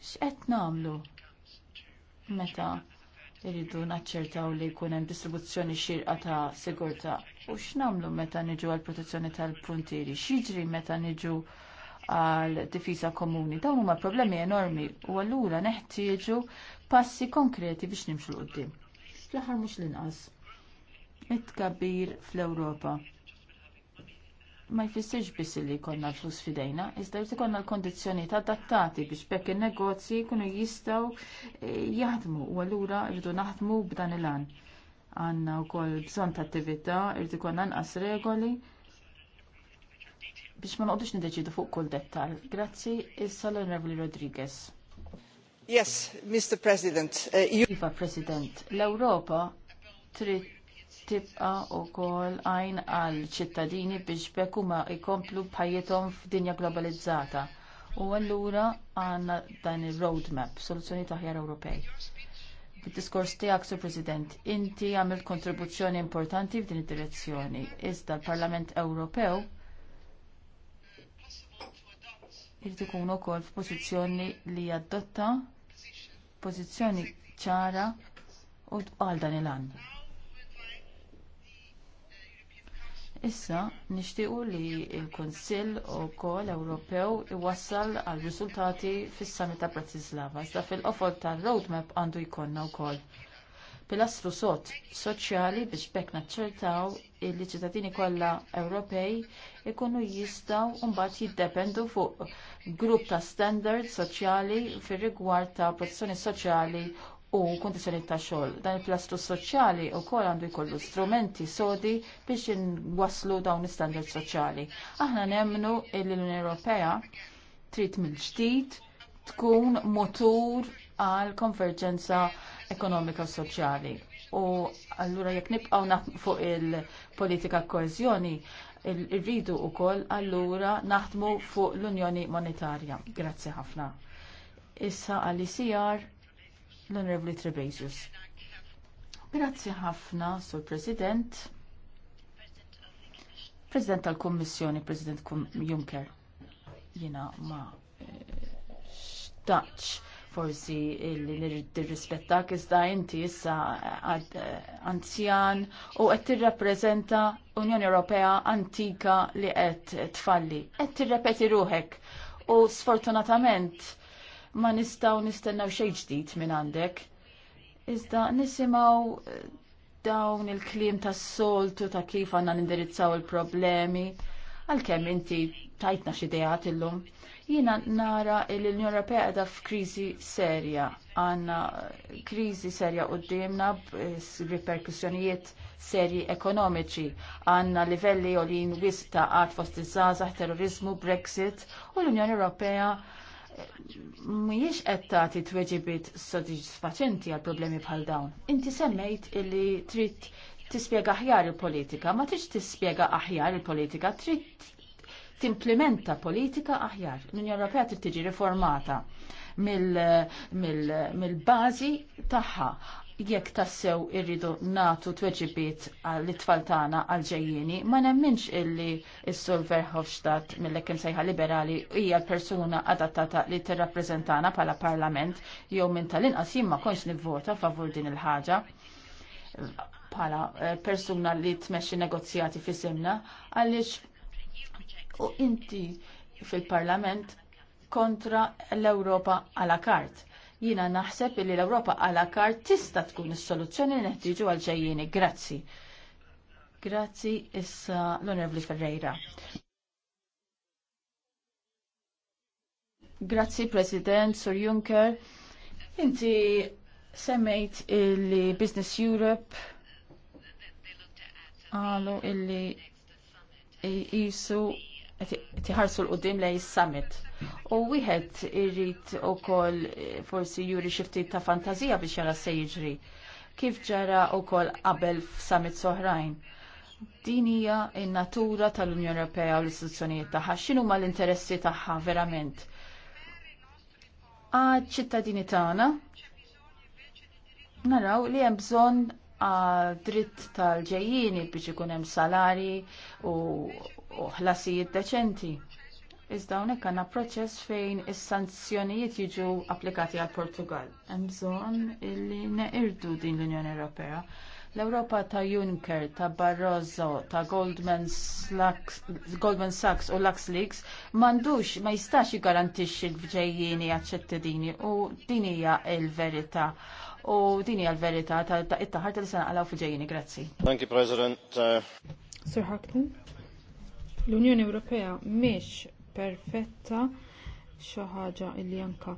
X'qed nagħmlu meta Irridu naċċertaw li jkun hemm distribuzzjoni xirqa ta' sigurtà. U x'namlu meta niġu għall protezzjoni tal-puntieri? X'jiġri meta niġu għal difiża komuni? Dawn huma problemi enormi u allura neħtieġu passi konkreti biex nimxu l-qudiem. Fl-aħħar mhux l-inqas. It-tkabbir fl-Ewropa ma jfissirx biss li jkollna l-flus fidejna, iżda jrid ikollna l-kondizzjonijiet adattati biex bekk in-negozji jkunu jistgħu eh, jaħdmu u allura rridu naħdmu b'dan il-għan. Għandna wkoll bżonn ta' attività, rrid ikollna nqas regoli biex ma noqdux nideċidu fuq kull dettal. Grazzi, issa l-Onorevoli Rodriguez. Yes, Mr. President. Uh, you... Iva, President, l-Europa trid tibqa wkoll għajn għal ċittadini biex bekku ma jkomplu bħajjithom f'dinja globalizzata. U allura għandna dan ir roadmap soluzzjoni taħjar Ewropej. Bid-diskors tiegħek, Sur President, inti għamilt kontribuzzjoni importanti f'din id-direzzjoni. Iżda l-Parlament Ewropew jrid ikun ukoll f'pożizzjoni li jadotta pożizzjoni ċara u għal dan il-għan. Issa nixtiequ li l-Kunsill ukoll Ewropew iwassal għal riżultati fis-Summit ta' Bratislava. Iżda fil qofod tar-roadmap għandu jkollna wkoll pilastru sot soċjali biex bekk naċċertaw li ċittadini kollha Ewropej ikunu jistgħu mbagħad jiddependu fuq grupp ta' standards soċjali fir rigward ta' protezzjoni soċjali u kondizjoni ta' xogħol. Dan il-plastru soċjali wkoll għandu jkollu strumenti sodi biex waslu dawn l-istandard soċjali. Aħna nemmnu l unjoni Ewropea trid mill-ġdid tkun motur għal konverġenza ekonomika u soċjali. U allura jekk nibqgħu fuq il-politika koezjoni, irridu il wkoll allura naħdmu fuq l-Unjoni Monetarja. Grazzi ħafna. Issa għal-ICR l-Onorevoli Trebesius. Grazzi ħafna, Sur President. President tal-Kommissjoni, President Juncker. Jina ma eh, xtaċ forsi li nirrispettak iżda inti issa eh, anzjan u qed tirrappreżenta Unjoni Ewropea antika li qed tfalli. Qed tirrepeti ruħek u sfortunatament ma nistaw nistennaw xejn ġdid minn għandek. Iżda nisimaw eh, dawn il-klim tas soltu ta' kif għanna nindirizzaw il-problemi, għal-kem inti tajtna xidejat illum. Jina nara l-Unjon Ewropea għedha f'kriżi serja, għanna eh, kriżi serja d-dimna b'riperkussjonijiet serji ekonomiċi, għanna livelli olin wis ta' għad fost iż-żazax, terrorizmu, Brexit u l-Unjoni Ewropea mhijiex qed tagħti tweġibiet sodisfaċenti għal problemi bħal dawn. Inti semmejt illi trid tispjega aħjar il-politika, ma tridx tispjega aħjar il-politika, trid timplementa politika aħjar. L-Unjoni Ewropea trid tiġi riformata mill-bażi mil, mil tagħha jekk tassew irridu natu tweġibiet għall-itfal tagħna għal-ġejjieni, ma nemminx illi s-Sur Verhofstadt mill-hekk sejħa liberali hija l-persuna adattata li tirrappreżentana bħala parlament jew minn tal-inqas jien ma konx nivvota favur din il-ħaġa bħala eh, persuna li tmexxi negozjati fi simna għaliex u inti fil-parlament kontra l-Ewropa għala kart Jina naħseb li l-Ewropa għala kar tista tkun is-soluzzjoni li neħtieġu għal ġejjieni. Grazzi. Grazzi issa l-Onorevoli Ferreira. Grazzi President Sur Juncker. Inti semmejt illi Business Europe għalu illi jisu tiħarsu l-qoddim lej summit. U wieħed irrit u eh, forsi juri xifti ta' fantazija biex jara se jiġri. Kif ġara u qabel f'summit soħrajn. Din hija in-natura tal-Unjoni Ewropea u l-istituzzjonijiet tagħha. X'inhu ma l-interessi tagħha verament? Għad ċittadini tagħna naraw li hemm bżonn għal dritt tal-ġejjini biex ikun hemm salari u u ħlasijiet deċenti. Iżda hawnhekk għandna proċess fejn is-sanzjonijiet jiġu applikati għal Portugal. Hemm bżonn illi neqirdu din l-Unjoni Ewropea. L-Ewropa ta' Juncker, ta' Barroso, ta' Goldman Sachs, Goldman Sachs u Lux Leaks mandux ma jistax jiggarantixxi l-ġejjieni għaċ-ċittadini u din hija l-verità. U din hija l-verità ta' it-taħar tal-sena għalaw fil-ġejjieni. Grazzi. Thank you, President. Sir Hackton. L-Unjoni Ewropea mhix perfetta xi ħaġa li anka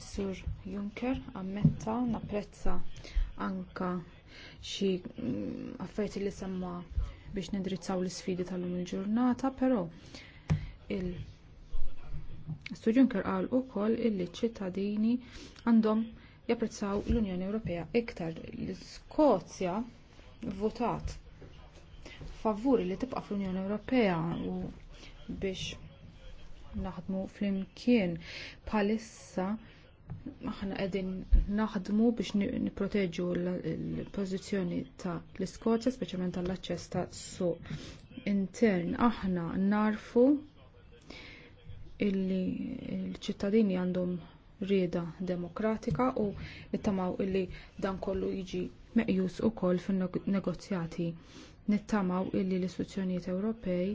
s-Sur Juncker ammetta napprezza anka xi mm, affarijiet li semma biex nidrizzaw l-isfidi tal-lum il-ġurnata, però il-Sur Juncker qal ukoll illi ċittadini għandhom japprezzaw l-Unjoni Ewropea iktar. L-Skozja votat favuri li tibqa' fl-Unjoni Ewropea u biex naħdmu flimkien bħalissa aħna qegħdin naħdmu biex nipproteġu l-pożizzjoni ta' l-Iskozja, speċjalment tal-aċċess ta' suq intern. Aħna narfu illi l-ċittadini għandhom rieda demokratika u nittamaw illi dan kollu jiġi meqjus ukoll fin-negozjati nittamaw illi l-istituzzjonijiet Ewropej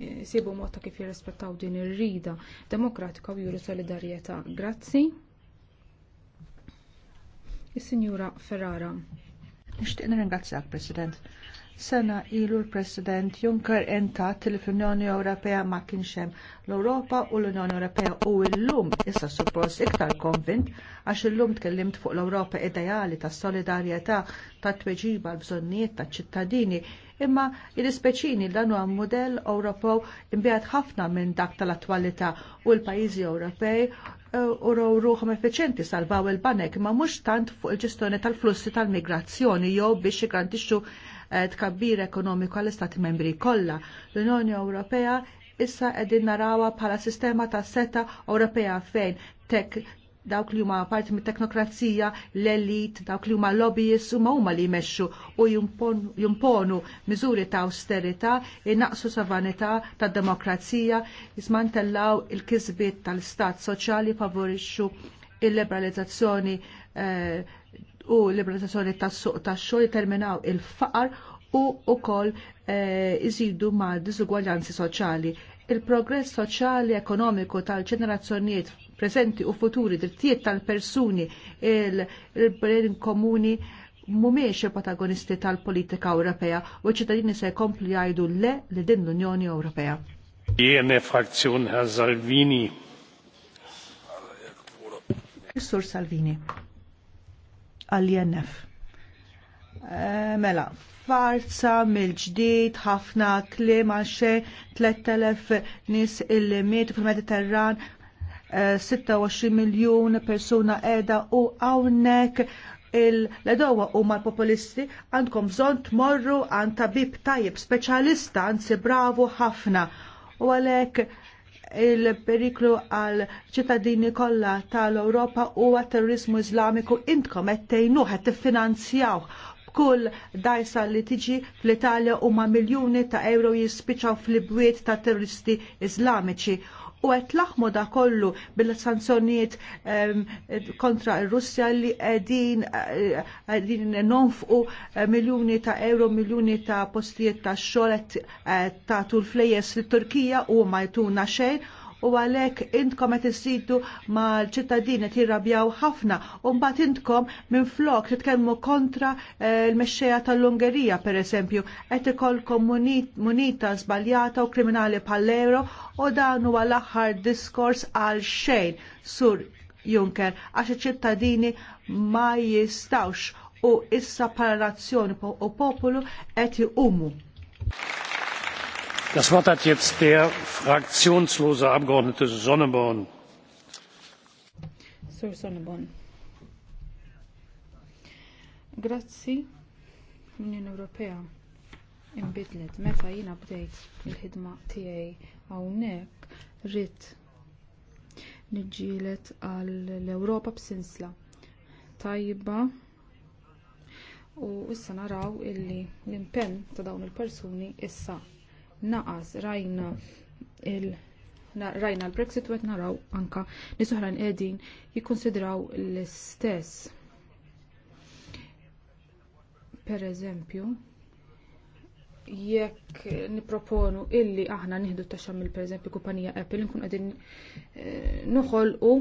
eh, sibu mod ta' kif jirrispettaw din ir-rida demokratika u juru solidarjetà. Grazzi. Is-Sinjura Ferrara. Nixtieq nirringrazzjak, President sena ilu l-President Juncker entat li fl-Unjoni Ewropea ma kienx hemm l-Ewropa u l-Unjoni Ewropea u llum issa suppost iktar konvint għax illum tkellimt fuq l-Ewropa ideali tas solidarjetà tat tweġiba l-bżonnijiet taċ ċittadini imma il l dan huwa mudell Ewropew imbjat ħafna minn dak tal-attwalità u l-pajjiżi Ewropej e, u ruhom ruħhom effiċenti salvaw il-banek ma mhux tant fuq il-ġestjoni tal-flussi tal-migrazzjoni jew biex jiggrantixxu Eh, tkabbir ekonomiku għall-Istati membri kollha. L-Unjoni Ewropea issa qegħdin narawha bħala sistema ta' seta Ewropea fejn tek dawk li huma parti mit teknokrazija l-elit, dawk li huma lobbyists huma huma li jmexxu u jimponu miżuri ta' austerità, innaqsu savanità tad demokrazija, jismantellaw il-kisbiet tal-istat soċjali favorixxu il-liberalizzazzjoni eh, u liberalizzazzjoni tas-suq tax-xogħol terminaw il-faqar u wkoll eh, iżidu ma' diżugwaljanzi soċjali. Il-progress soċjali ekonomiku tal-ġenerazzjonijiet preżenti u futuri drittijiet tal-persuni il-bren komuni mumiex il-protagonisti tal-politika Ewropea u ċittadini se jkompli jgħidu le li din l-Unjoni Ewropea. Jene frazzjon Herr Salvini. Sur Salvini għal jnf eh, Mela, farsa mill-ġdid, ħafna klima, għal 3000 nis il-limit fil-Mediterran, 26 eh, miljun persuna edha u għawnek l ledowa u ma populisti għandkom bżon tmorru għan tabib tajib, specialista, si bravu ħafna. U għalek il-periklu għal ċittadini kollha tal-Ewropa huwa terrorizmu Islamiku intkom qed tgħinu qed tiffinanzjaw kull dajsa li tiġi fl-Italja huma miljuni ta' euro jispiċaw fl-ibwiet ta' terroristi iżlamiċi u għet laħmu da kollu bil-sanzjonijiet ehm, kontra r-Russja li qegħdin eh, eh, nonf u eh, miljuni ta' euro, miljuni ta' postijiet ta' xogħol ta' tul l-flejjes turkija u ma jtuna xejn u għalhekk intkom qed ma mal-ċittadini jirrabjaw ħafna u mbagħad intkom minflok titkellmu kontra eh, l mesċeja tal-Ungerija pereżempju qed ikolkom munita żbaljata u kriminali pal-euro u dan huwa l-aħħar diskors għal xejn sur Juncker għax iċ-ċittadini ma jistawx u issa parazzjoni u popolu qed iqumu. Das Wort hat jetzt der fraktionslose Abgeordnete Sonneborn. Sir Sonneborn. Grazzi l-Unjoni Ewropea inbidlet meta jiena bdejt il-ħidma tiegħi hawnhekk rrid niġġielet għall ewropa b'sinsla tajba u issa naraw illi l-impenn ta' dawn il-persuni issa naqas rajna il- rajna l-Brexit u qed naraw anka li soħran qegħdin jikkonsidraw l-istess. Pereżempju, jekk nipproponu illi aħna nieħdu taxxa mill pereżempju kumpanija Apple nkun qegħdin eh, noħolqu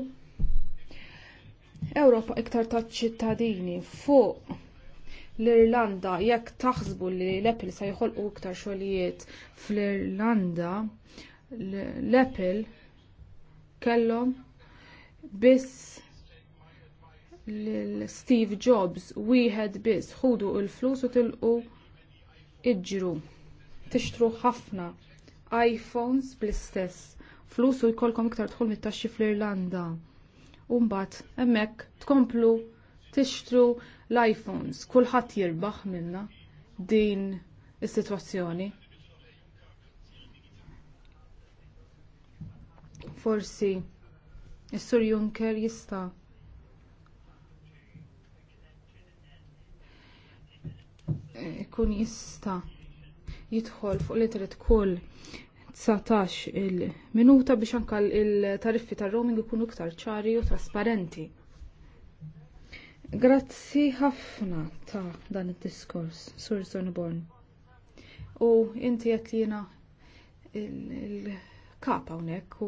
Ewropa iktar taċ ċittadini fuq l-Irlanda jekk taħsbu li l-Apple se jħolqu iktar xogħlijiet fl-Irlanda l-Apple kellhom biss l-Steve Jobs wieħed biss ħudu l-flus u tilqu iġru tixtru ħafna iPhones bl-istess flus u jkollkom iktar dħul mit-taxxi fl-Irlanda. U mbagħad hemmhekk tkomplu tixtru l-iPhones, kulħadd jirbaħ minna din is-sitwazzjoni. Forsi is-Sur Juncker jista' ikun jista' jidħol fuq literet kull 19 il-minuta biex anke il-tariffi tar-roaming ikunu iktar ċari u trasparenti. Grazzi ħafna ta' dan id-diskors, Sur Sonborn. U inti qed jiena il-kap hawnhekk u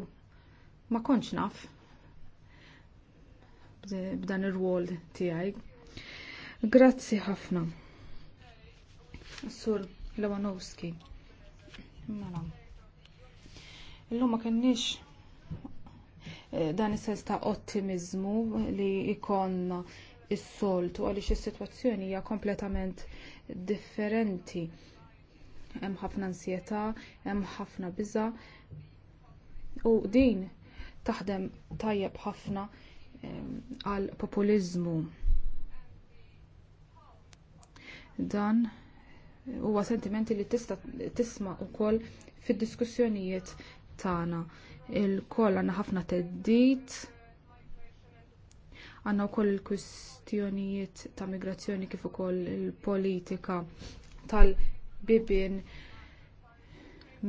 ma kontx naf b'dan ir-rwol tiegħi. Grazzi ħafna. Sur Lewanowski. Mela. Illum ma kenniex eh, dan is-sens ta' ottimizmu li ikonna is-soltu għaliex is-sitwazzjoni hija kompletament differenti. Hemm ħafna ansjetà, hemm ħafna biża u din taħdem tajjeb ħafna għal populiżmu. Dan huwa sentimenti li tista' tisma' ukoll fid-diskussjonijiet tagħna. Il-koll għandna ħafna teddit Għanna wkoll il kustjonijiet ta' migrazzjoni kif ukoll il-politika tal-bibien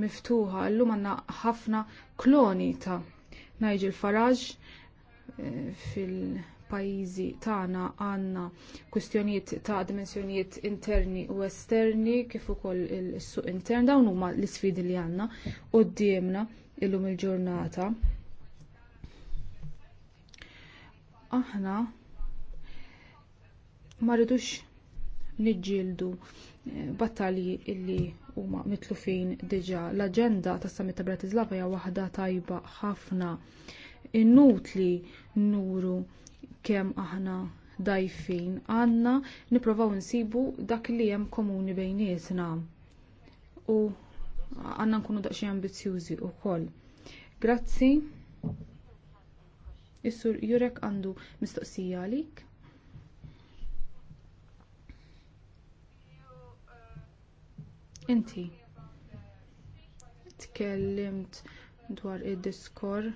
miftuħa. Llum għandna ħafna kloni ta' Nigel Farage eh, fil-pajjiżi tagħna għandna kwistjonijiet ta' dimensjonijiet interni u esterni kif ukoll is-suq intern dawn huma l-isfidi li għandna qudiemna illum il-ġurnata. il lum il ġurnata aħna ma rridux niġġieldu eh, battalji illi huma mitlufin diġà. L-aġenda ta' Summit ta' Bratislava hija waħda tajba ħafna. Inutli nuru kemm aħna dajfin għandna nipprovaw insibu dak li hemm komuni bejniesna. U għandna nkunu daqsxejn ambizzjużi wkoll. Grazzi. Is-sur Jurek għandu mistoqsija għalik. Inti tkellimt dwar id-diskor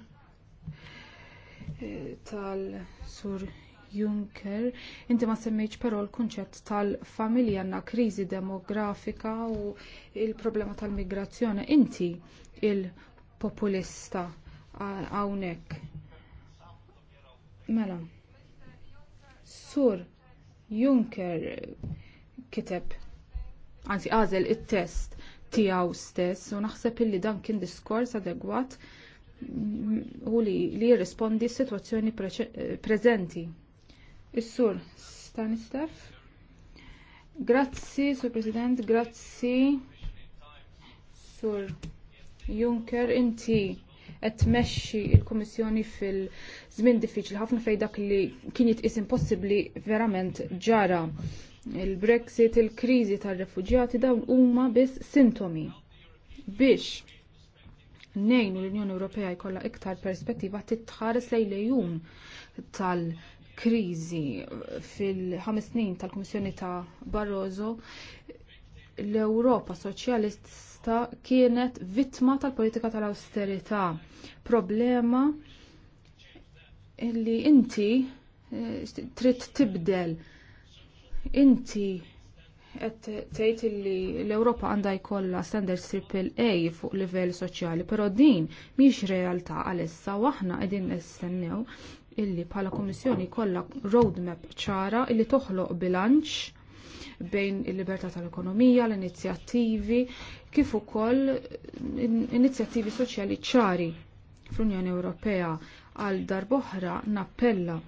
eh, tal-sur Juncker, inti ma semmejtx però l-kunċett tal-familja għandna kriżi demografika u l problema tal-migrazzjoni. Inti il-populista hawnhekk Mela, sur Juncker kiteb, anzi għażel it-test tiegħu stess u naħseb illi dan kien diskors adegwat mm, u li, li jirrispondi s-sitwazzjoni preżenti. Is-sur Stanislav. Grazzi, Sur President, grazzi, Sur Juncker, inti qed tmexxi l-Kummissjoni fil-żmien diffiċli ħafna fejn dak li kien jitqis impossibbli verament ġara. Il-Brexit, il-kriżi tar-refuġjati dawn huma biss sintomi biex nejn l-Unjoni Ewropea jkollha iktar perspettiva titħares lejn lejun tal kriżi fil-ħames snin tal-Kummissjoni ta' Barroso l-Ewropa Soċjalist ta' kienet vittma tal-politika tal-austerità. Problema illi inti eh, trid tibdel. Inti qed tgħid li l-Ewropa għandha jkollha standards triple A fuq livell soċjali, però din mhix realtà għalissa waħna qegħdin nistennew illi bħala Kummissjoni jkollha roadmap ċara illi toħloq bilanċ bejn il-libertà tal-ekonomija, l-inizjattivi, kif ukoll inizjattivi soċjali ċari fl-Unjoni Ewropea għal darboħra nappella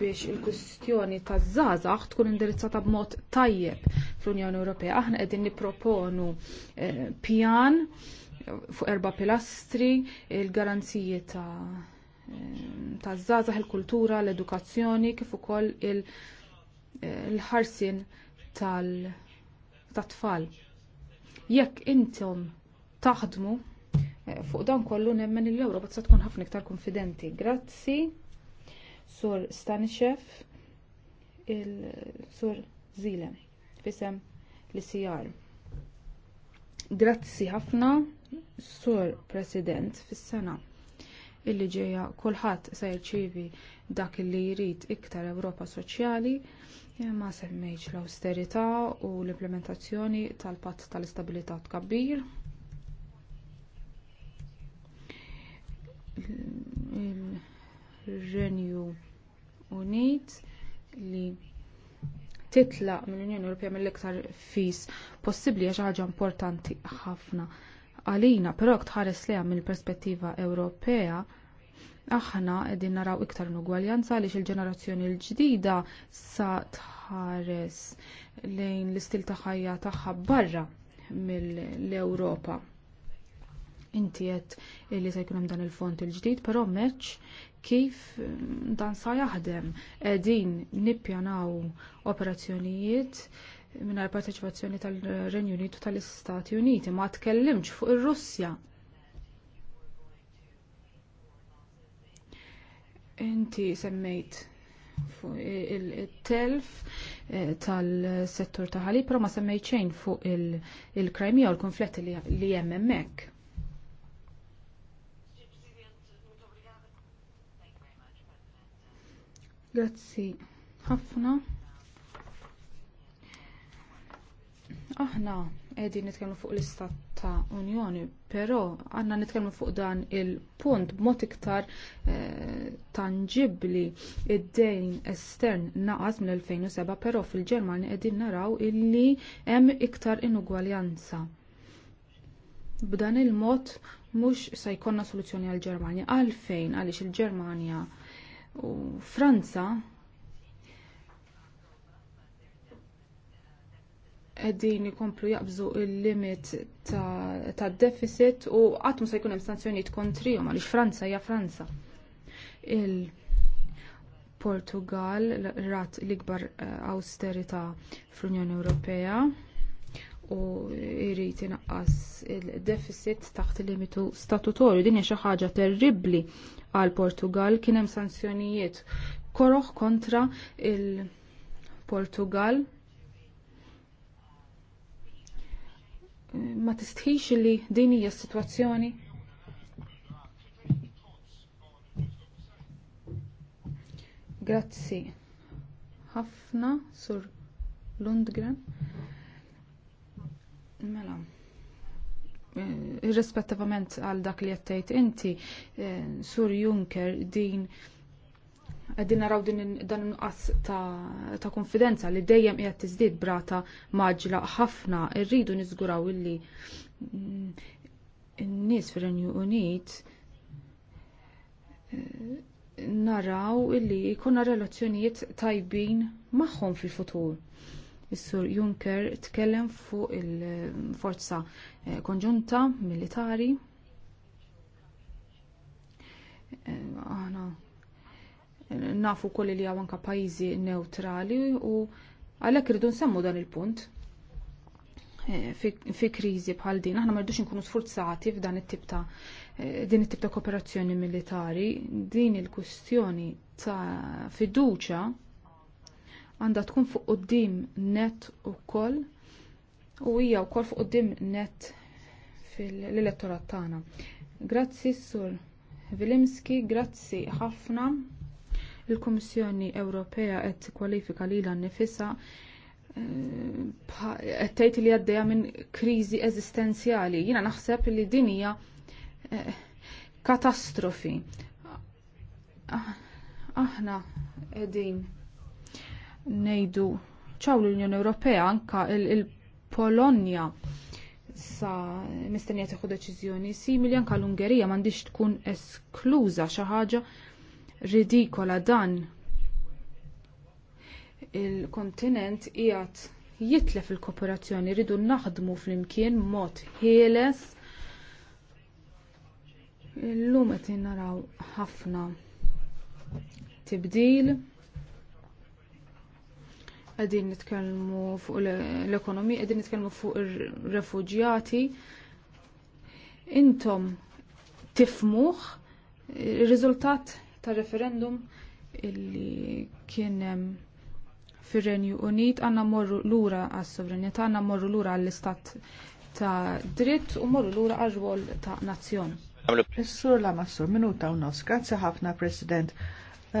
biex il-kustjoni ta' zazax tkun indirizzata b'mod tajjeb fl-Unjoni Ewropea. Aħna qegħdin nipproponu eh, pjan fuq erba pilastri, il-garanziji ta' eh, ta' zazax, il-kultura, l-edukazzjoni, kif ukoll il-, -kultura, l edukazzjoni kif ukoll il l-ħarsin tal-tfal. Jekk intom taħdmu eh, fuq dan kollu nemmen l-Ewropa tista' tkun ħafna iktar konfidenti. Grazzi, Sur Stanishev, il-Sur Zilem, fisem l-CR. Grazzi ħafna, Sur President, fis-sena illi ġejja kulħadd se jirċievi dak li jrid iktar Ewropa Soċjali ma semmejx l-austerità u l-implementazzjoni tal-patt tal-istabilità tkabbir. Renew renju Unit li titlaq mill-Unjoni Ewropea mill-iktar fis possibbli għax ħaġa importanti ħafna għalina, però tħares leha mill-perspettiva Ewropea aħna qegħdin naraw iktar nugwaljanza għaliex il-ġenerazzjoni l-ġdida sa tħares lejn l-istil ta' ħajja tagħha barra mill-Ewropa. Inti qed li se jkun hemm dan il-fond il-ġdid, però meċ kif dan sa jaħdem qegħdin nippjanaw operazzjonijiet mingħajr parteċipazzjoni tal-Renju Unitu tal-Istati Uniti ma tkellimx fuq ir-Russja Inti semmejt fuq il-telf eh, tal-settur ta' ħalib, pero ma semmejt xejn fuq il-krajmija u l-konflett li hemm hemmhekk. Grazzi ħafna. Aħna qegħdin nitkellmu fuq l-istat ta' Unjoni, però għandna nitkellmu fuq dan il-punt b'mod iktar eh, tangibbli id-dejn estern naqas mill-2007, però fil-Ġermanja qegħdin naraw illi hemm iktar inugwaljanza. B'dan il-mod mhux se jkollna soluzzjoni għall-Ġermanja. Għalfejn għaliex il-Ġermanja u Franza qegħdin ikomplu jaqbżu il-limit tad-deficit u qatt se jkun hemm sanzjonijiet kontrihom għaliex Franza hija Franza. Il-Portugal rat l-ikbar eh, awsterita fl-Unjoni Ewropea u jrid inaqqas il-deficit taħt il-limitu statutorju. Din hija xi ħaġa terribbli għal Portugal kien hemm sanzjonijiet koroħ kontra il-Portugal ma tistħix li din hija s-sitwazzjoni. Grazzi ħafna sur Lundgren. Mela eh, irrispettivament għal dak li jattajt inti, eh, Sur Juncker, din għedin naraw din dan nuqqas ta', konfidenza li dejjem qiegħed tiżdied brata maġla ħafna rridu niżguraw illi mm, n-nies fir-Renju Unit eh, naraw illi jkollna relazzjonijiet tajbin magħhom fil-futur. Is-Sur Juncker tkellem fuq il-forza eh, konġunta militari. Eh, aħna nafu kolli li anka pajizi neutrali u għalek rridu nsemmu dan il-punt eh, fi krizi bħal din, aħna marridux nkunu sforzati f'dan it-tip ta' eh, din it-tip ta' kooperazzjoni militari, din il-kustjoni ta' fiduċa għandha tkun fuq qudiem net ukoll u hija wkoll fuq qudiem net fil-elettorat tagħna. Grazzi Sur Vilimski, grazzi ħafna Il-Kummissjoni Ewropea qed tikkwalifika lilha nnifisha eh, qed tgħid li għaddejja minn kriżi eżistenzjali. Jiena naħseb li din hija eh, katastrofi. Ah, aħna qegħdin ngħidu ċaw l-Unjoni Ewropea anka il-Polonja sa mistennija tieħu deċiżjoni simili anka l-Ungerija m'għandix tkun eskluża xi ħaġa ridikola dan il-kontinent qiegħed jitlef il-kooperazzjoni rridu naħdmu flimkien mod ħieles illum qed naraw ħafna tibdil qegħdin nitkellmu fuq l-ekonomi, qegħdin nitkellmu fuq ir-refuġjati. Intom tifmuh ir-riżultat ta' referendum illi kien fir-Renju Unit għandna morru lura għas-sovranità, għandna morru lura għall-istat ta' dritt u morru lura għal-rwol ta' nazzjon. Is-sur la massur minuta u nos, grazzi ħafna President.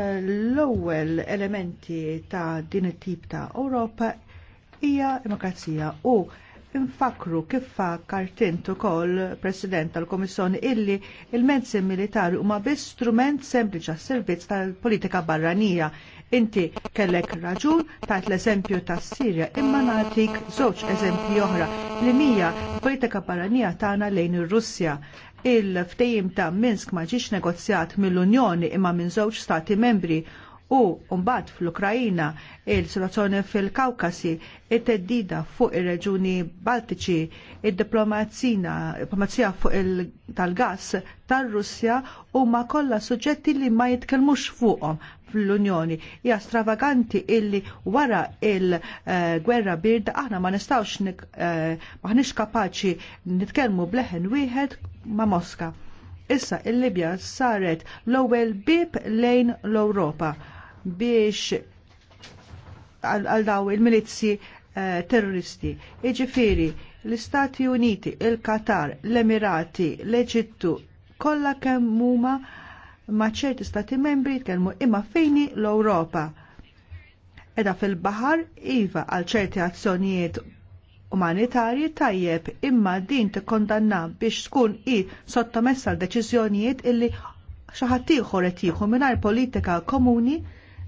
L-ewwel elementi ta' din it-tip ta' Ewropa hija demokrazija u infakru kif fa kartint ukoll President tal-Komissjoni illi il-mezzi militari huma biss strument sempliċi għas-servizz tal-politika barranija. Inti kellek raġun tajt l-eżempju tas Sirja imma nagħtik żewġ eżempji oħra li mija politika barranija tagħna lejn ir-Russja il-ftejim ta' Minsk ma ġiex negozjat mill-Unjoni imma minn żewġ stati membri u mbagħad fl-Ukrajina il-situazzjoni fil-Kawkasi, it-teddida fuq ir-reġuni Baltiċi, id-diplomazija fuq il tal-gas tar russja huma kollha suġġetti li ma jitkellmux fuqhom fl-Unjoni. Hija stravaganti illi wara il-gwerra birda aħna ma nistgħux eh, maħniex kapaċi nitkellmu bleħen wieħed ma' Moska. Issa il-Libja saret l-ewwel bib lejn l-Ewropa biex għal daw il-milizzi eh, terroristi. Iġifiri, l-Istati Uniti, il-Qatar, l-Emirati, l-Eġittu, kollha kemm huma ma' ċerti stati membri tkellmu imma fejni l-Ewropa. Eda fil-baħar iva għal ċerti azzjonijiet umanitarji tajjeb imma din kondanna biex tkun i sottomessa l-deċiżjonijiet illi xaħat tiħu retiħu qed jieħu mingħajr politika komuni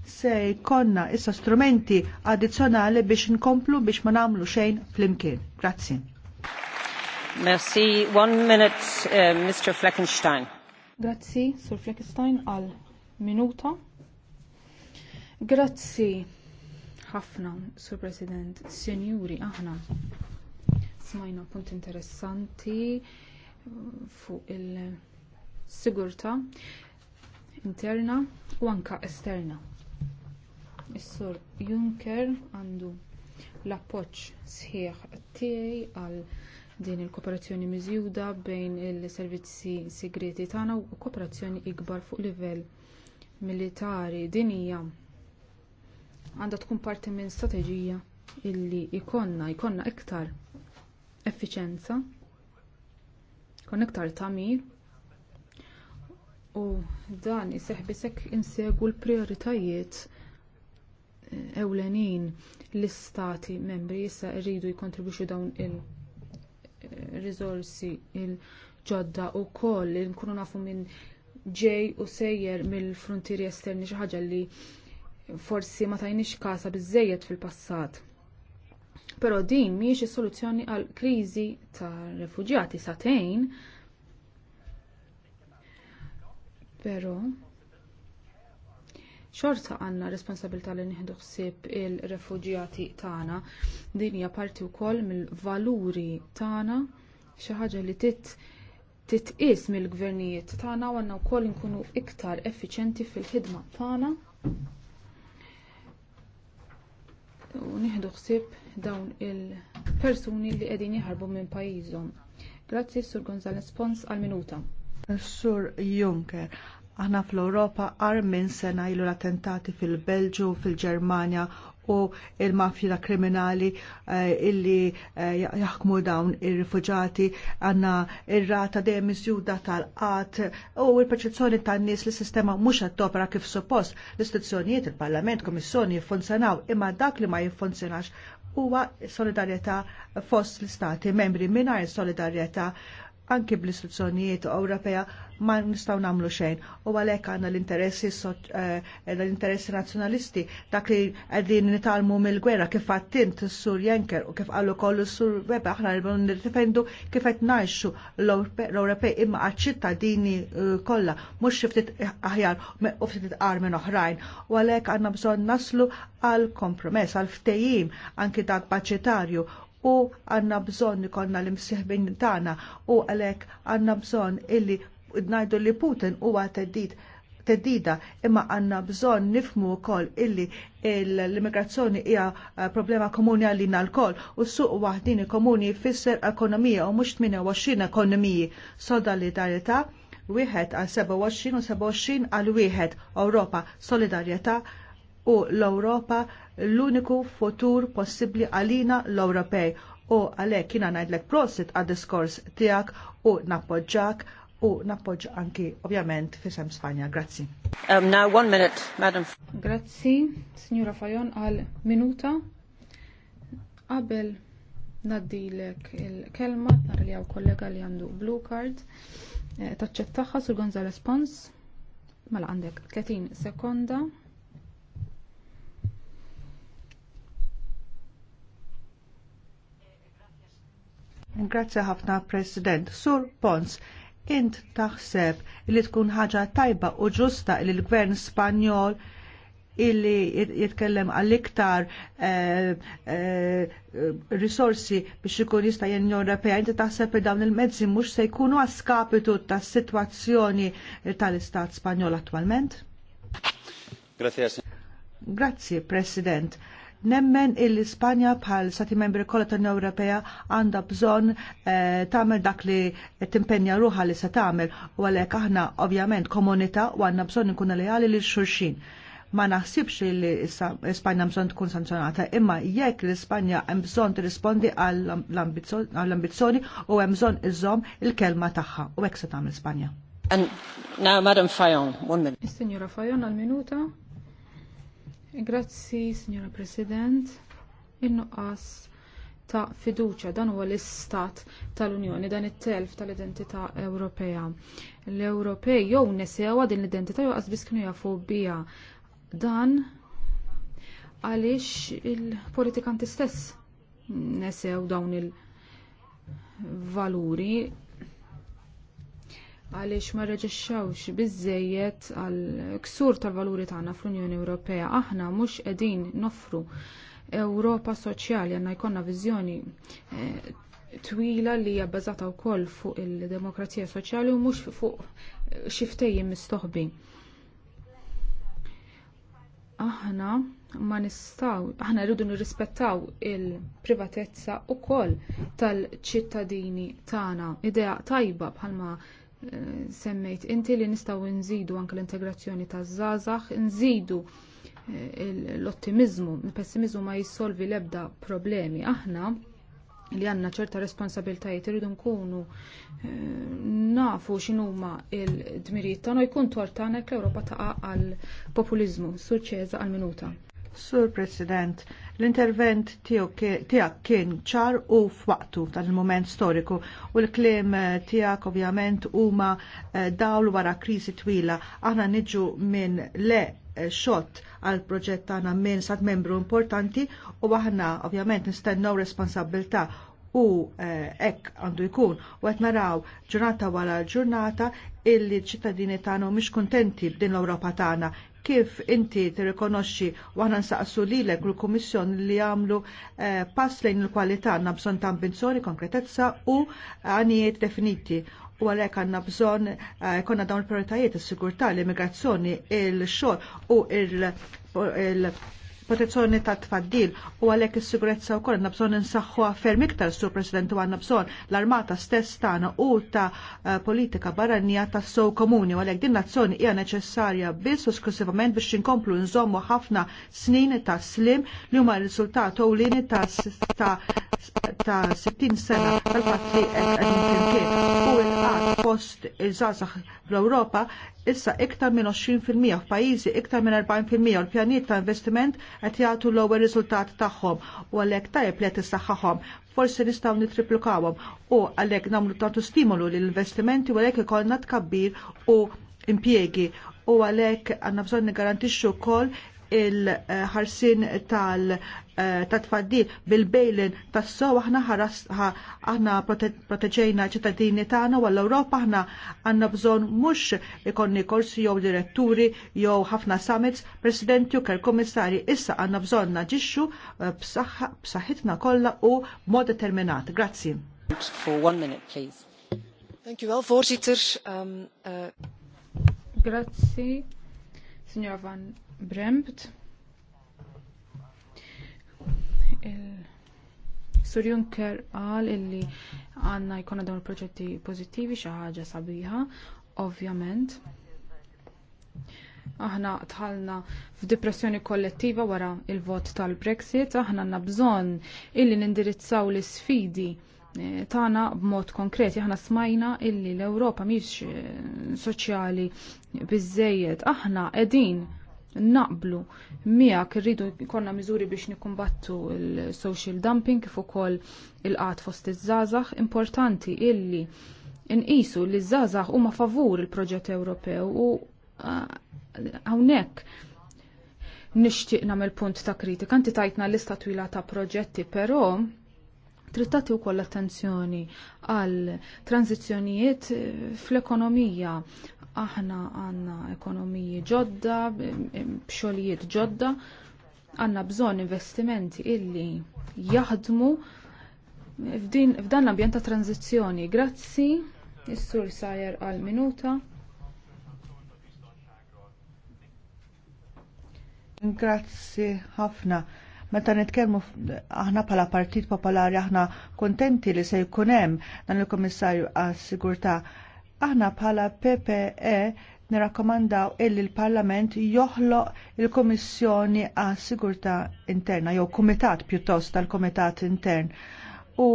se jkonna issa strumenti addizzjonali biex nkomplu biex ma nagħmlu xejn flimkien. Grazzi. Merci. One minute, uh, Mr. Fleckenstein. Grazzi, Sur Fleckenstein, għal minuta. Grazzi ħafna, Sur President, Senjuri, aħna. Smajna punt interessanti uh, fuq il-sigurta interna u anka esterna. Is-Sur Juncker għandu l-appoġġ sħiħ tiegħi għal din il-kooperazzjoni miżjuda bejn il-servizzi segreti tagħna u kooperazzjoni ikbar fuq livell militari din hija għandha tkun parti minn strateġija illi jkollna jkollna iktar effiċenza, jkollna iktar tagħmir u dan isseħbisek insegwu l-prioritajiet ewlenin l-istati membri issa rridu jikkontribwixxu dawn il-riżorsi il-ġodda wkoll li nkunu nafu minn ġej u sejjer mill-frontieri esterni xi ħaġa li forsi ma tajniex kasa biżżejjed fil-passat. Però din mhijiex is-soluzzjoni għall kriżi tar refuġjati satejn. Però xorta għandna responsabilità li nieħdu ħsieb il-refuġjati tagħna. Din hija parti wkoll mill-valuri tagħna xi ħaġa li tit titqis mill-gvernijiet tagħna u għandna wkoll inkunu iktar effiċenti fil-ħidma tagħna. U nieħdu ħsieb dawn il-persuni li qegħdin jaħarbu minn pajjiżhom. Grazzi Sur Gonzalez Pons għal minuta. Sur Juncker, Aħna fl-Europa għar minn sena ilu l-attentati fil-Belġu, fil-Germania u il-mafja kriminali uh, illi uh, jaħkmu dawn ir-rifuġati għanna ir-rata dejjem iżjuda tal-qat u l-perċezzjoni tan-nies li sistema mhux għattopra kif suppost l-istituzzjonijiet, il-Parlament, Kommissjoni jiffunzjonaw imma dak li ma jiffunzjonax huwa solidarjetà fost l-istati membri mingħajr solidarjetà anki bl-istituzzjonijiet Ewropea ma nistgħu nagħmlu xejn. U għalhekk għandna l-interessi eh, l-interessi nazzjonalisti dak li qegħdin nitalmu mill-gwerra kif għattint s sur Jenker u kif qalu kollu s-Sur Weber aħna rridu nirdifendu kif qed ngħixu l-Ewropej imma għaċ-ċittadini eh, kollha mhux xi ftit aħjar u ftit qar minn oħrajn. U għalhekk għandna bżonn naslu għal kompromess, għal ftehim anki dak baċetarju u għanna bżonn ikonna l-imsieħbin tagħna u għalhekk għanna bżonn illi ngħidu li Putin huwa teddid teddida imma għanna bżonn nifmu wkoll illi l-immigrazzjoni hija eh, problema komuni għalina l u u suq waħdini komuni jfisser ekonomija u mhux 28 ekonomiji. Solidarjetà wieħed għal 27 u 27 għal wieħed Ewropa solidarjetà u l-Ewropa l-uniku futur possibbli għalina l-Ewropej u għalhekk jiena ngħidlek prosit għad-diskors tiegħek u nappoġġak u nappoġġ anki ovvjament fisem Spanja. Grazzi. Um, now one minute, Madam. Grazzi, Signora Fajon, għal minuta. Qabel naddilek il-kelma, nar li għaw kollega li għandu blue card, eh, taċċettaħħa sur Gonzales Pons, mela għandek 30 sekonda Grazie ħafna President. Sur Pons, int taħseb li tkun ħaġa tajba u ġusta li l-gvern Spanjol illi jitkellem għall-iktar eh, eh, risorsi biex ikun jista' jenjon Ewropea, inti taħseb li dawn il-mezzi mhux se jkunu għaskapitu tas-sitwazzjoni tal-Istat Spanjol attwalment? Grazie. Grazie, President. Nemmen il-Spanja bħal stati membri kolla tal-Unjoni Ewropea għandha bżonn eh, tagħmel dak li timpenja ruħa li se tagħmel u għalhekk aħna ovvjament komunità u għandna bżonn nkunu lejali lil xulxin ma naħsibx li l-Ispanja bżonn tkun sanzjonata, imma jekk l-Ispanja hemm bżonn tirrispondi għall-ambizzjoni u hemm bżonn iżomm il-kelma tagħha u hekk se tagħmel Spanja. And now Madam Fayon, one minute. Signora Fayon, al minuta. Grazzi, Signora President. Innuqqas nuqqas ta' fiduċja dan huwa l-istat tal-Unjoni, dan it-telf tal-identità Ewropea. L-Ewropej jew nesewa din l-identità jew biss kienu jafu biha. Dan għaliex il-politikanti stess nesew dawn il-valuri għaliex ma reġixxawx biżżejjed għal ksur tal-valuri tagħna fl-Unjoni Ewropea. Aħna mhux qegħdin noffru Ewropa soċjali għandna jkollna viżjoni eh, twila li hija bbażata wkoll fuq il-demokrazija soċjali u mhux fuq eh, xi ftehim mistoħbi. Aħna ma nistaw, aħna rridu nirrispettaw il-privatezza wkoll tal-ċittadini tagħna. Idea tajba bħalma semmejt inti li nistgħu nżidu anke l-integrazzjoni taż-żgħażagħ, nżidu eh, l-ottimizmu, l pessimizmu ma jissolvi l-ebda problemi. Aħna li għandna ċerta responsabiltajiet irridu nkunu eh, nafu x'inhuma l-dmirijiet tagħna jkun tortana l-Ewropa taqa' għall populiżmu Sur Ċeża għal minuta. Sur President, L-intervent tiegħek kien ċar u f'waqtu dan il-moment storiku u l-klim eh, tiegħek ovvjament huma eh, dawl wara kriżi twila. Aħna niġu minn le eh, xot għal proġett għana minn sat membru importanti u għahna ovvjament nistennaw responsabilta u ek għandu jkun u għet naraw ġurnata wara ġurnata illi ċittadini tagħna mhux kuntenti b'din l-Ewropa tagħna kif inti tirrikonoxxi u għana nsaqsu lilek l-Kummissjoni li għamlu eh, pass lejn il-kwalità għandna bżonn ta' ambizjoni, konkretezza u għanijiet definiti u għalek għanna bżon eh, konna dawn il-prioritajiet, il-sigurta, l-immigrazzjoni, il-xol u il- protezzjoni ta' tfaddil u għalhekk is-sigurezza wkoll għandna bżonn insaħħuha ferm iktar sur President u għandna l-armata stess tagħna u ta' eh, politika barranija tas sow komuni u għalhekk din nazzjoni hija neċessarja biss u sklusivament biex inkomplu nżommu ħafna snin ta' slim li huma r-riżultat ewlieni ta' ta' 60 sena tal-fatt li qed u il qatt post il żgħażagħ fl-Ewropa issa iktar minn 20% f'pajjiżi iktar minn 40% u l-pjanijiet ta' investiment qed jagħtu l-ewwel riżultat tagħhom u għalhekk tajjeb li qed issaħħaħom forsi nistgħu nitriplukawhom u għalhekk nagħmlu tantu stimolu lill-investimenti u għalhekk ikollna tkabbir u impjiegi u għalhekk għandna bżonn nigarantixxu wkoll il-ħarsin tal- eh, ta' tfaddil bil-bejlin tas sow aħna ħaras aħna proteġejna ċittadini tagħna u l-Ewropa aħna għandna bżonn mhux ikonni korsi jew diretturi jew ħafna summits, President Juker, ker kummissarji issa għandna bżonn naġixxu eh, b'saħħitna kollha u mod determinat. Grazzi. For one minute, please. Thank you well, voorzitter. Um, uh... Grazzi, signor Van Brempt. Sur Juncker qal illi għandna jkollna dawn il-proġetti pożittivi xi ħaġa sabiħa, ovvjament. Aħna tħallna f'depressjoni kollettiva wara l vot tal-Brexit, aħna għandna bżonn illi nindirizzaw l-isfidi eh, tagħna b'mod konkreti aħna smajna illi l-Ewropa mhix eh, soċjali biżżejjed aħna qegħdin naqblu miegħek irridu jkollna miżuri biex nikkumbattu il-social dumping kif ukoll il-qat fost iż-żgħażagħ importanti illi nqisu li ż-żgħażagħ huma favur il-proġett Ewropew u hawnhekk nixtieq nagħmel punt ta' kritika. Inti tajtna lista twila ta' proġetti, però Trittati u koll attenzjoni għal tranzizjonijiet eh, fl-ekonomija. Aħna għanna ekonomiji ġodda, bxolijiet ġodda, għanna bżon investimenti illi jaħdmu f'dan l-ambjent ta' tranzizjoni. Grazzi, is-sur sajer għal minuta. Grazzi ħafna. Meta nitkellmu aħna bħala Partit Popolari aħna kontenti li se jkun hemm dan il-Kummissarju għas-Sigurtà. Aħna bħala PPE nirakkomandaw illi l-Parlament joħloq il-Kummissjoni għas-Sigurtà Interna jew Kumitat pjuttost tal-Kumitat Intern. U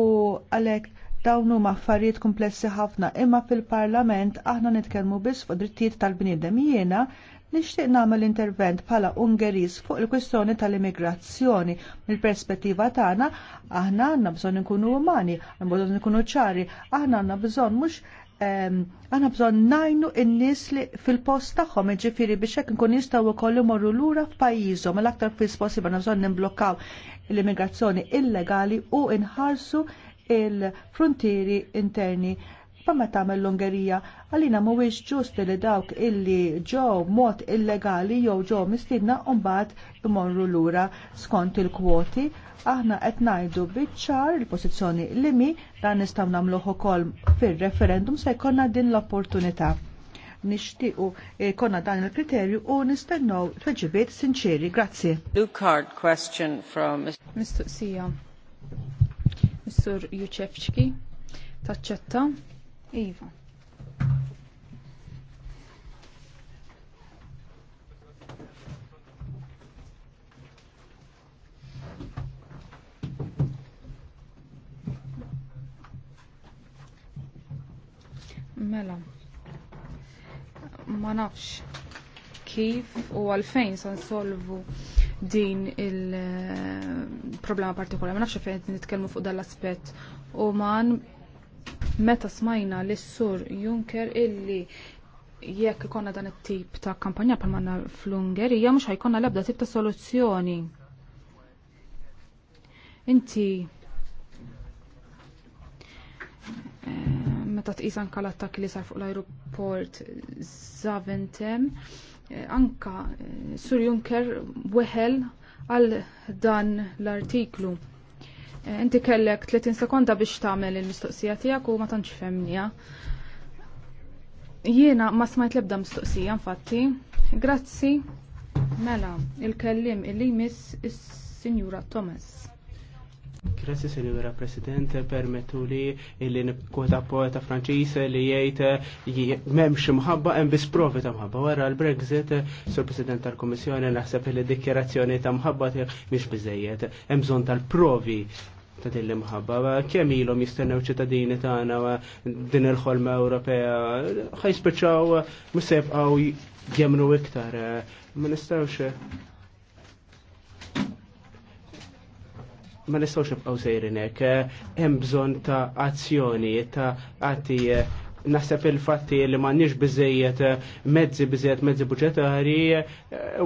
għalhekk Dawn huma affarijiet komplessi ħafna, imma fil-Parlament aħna nitkellmu biss fuq drittijiet tal-bniedem jiena nixtieq nagħmel intervent bħala Ungeris fuq il-kwistjoni tal-immigrazzjoni. Mill-perspettiva tagħna aħna għandna bżonn inkunu umani, għandna bżonn inkunu ċari, aħna għandna bżonn mhux ehm, għana bżon najnu n-nis li fil-post taħħom ġifiri biex hekk nkun jistgħu wkoll imorru lura f'pajjiżhom l-aktar fis possibbli għandna bżonn nimblukkaw l-immigrazzjoni illegali u nħarsu il-frontieri interni pa' ma tagħmel l-Ungerija għalina mhuwiex ġust li dawk illi ġew mod illegali jew ġew mistiedna u mbagħad imorru lura skont il-kwoti aħna qed ngħidu biċ-ċar il-pożizzjoni limi dan nistgħu nagħmluh ukoll fir-referendum se jkollna din l-opportunità. Nixtiequ eh, konna dan il-kriterju u nistennew tweġibiet sinċeri. Grazzi. Mistuqsija Sur Juċefċki, taċċetta, Iva. Mela, ma nafx kif u għalfejn san solvu din il-problema partikolari. Ma nafx fejn nitkellmu fuq dan l-aspett. U man meta smajna lis sur Juncker illi jekk ikonna dan it-tip ta' kampanja pal manna fl-Ungerija mhux ħajkonna l-ebda tip ta' soluzzjoni. Inti eh, meta tqis anke attakk li sar fuq l-ajruport Zaventem, Eh, anka eh, Sur Juncker weħel għal dan l-artiklu. Eh, inti kellek 30 sekonda biex tagħmel il-mistoqsija tiegħek u ma tantx femnija. Jiena ma smajt lebda mistoqsija infatti. Grazzi. Mela, il-kellim il miss is-Sinjura Thomas. Grazie Signora President, permettu li illi nikkota poeta Franċis li jgħid m'hemmx mħabba hemm biss provi ta' mħabba. Wara l-Brexit, sur President tal-Kummissjoni naħseb li dikjerazzjoni ta' mħabba mhix biżejjed. Hemm bżonn tal-provi ta' din l Kemm ilhom jistennew ċittadini tagħna din il-ħolma Ewropea ħajspiċċaw mis jemnu iktar. Ma nistgħux ma nistgħux nibqgħu sejrin hekk, eh, hemm bżonn ta' azzjoni, ta' atti eh, naħseb il-fatti li m'għandniex biżejjed eh, mezzi biżejjed mezzi budġetarji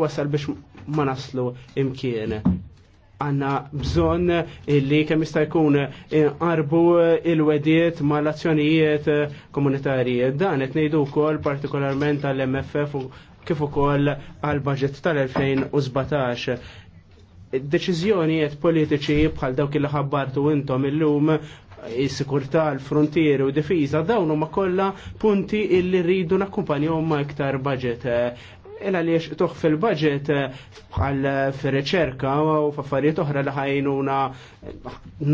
wasal biex ma naslu imkien. Għanna bżonn li kemm jista' jkun inqarbu il-wediet mal-azzjonijiet komunitarji. Dan qed ngħidu wkoll partikolarment għall-MFF kif ukoll għal budget tal-2017 deċiżjonijiet politiċi bħal dawk il ħabbartu intom illum is-sikurtà, l-frontier u difiża dawn huma kollha punti illi rridu nakkumpanjahom ma' iktar budget. Ela għaliex toħ fil-budget bħal fil-reċerka u f'affarijiet oħra li ħajnuna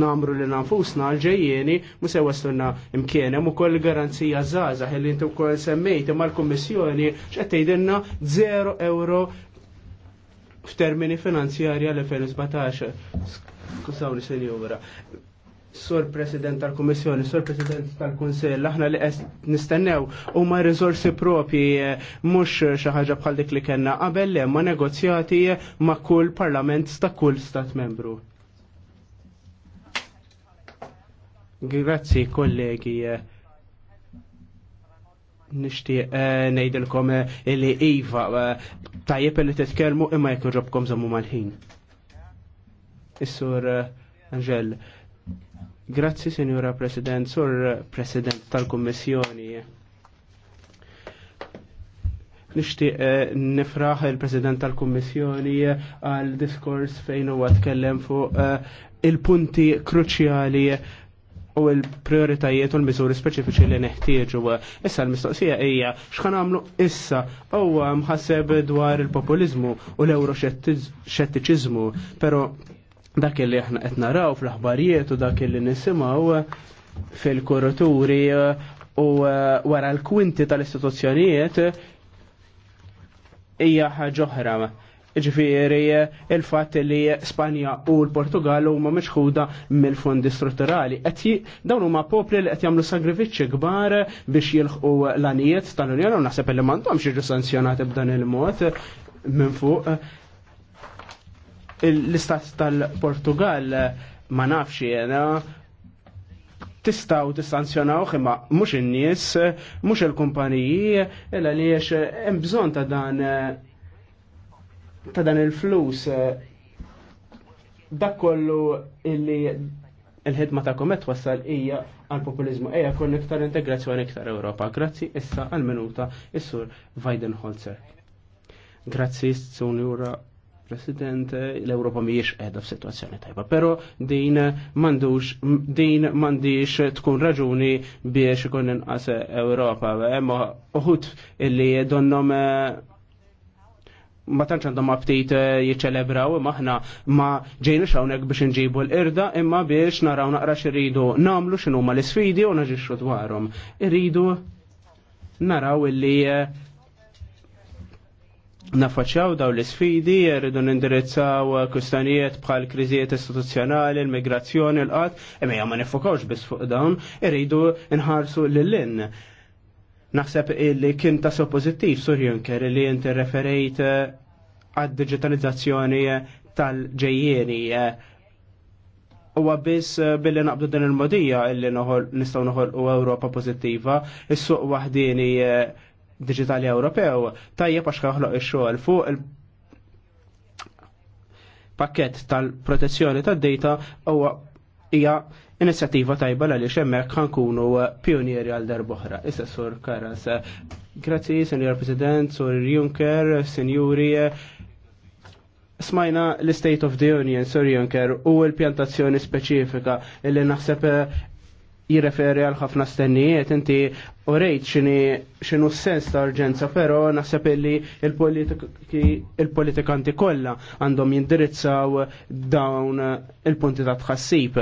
namru li nanfusna għal-ġejjeni mu se waslunna imkienem ukoll koll garanzija zaza illi inti wkoll semmejt ma' l-Kummissjoni x'qed tgħidilna 0 euro f'termini finanzjarja għal 2017 Kusawni senjura. Sur President tal-Komissjoni, Sur President tal konsell aħna li nistennew u ma rizorsi propi mux xaħġa bħal dik li kena qabel ma negozjati ma kull parlament sta' kull stat membru. Grazzi kollegi nishtiq eh, nejdilkom eh, li Iva eh, tajjeb li titkellmu imma jekk ġobkom zammu mal-ħin. Is-sur Angel. Grazzi, Signora President, Sur President tal-Kommissjoni. Nishtiq nifraħ il-President tal-Kommissjoni għal diskors fejn huwa tkellem fuq il-punti kruċjali u l-prioritajiet u l-miżuri speċifiċi li neħtieġu. Issa l-mistoqsija hija x'kan għamlu issa u mħasseb dwar il-populizmu u l-euroxettiċiżmu, però dak li aħna qed naraw fl-aħbarijiet u dak li nisimgħu fil-kuraturi uh, u uh, wara l-kwinti tal-istituzzjonijiet hija ħaġa oħra Ġifiri, il-fat li Spanja u l-Portugal u ma meċħuda mill-fondi strutturali. Dawn huma popli li qed jagħmlu sagrifiċċji kbar biex jilħqu l-anijiet tal-Unjoni u naħseb li m'għandhomx jiġu sanzjonati b'dan il-mod minn fuq. L-istat tal-Portugal ma nafx jena tistaw tistanzjonaw imma mhux in-nies, mhux il-kumpaniji, illa li hemm bżonn ta' dan ta' dan il-flus eh, dak kollu illi il-ħidma ta' komet wassal hija għal populizmu ija kon iktar integrazzjoni iktar Ewropa. Grazzi issa għal minuta is-sur Weidenholzer. Grazzi s jura President, l-Europa miex edha f-situazzjoni tajba, pero din mandux, din mandix tkun raġuni biex ikun inqas Europa, emma uħut illi donnom eh, ma tantx għandhom update eh, jiċċelebraw imma aħna ma ġejniex hawnhekk biex inġibu l-irda imma biex naraw naqra x'iridu nagħmlu x'inhuma l-isfidi u naġixxu dwarhom. Irridu naraw illi eh, nafaċċaw daw l-isfidi, rridu nindirizzaw kustanijiet bħal kriżijiet istituzzjonali, l-migrazzjoni, l-qatt, imma ma nifokawx biss fuq dawn, irridu nħarsu l-lin Naħseb illi kien ta' so Sur Juncker li inti referejt eh, għad-digitalizzazzjoni eh, tal-ġejjieni eh. huwa biss billi naqbdu din il-modija illi nistgħu noħolqu Ewropa pożittiva, is-suq wahdini digitali Ewropew tajjeb għax kaħloq ix-xogħol fuq il pakket tal-protezzjoni tad-data huwa hija inizjattiva tajba li għaliex hemmhekk ħankunu uh, pionieri għal darboħra. Issa sur Karas. Uh, grazzi, Senjor President, Sur Juncker, Senjuri. Uh, smajna l-State of the Union, Sur Juncker, u l-pjantazzjoni speċifika illi naħseb jirreferi għal ħafna stennijiet, inti u rejt xinu s-sens ta' urġenza, pero naħseb illi il-politikanti kollha għandhom jindirizzaw dawn il-punti ta' tħassib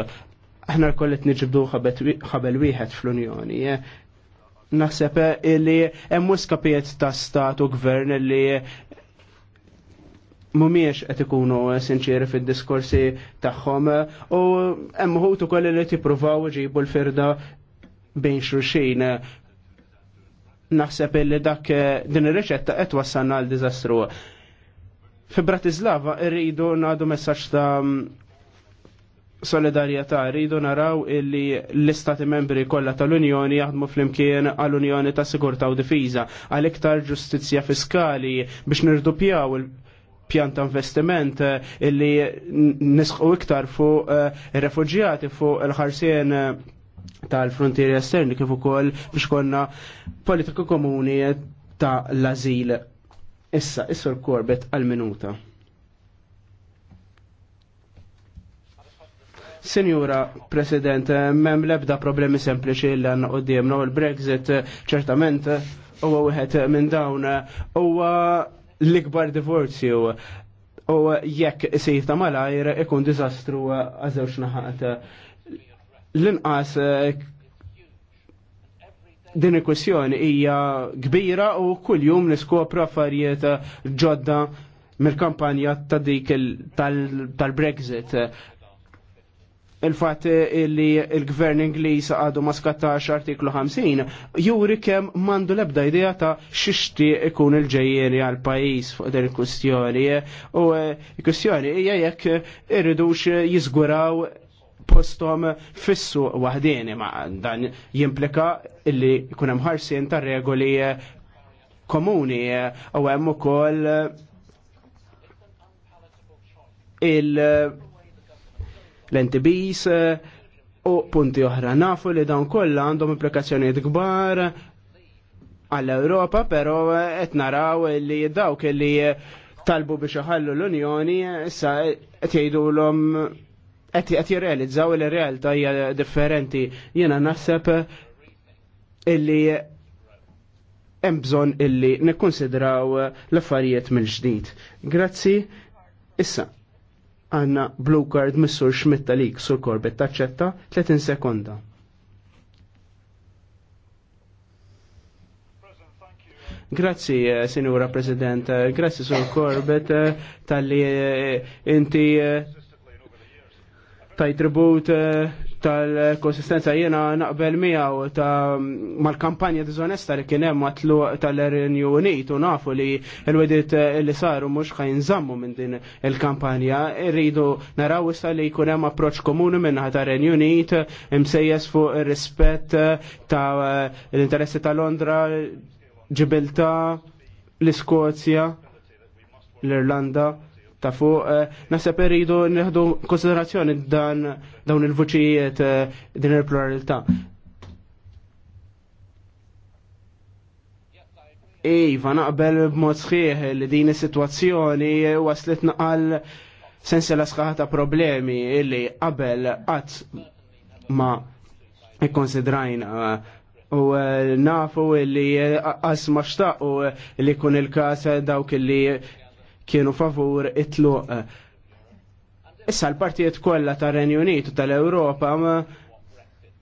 aħna l-kollet nġibdu ħabel wieħed fl-Unjoni. Naħseb eh, li hemm kapijiet ta' stat u gvern li mumiex qed ikunu eh, sinċeri fid-diskorsi tagħhom eh, u hemm uħut ukoll li tippruvaw iġibu l-firda bejn xulxin. Naħseb li dak din ir-riċetta qed wassalna għal diżastru. Fi Bratislava rridu nagħdu messaġġ ta' solidarjetà rridu naraw illi l-istati membri kollha tal-Unjoni jaħdmu flimkien għall-Unjoni ta' Sigurtà u Difiża għal iktar ġustizzja fiskali biex nirdupjaw il-pjan ta' investiment eh, illi nisħu iktar fuq eh, refugjati fuq il-ħarsien eh, tal-frontieri esterni kif ukoll biex konna politika komuni ta' l-azil. Issa, issur korbet għal-minuta. Senjura President, mem lebda problemi sempliċi l għanna u u l-Brexit eh, ċertament eh, u għuħet eh, minn dawn u l-ikbar divorzju u jekk sejf ta' malajr ikun dizastru għazewx naħat. L-inqas din il-kwestjoni hija kbira u kull jum niskopra affarijiet ġodda mill-kampanja ta' dik tal-Brexit il-fat li il-gvern Ingliż għadu ma skattax artiklu 50 juri kemm mandu lebda idea ta' xixti ikun il-ġejjeri għal pajis fuq din il-kustjoni u eh, il-kustjoni hija jekk irridux jiżguraw postom fissu wahdini ma' dan jimplika illi jkun hemm ħarsien ta' regoli eh, komuni eh, u hemm ukoll il- l-NTBs eh, u punti oħra. Nafu li dawn kollha għandhom implikazzjonijiet kbar għall-Ewropa, però eh, qed naraw li dawk li eh, talbu biex iħallu l-Unjoni issa qed jgħidulhom qed jirrealizzaw li r-realtà hija differenti. Jiena naħseb illi hemm bżonn illi nikkonsidraw l-affarijiet mill-ġdid. Grazzi. Issa, għanna blue card missur Schmidt talik sur korbet taċċetta 30 sekonda. Grazzi, eh, Sinjura President, eh, grazzi sur Korbet eh, tal-li inti tajtribut tal-konsistenza jena naqbel miegħu ta' mal-kampanja dizonesta li kien hemm matlu tal-Renju Unit u nafu li l-wedit li saru mhux ħajnżammu minn din il-kampanja. Irridu naraw issa li jkun hemm approċċ komuni minn ta' Renju Unit imsejjes fuq ir-rispett ta' l-interessi ta' Londra, Ġibilta, l-Iskozja, l-Irlanda ta' fuq eh, naħseb irridu neħdu konsiderazzjoni dan dawn il-vuċijiet eh, din il-pluralità. Iva, naqbel b'mod sħiħ li din is-sitwazzjoni eh, waslitna għal sensi l ta' problemi illi qabel qatt ma ikkonsidrajna u nafu li għas maċtaq u li kun il-kas dawk li kienu favur it-tluq. Eh, issa l-partijiet kollha tar-Renju Unit u tal-Ewropa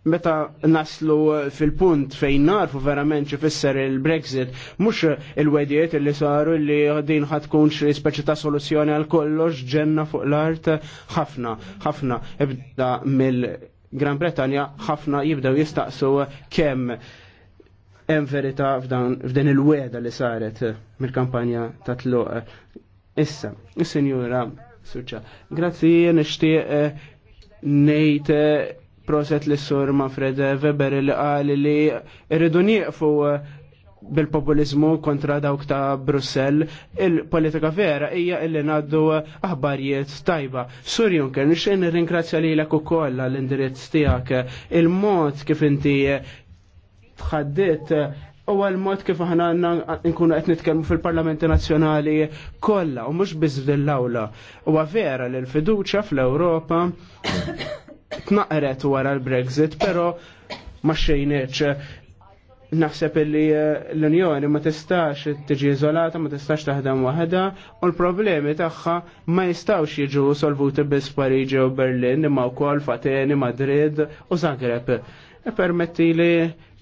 meta naslu fil-punt fejn narfu verament fisser il-Brexit, mhux il-wedijiet li saru li din xi speċi ta' soluzzjoni għal kollox ġenna fuq l-art ħafna, ħafna, ebda mill-Gran Bretanja ħafna jibdew jistaqsu kemm hemm verità f'dan il-weda li saret mill-kampanja ta' tluq Issa, il-Sinjura, suċa, grazzi nishtiq eh, nejt eh, proset li sur Manfred Weber li għali li irridu nieqfu eh, bil-populizmu kontra dawk ta' Brussell, il-politika vera hija illi ngħaddu aħbarijiet tajba. Sur Juncker, nixtieq nirringrazzja lilek ukoll l-indirizz tiegħek il-mod kif inti tħaddit u għal-mod kif aħna għanna nkunu għet nitkelmu fil-Parlamenti Nazjonali kolla u mux biz dell-awla. U għavera li l-fiduċa fl-Europa tnaqret wara l-Brexit, pero ma xejnieċ naħseb li eh, l-Unjoni ma tistax tiġi izolata, ma tistax taħdem waħda, u l-problemi tagħha ma jistawx jiġu solvuti biss Pariġi u Berlin, imma wkoll Fateni, Madrid u Zagreb. E permetti li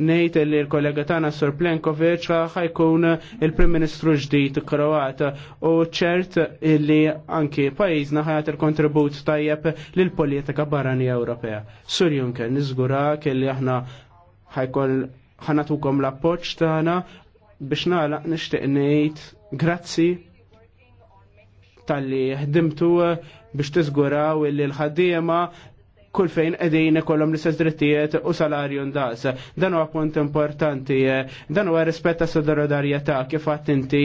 nejt li l-kollega tana Sor Plenkovic ħajkun il-Prim Ministru ġdijt Kroat u ċert li anki pajizna ħajat il-kontribut tajjeb l-politika barranija Ewropea. Sur Juncker, nizgura kelli aħna ħajkun ħanatukom l appoġġ tana biex naħlaq nishtiq nejt grazzi tal-li ħdimtu biex tiżguraw illi l-ħaddiema kull fejn qegħdin ikollhom l-istess drittijiet u salarju ndaqs. Dan huwa punt importanti, dan huwa rispett ta' solidarjetà kif għadt inti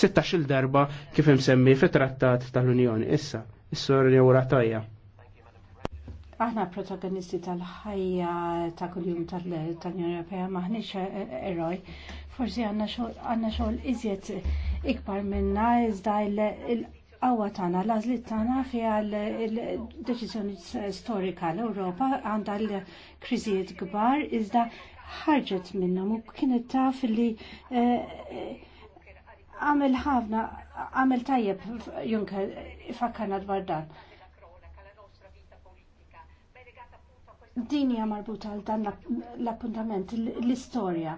16-il darba kif imsemmi fit-Trattat tal-Unjoni. Issa, is-sor li wara tajja. Aħna protagonisti tal-ħajja ta' kuljum tal-Unjoni Ewropea maħniex eh, eroj. Forsi għandna xogħol iżjed ikbar minna iżda il- għawa tana, lażli tana fija l-deċizjoni storika l-Europa għanda l-kriżijiet gbar, iżda ħarġet minnhom u kienet taf li eh, għamil ħafna, għamil tajjeb Junker ifakkarna dwar dan. Din hija marbuta għal dan l-appuntament, l-istorja. l istoria l istorja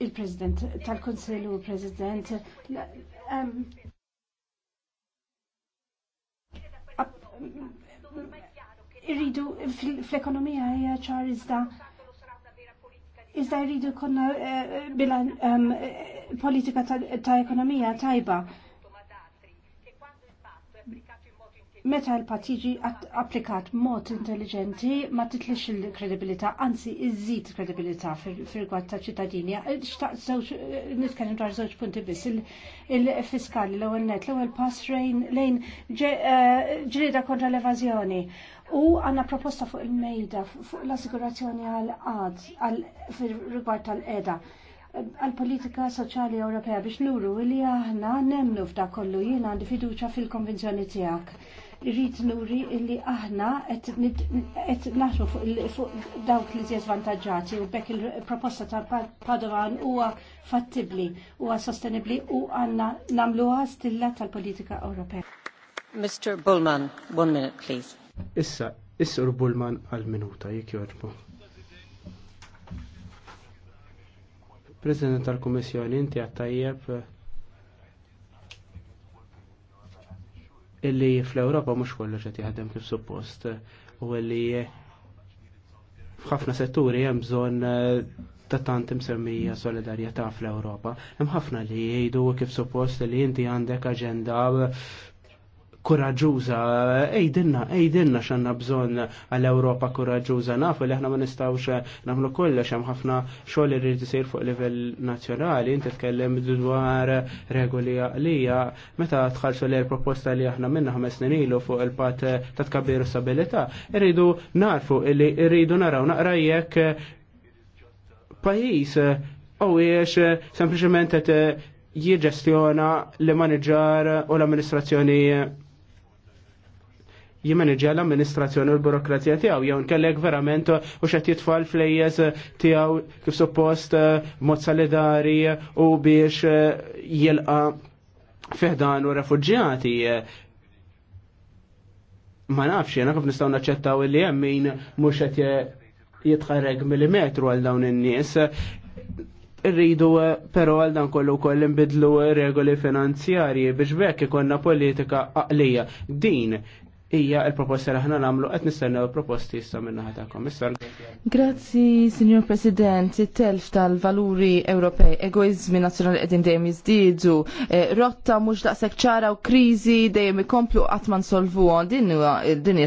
il-President tal-Konsell u president irridu fl-ekonomija hija ċar iżda iżda jridu konna eh, bilan politika ta' ekonomija tajba meta l-patiġi applikat mod intelligenti ma titlix il-kredibilità, anzi iżid kredibilità fil-gwad ta' ċittadini. nitkellem dwar żewġ punti biss, il-fiskali l ewwel net, l ewwel pass lejn eh, ġrida kontra l-evażjoni. U għanna proposta fuq il-mejda, fuq l-assigurazzjoni għal-għad, fil-rigward tal-eda għal-politika soċjali Ewropea biex nuru li aħna nemnu f'da kollu jiena għandi fiduċa fil-konvenzjoni tiegħek rrit nuri illi aħna qed naħlu fuq dawk li zjed vantaġġati u bekk il-proposta ta' Padovan huwa fattibli, huwa sostenibli u għanna nagħmluha stilla tal-politika Ewropea. Mr. Bullman, one minute, please. Issa, Is-Sur Bullman għal minuta jek jorbu. President tal-Kummissjoni inti għattajjeb illi fl-Ewropa mhux kollox qed jaħdem kif suppost u illi f'ħafna setturi hemm bżonn eh, ta' tant imsemmija solidarjetà fl-Ewropa. Hemm ħafna li jgħidu kif suppost li inti għandek aġenda eh, koraġuża, ejdinna, ejdinna xanna bżon għall-Europa koraġuża, nafu li aħna ma nistawx namlu kollox hemm ħafna xogħol irid isir fuq livell nazzjonali, inti tkellem dwar regoli għalija, meta tħallsu l proposta li aħna minna ħames snin ilu fuq il-pat ta' tkabbir stabilità, irridu narfu li irridu naraw naqra jekk pajjiż għawiex sempliċement jieġestjona l-manager u l-amministrazzjoni jimenġa l-amministrazzjoni u l-burokrazija tiegħu jew nkellek verament u xed jitfall flejjes tiegħu kif suppost eh, mod solidari u biex eh, jilqa fiħdan u refuġjati. Ma nafx, jena kif nistgħu naċċettaw li hemm min mhux qed jitħarreg millimetru għal dawn in-nies. Irridu eh, però għal dan kollu koll imbidlu regoli finanzjarji biex bekk ikonna politika aqlija. Din ija l-proposta li aħna nagħmlu qed nistennew il-proposti issa minnaħa tagħkom. Grazzi, Signor President, it-telf tal-valuri Ewropej, egoizmi nazzjonali qegħdin dejjem jiżdiedu, eh, rotta mhux daqshekk ċara u kriżi dejjem ikomplu qatt ma nsolvuhom. Din huwa din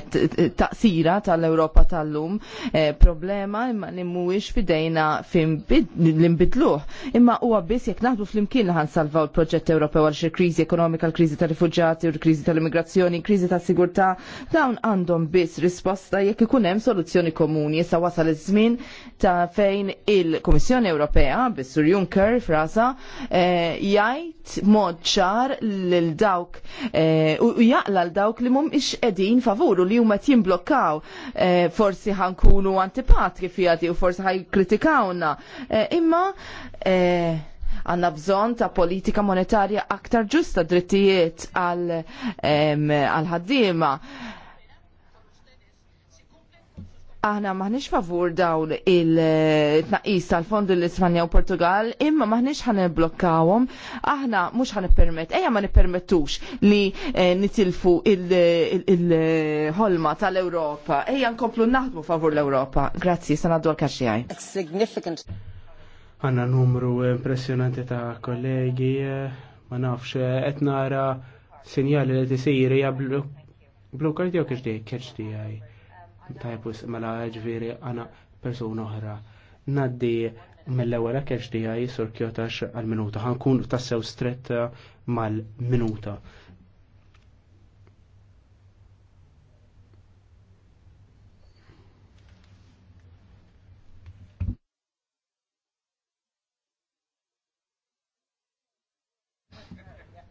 taqsira tal-Ewropa tal-lum eh, problema imma li mhuwiex fidejna l imbidluħ Imma huwa biss jekk naħdu flimkien li ħansalvaw il-proġett Ewropew għal xi kriżi ekonomika, l-kriżi tal-rifuġġati, l-kriżi tal-immigrazzjoni, kriżi tal rifugġati l kriżi tal immigrazzjoni kriżi tas sigurtà dawn għandhom biss risposta jekk ikun hemm soluzzjoni komuni. Issa wasal iż-żmien ta' fejn il-Kummissjoni Ewropea bis-Sur Juncker frasa eh, jgħid mod ċar lil dawk e, u jaqla l dawk li mhumiex qegħdin favuru li huma jimblokkaw eh, forsi ħankunu antipatri fiati u forsi ħajkritikawna. Eh, imma eh, Għanna bżon ta' politika monetarja aktar ġusta drittijiet għal ħaddiema. Aħna maħnix favur dawn il-tnaqis tal-fondi l-Ispanja u Portugal, imma maħnix ħan blokkawom, aħna mux ħan permet, eja ma nipermettux li eh, nitilfu il-ħolma tal-Europa, eja nkomplu naħdmu favur l-Europa. Grazzi, sanaddu għal-kaxxijaj. Għanna numru impressionanti ta' kollegi, ma nafx, qed nara sinjali li tisir hija blu u jew kħiġdi, kiexdi tiegħi. Tajbus mela ġviri għana persuna oħra. Naddi mill-ewwel kħiġdi għaj, sur Kjotax għal-minuta. għankun tassew stretta mal-minuta.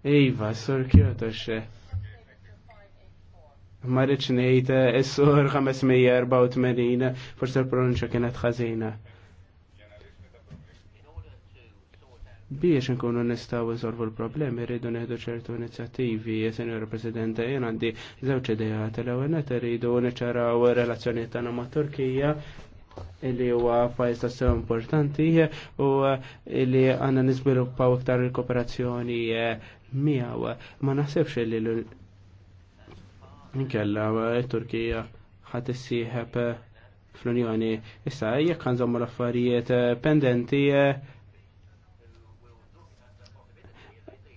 Iva, sur kjoto xe. Marriċ nejt, eh, s-sur 584, forse l-pronunċa kienet ħazina. biex nkunu nistaw nsolvu l-problemi rridu neħdu ċertu inizjattivi, eh, Senjor President, jen għandi żewġ idejat l-ewwel rridu niċċaraw relazzjonijiet tagħna ma' Turkija illi huwa pajjiż sew importanti eh, u illi għanna għandna niżviluppaw iktar il-kooperazzjoni Miawa, ma naħsebx li l-inkella eh, Turkija ħadd issieħeb eh, fl-Unjoni. Issa jek għandhom l-affarijiet eh, pendenti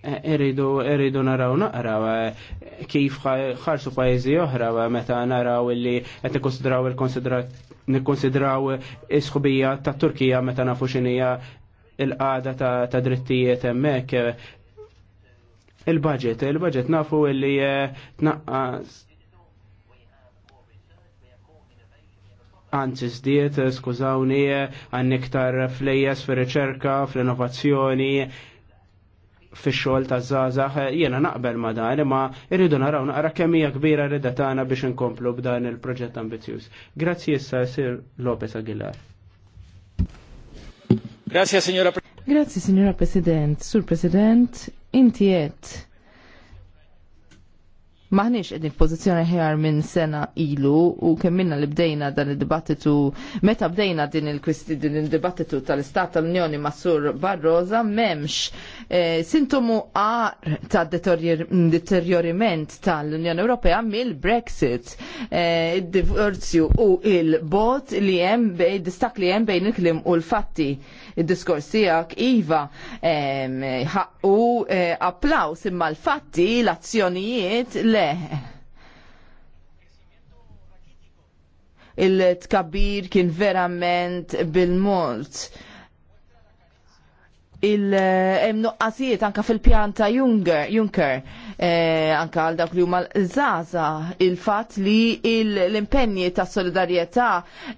Eridu, eridu naraw naqraw kif ħarsu pajjiżi oħra meta naraw illi qed ikkonsidraw konsidraw is-sħubija tat Turkija meta nafu x'inhija il-qada ta' drittijiet hemmhekk il-budget. Il-budget nafu li eh, tnaqqas anzi zdiet, eh, skużawni, eh, għan iktar flejjes fi riċerka, fl-innovazzjoni, fi xogħol ta' zazax, jiena naqbel ma dan, imma irridu naraw naqra kemm hija kbira rida tagħna biex nkomplu b'dan il-proġett ambizjuż. Grazzi issa Sir Lopez Aguilar. Grazie, signora Grazie, signora President. Sur President, Inti qed Maħniex edin pozizjoni ħjar minn sena ilu u kemm minna li bdejna dan id-dibattitu, meta bdejna din il-kwisti din il-dibattitu tal-Istat tal-Unjoni Massur Barroza memx eh, sintomu għar ta' deterioriment tal-Unjoni Ewropea mill-Brexit, eh, divorzju u il-bot li jem bej, distak li jem bejn il-klim u l-fatti. Il id-diskors tiegħek iva u eh, applaws imma l-fatti l-azzjonijiet le il tkabir kien verament bil-mult il-hemm eh, nuqqasijiet anka fil-pjanta Juncker, Juncker eh, e, anka għal dak li huma żaża il-fatt li l-impenji ta' solidarjetà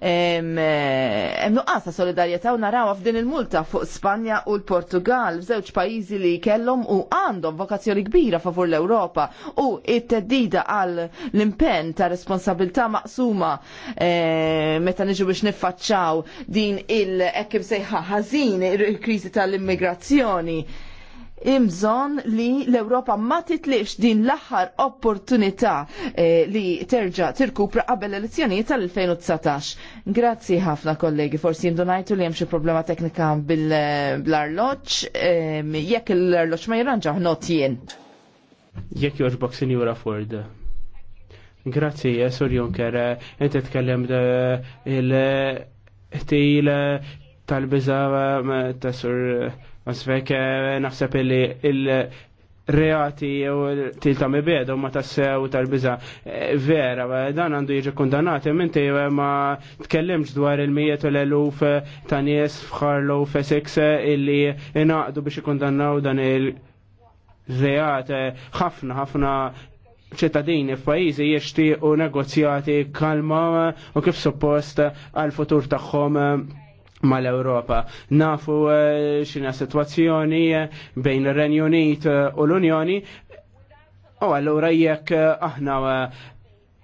eh, hemm nuqqas ta' solidarjetà u naraw f'din il-multa fuq Spanja u l-Portugal f'żewġ pajjiżi li kellhom u għandhom vokazzjoni kbira favur l-Ewropa u it-teddida għal l-impenn ta' responsabilità maqsuma meta niġu biex niffaċċaw din il-ekkim sejħa ħażin il-kriżi tal-immigrazzjoni migrazzjoni imżon li l-Europa ma titlix din l-aħħar opportunità eh, li terġa tirkupra qabel elezzjonijiet tal-2019. Grazzi ħafna kollegi, forsi jimdunajtu li hemm xi problema teknika bil-arloġġ, eh, jekk l-arloġġ ma jirranġa not jien. Jekk jorġbok Sinjura Ford. Grazzi, eh, Sur Juncker, inti tkellem il tal-biza ta' sur Masvek naħseb li il-reati u tilta ta' ma ta' sew tal-biza e, vera, dan għandu jiġi kundanati minti ma tkellimx dwar il-mijiet u l-eluf ta' nies fħarlu f'Essex illi inaqdu biex ikundannaw dan il-reat e, ħafna ħafna ċittadini f'pajjiżi jixtiequ negozjati kalma u kif suppost għal futur tagħhom mal-Europa. Nafu eh, xina situazzjoni eh, bejn ir-Renju Unit eh, u l-Unjoni. U allura jekk aħna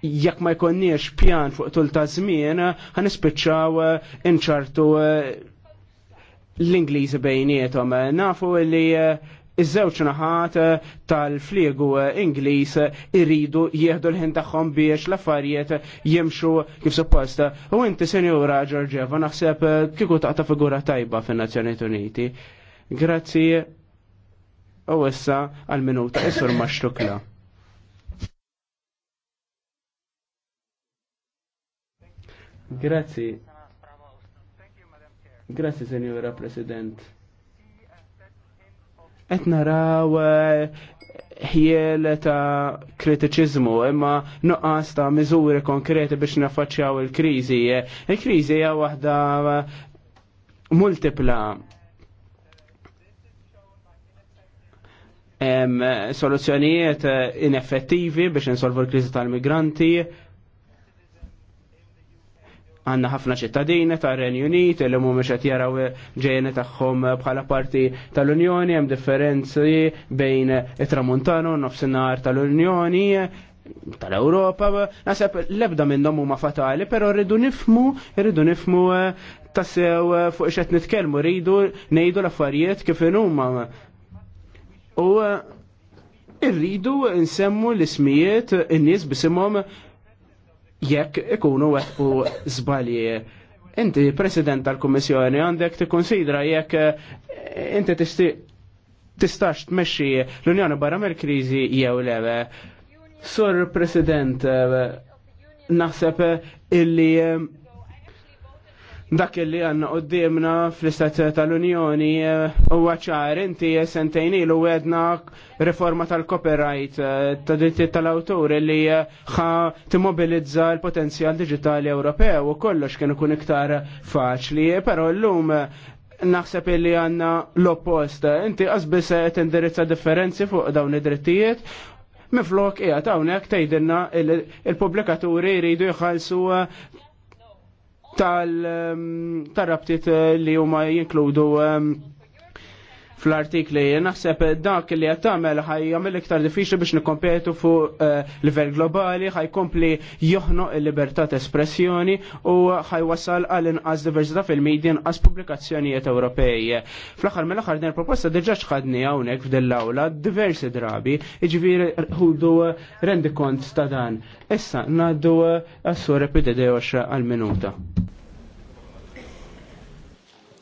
jekk ma jkonniex pjan fuq tul ta' żmien, ħanispiċċaw inċartu l-Ingliżi bejnietom. Nafu li iż-żewġ naħat eh, tal-fliegu eh, Ingliż eh, iridu jieħdu l-ħin tagħhom biex l-affarijiet jimxu kif suppost. U inti Senjura Ġorġeva naħseb kieku taqta figura tajba fin-Nazzjonijiet Uniti. Grazzi u issa għal-minuta isur maxtukla. Grazzi. Grazzi, signora President qed naraw eh, ħiel ta' kritiċizmu imma nuqqas ta' miżuri konkreti biex nafaċċjaw il-kriżi. Il-kriżi hija waħda eh, multipla eh, soluzzjonijiet ineffettivi biex insolvu l-kriżi tal-migranti, għanna ħafna ċittadini ta' Renju Unit li mhumiex qed jaraw ġejni tagħhom bħala parti tal-Unjoni hemm differenzi bejn it-Tramuntano nofsinhar tal-Unjoni tal-Ewropa, naħseb l-ebda minnhom huma fatali, però rridu nifmu, rridu nifmu eh, tassew fuq x'għed nitkellmu, rridu ngħidu l-affarijiet kif huma. U eh, rridu nsemmu l-ismijiet in-nies bisimhom jekk ikunu u zbalji. Inti President tal-Kummissjoni għandek tikkonsidra jekk eh, inti tistax tmexxi l-Unjoni barra mill-kriżi jew leve. Sur President, eh, naħseb illi eh, dak li għanna qoddimna fl-istat tal-Unjoni eh, u għacħar inti sentajni l għedna reforma tal-copyright eh, ta' dritti tal-autur li xa eh, timobilizza l-potenzjal digitali Ewropew u kollox kienu kun iktar faċli, pero l-lum naħseb li għanna l-oppost. Inti għazbis tindirizza differenzi fuq dawn id-drittijiet, miflok ija tawnek tejdinna il-publikaturi jridu jħalsu Ehm, tal-rabtiet eh, li huma jinkludu ehm, fl-artikli. Naħseb dak li qed tagħmel ħajjagħmel iktar diffiċli biex nikkompetu fuq eh, livell globali, ħajkompli joħnoq il-libertà ta' espressjoni u ħajwasal għal inqas diversità fil-medja inqas pubblikazzjonijiet Ewropej. Fl-aħħar mill-aħħar din proposta diġà xħadni hawnhekk f'dil-awla diversi drabi, jiġifieri ħudu rendi kont ta' dan. Issa ngħaddu għas-sur epidedeo għal minuta.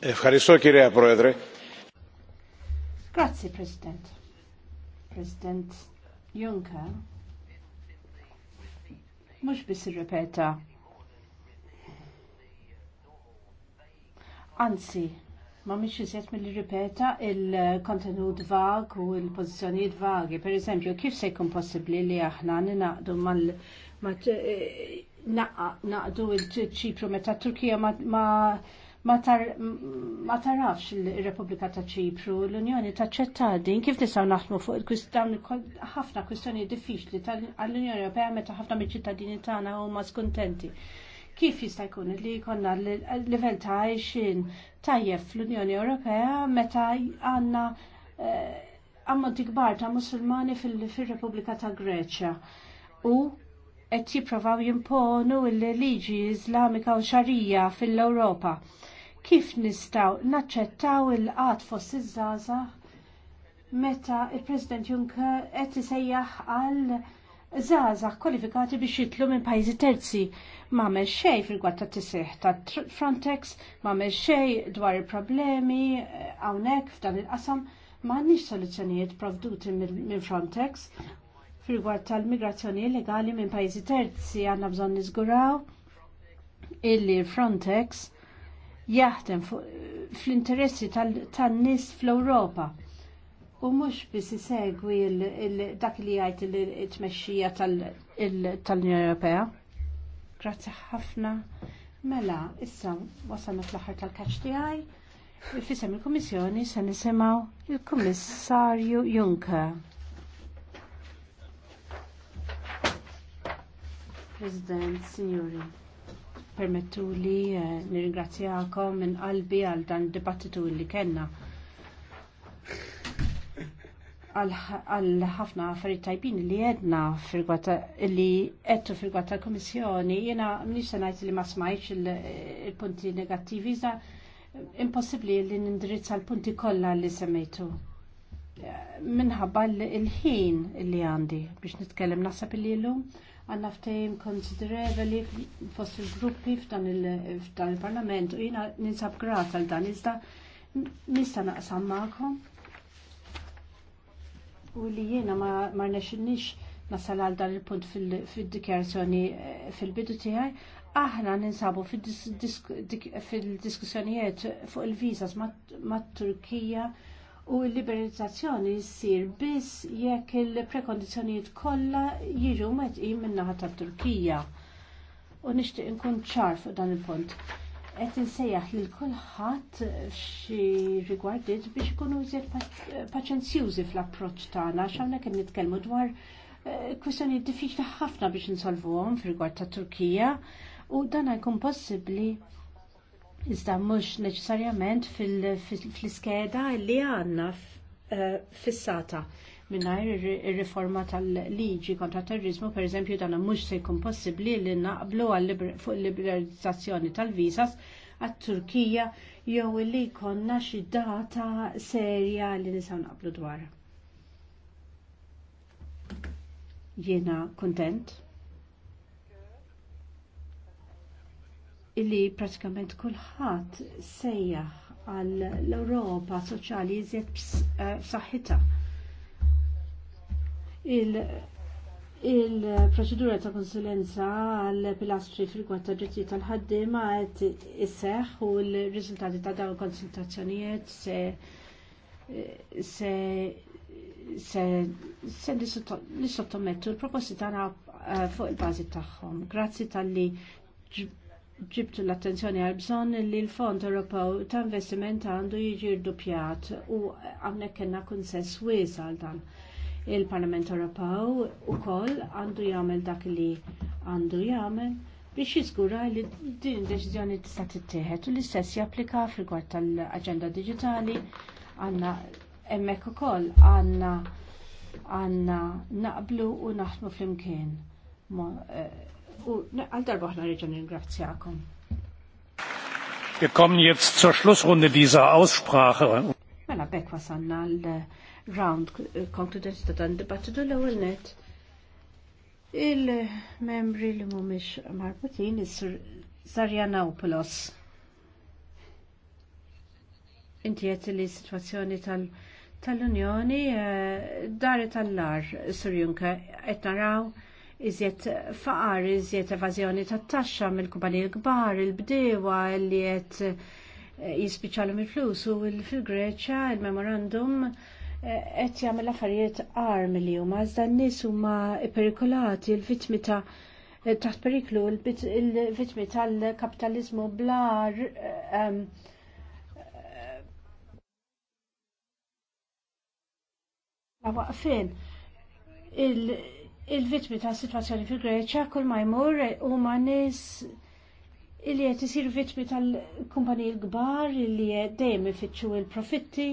Ευχαριστώ κυρία Πρόεδρε. Grazzi, President. President Juncker, mux biss ripeta Anzi, ma miex jizet mill ripeta il-kontenut vag u il-pozizjoniet vagi. Per eżempju, kif se jkun possibli li aħna ninaqdu mal eh, eh, naqdu il-ċipru meta Turkija ma ma tarafx il-Repubblika ta' Ċipru, l-Unjoni ta' din kif nisaw naħdmu fuq il kustan ħafna kwistjoni diffiċli tal-Unjoni Ewropea meta ħafna mill-ċittadini tagħna huma skontenti. Kif jista' jkun li jkollna l-livell ta' għajxin tajjeb fl-Unjoni Ewropea meta għandna eh, ammonti kbar ta' Musulmani fil-Repubblika ta' Greċja u qed jipprovaw jimponu l-liġi Islamika u xarija fil-Ewropa Kif nistaw naċċettaw il-qat fost iż-żaza meta il-President Juncker qed isejjaħ għal Zaza kwalifikati biex jitlu minn pajzi terzi m'għamel xejn fil-gwatt ta' tisih ta' Frontex, m'għamel xejn dwar il-problemi eh, hawnhekk f'dan il-qasam m'għandniex soluzzjonijiet provduti minn Frontex fil-gwatt tal-migrazzjoni illegali minn pajzi terzi għandna bżonn niżguraw illi Frontex jaħdem fl-interessi tan-nies fl-Ewropa. U mhux biss isegwi dak li jgħid it-tmexxija tal-Unjoni Ewropea. Grazzi ħafna. Mela, issa wasalna fl-aħħar tal-kaċ tiegħi. Fisem il-Kummissjoni se nisimgħu il-Kummissarju Juncker. President, Signori permettu li eh, nirringrazzjakom minn qalbi għal dan dibattitu li kenna għal ħafna affarijiet tajbin li jedna li għedtu fil-gwata tal-Komissjoni, jena mnix sanajt li ma smajx eh, il-punti negattivi, za impossibli li nindirizza l-punti kollha li semmejtu. Eh, minħabba l-ħin li għandi biex nitkellem nasab il l-lum għanna ftejm konsiderevoli fost il-gruppi f'dan il-parlament u jina ninsab grat għal dan iżda nista naqsam maħkom u li jiena ma nix nasal għal dan il-punt fil-dikjarazzjoni eh, fil-bidu tiegħi aħna ninsabu fil-diskussjonijiet fuq il-vizas mat-Turkija mat turkija u l-liberalizzazzjoni ssir biss jekk il-prekondizzjonijiet kollha jiġu metqin min-naħa tat-Turkija. U nixtieq inkun ċar fuq dan il-punt. Qed insejjaħ lil kulħadd xi rigwardiet biex ikunu iżjed paċenzjużi fl-approċċ tagħna għax hawnhekk qed nitkellmu dwar eh, kwistjonijiet diffiċli ħafna biex insolvuhom fir-rigward tat-Turkija u dan jkun possibbli iżda mhux neċessarjament fl-iskeda li għandna eh, fissata minnajr ir-riforma tal-liġi kontra terrorizmu, eżempju, dana mhux se jkun possibbli li naqblu fuq liberalizzazzjoni tal visas għat-Turkija jew li konna xi data serja li nisaw naqblu dwar. Jiena kuntent illi pratikament kulħadd sejjaħ għal l-Europa soċjali jizjed eh, b'saħħitha. Il-proċedura ta' konsulenza għal pilastri fil-gwad ta' ġetti tal-ħaddiema qed isseħħ u l-riżultati ta' dawn konsultazzjonijiet se se se se li sottomettu l-proposti tagħna eh, fuq il-bażi tagħhom. Grazzi tal-li ġibtu l-attenzjoni għal bżonn li l-Fond Ewropew ta' investiment għandu jiġi rdupjat u għamnek kena kunsess wiesa għal dan. Il-Parlament Ewropew ukoll għandu jagħmel dak li għandu jagħmel biex jiżgura li din id-deċiżjoni tista' tittieħed u l-istess japplika fil-gwart tal-Aġenda Digitali għandna hemmhekk ukoll għandna għandna naqblu u naħdmu flimkien eh, U għal darba ħna reġan ringrazzjakom. Wir kommen jetzt zur Schlussrunde dieser Aussprache. Mela bekk wasanna l-round eh, eh, konkludenz ta' dan dibattitu l-ewwel net. Il-membri li mhumiex marbutin is-Sur Sarjanopoulos. Inti jett li situazzjoni sitwazzjoni tal- unjoni eh, daret tal-lar, Sur Juncker, qed naraw iżjed faqar, iżjed evażjoni tat-taxxa mill l kbar, il-bdewa li qed eh, jispiċalu mill-flus u fil Greċa il-memorandum eh, qed jagħmel affarijiet arm mill huma iżda n-nies huma perikolati l-vittmi ta' eh, taħt periklu l-vittmi tal-kapitalizmu blar waqfin il-vitmi ta' situazzjoni fil greċja kull ma jmur huma nis illi qed isir vitmi tal-kumpaniji l-kbar illi dejjem ifittxu il-profitti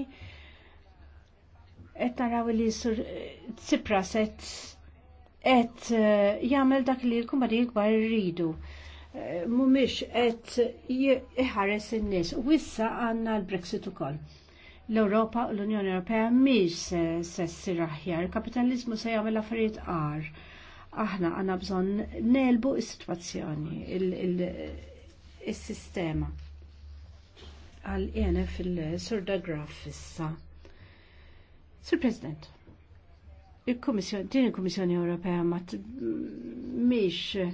qed naraw li sur Tsipras qed eh, jagħmel dak li l-kumpaniji l-kbar irridu eh, mumiex qed iħares in-nies u issa għandna l-Brexit ukoll l-Europa u l-Unjoni Ewropea mhix se, se ssir aħjar, il-kapitalizmu se jagħmel affarijiet għar. Aħna għandna bżonn nelbu s sitwazzjoni is-sistema. Għal jene fil-surda graf issa. Sur President, il din il-Kummissjoni Ewropea ma miex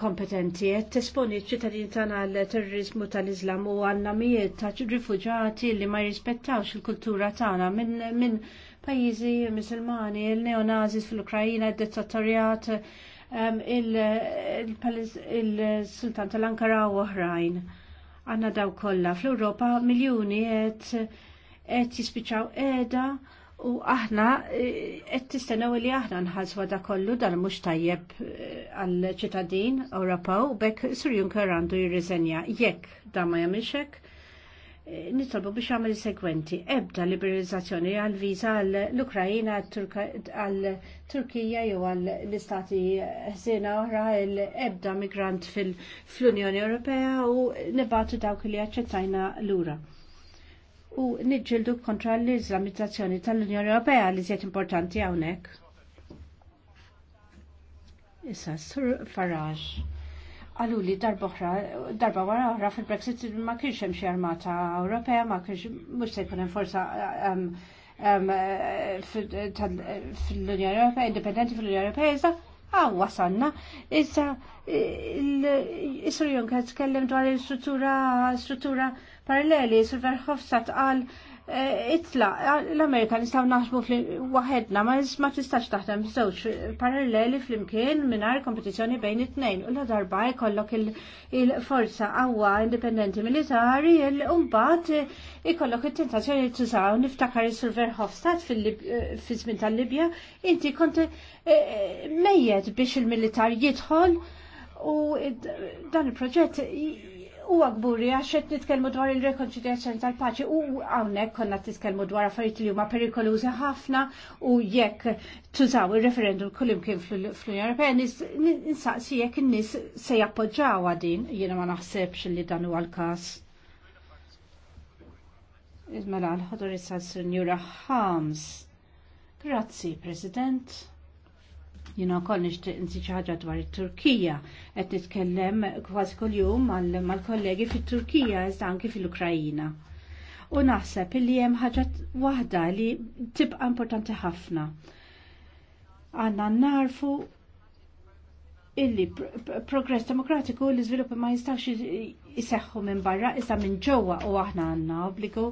kompetenti qed tesponi ċ-ċittadin tagħna għal terrorizmu tal-Iżlam u għandna mijiet ta' rifuġati li ma jirrispettawx il-kultura tagħna minn min pajjiżi Musulmani, il-neonazis fil-Ukrajina, id-dittatorjat, il-Sultan tal-Ankara u oħrajn. Għanna daw kollha fl-Ewropa miljuni qed jispiċċaw qiegħda U aħna, e, qed tistennew li aħna nħaswa da kollu dan mhux tajjeb e, għal ċittadin rapaw, bekk sur Juncker għandu jirriżenja jekk dan ma jagħmilx hekk. E, nitolbu biex għamil segwenti, ebda liberalizzazzjoni għal viza għal ukrajina għal Turkija jew għal istati ħsina oħra ebda migrant fil-Unjoni Ewropea u nibatu dawk li għacċettajna l-ura u nidġildu kontra l-Islamizzazzjoni tal-Unjoni Ewropea li ziet importanti hawnhekk. Issa, Sur Farage, għallu li darba wara oħra fil-Brexit ma kienx hemm xi armata Ewropea, ma kienx mhux se jkun hemm forsa um, um, fil-Unjoni Ewropea, indipendenti fil-Unjoni Ewropea, issa għaw ah, wasanna. Issa, Isur Juncker tkellem dwar il-struttura struttura paralleli, Sur Verhofstadt qal eh, itla, l-Amerika nistaw naħsbu fl-wahedna, ma ma tistax taħdem żewġ paralleli flimkien mingħajr kompetizzjoni bejn it-tnejn. U la darba jkollok il-forza għawa indipendenti militari l mbagħad ikollok it-tentazzjoni t tużaw niftakar is-Sur Verhofstadt fil-żmien tal-Libja, inti kont eh, mejjed biex il-militar jidħol u dan il-proġett u għagburi għaxet nitkelmu dwar il rekonċidjazzjoni tal-paċi u għawnek konna titkelmu dwar affarijiet li huma perikolużi ħafna u jekk tużaw il-referendum kullimkien fl-Unjoni Ewropea ninsaqsi jekk in-nies se jappoġġaw din jiena ma naħsebx li dan huwa l-każ. Izmela l-ħodur issa s-Sinjura Hams. Grazzi, President. Jina wkoll nixtieq nsi xi ħaġa dwar it-Turkija qed nitkellem kważi kuljum mal-kollegi fit-Turkija iżda anki fil-Ukrajina. U naħseb li hemm ħaġa waħda li tibqa' importanti ħafna. Għanna narfu illi progress demokratiku li żviluppi ma jistax jiseħħu minn barra, issa minn ġewwa u aħna għandna obbligu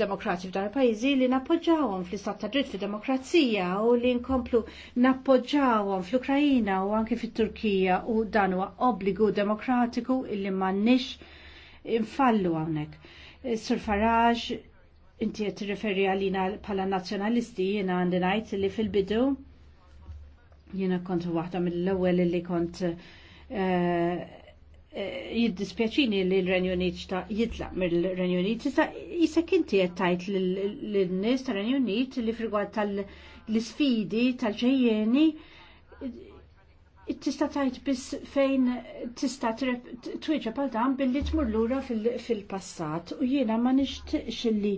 demokratiċi f'dan il-pajjiżi li nappoġġawhom fl-istat ta' dritt fid-demokrazija u li nkomplu nappoġġawhom fl-Ukrajina u anke fit-Turkija u dan huwa obbligu demokratiku illi m'għandniex infallu hawnhekk. Eh, Sur Farage, inti qed tirreferi għalina bħala nazzjonalisti jiena għandi ngħid li fil-bidu jiena kont waħda mill-ewwel li kont uh, Eh, jiddispjaċini li l-Renju Unit ta' jitlaq mill-Renju Unit. Issa jisek inti qed tgħid lin-nies tar-Renju Unit li frigwad tal-isfidi tal-ġejjeni tista' tajt biss fejn tista' twieġeb għal dan billi tmur lura fil-passat u jiena ma nixtieqx li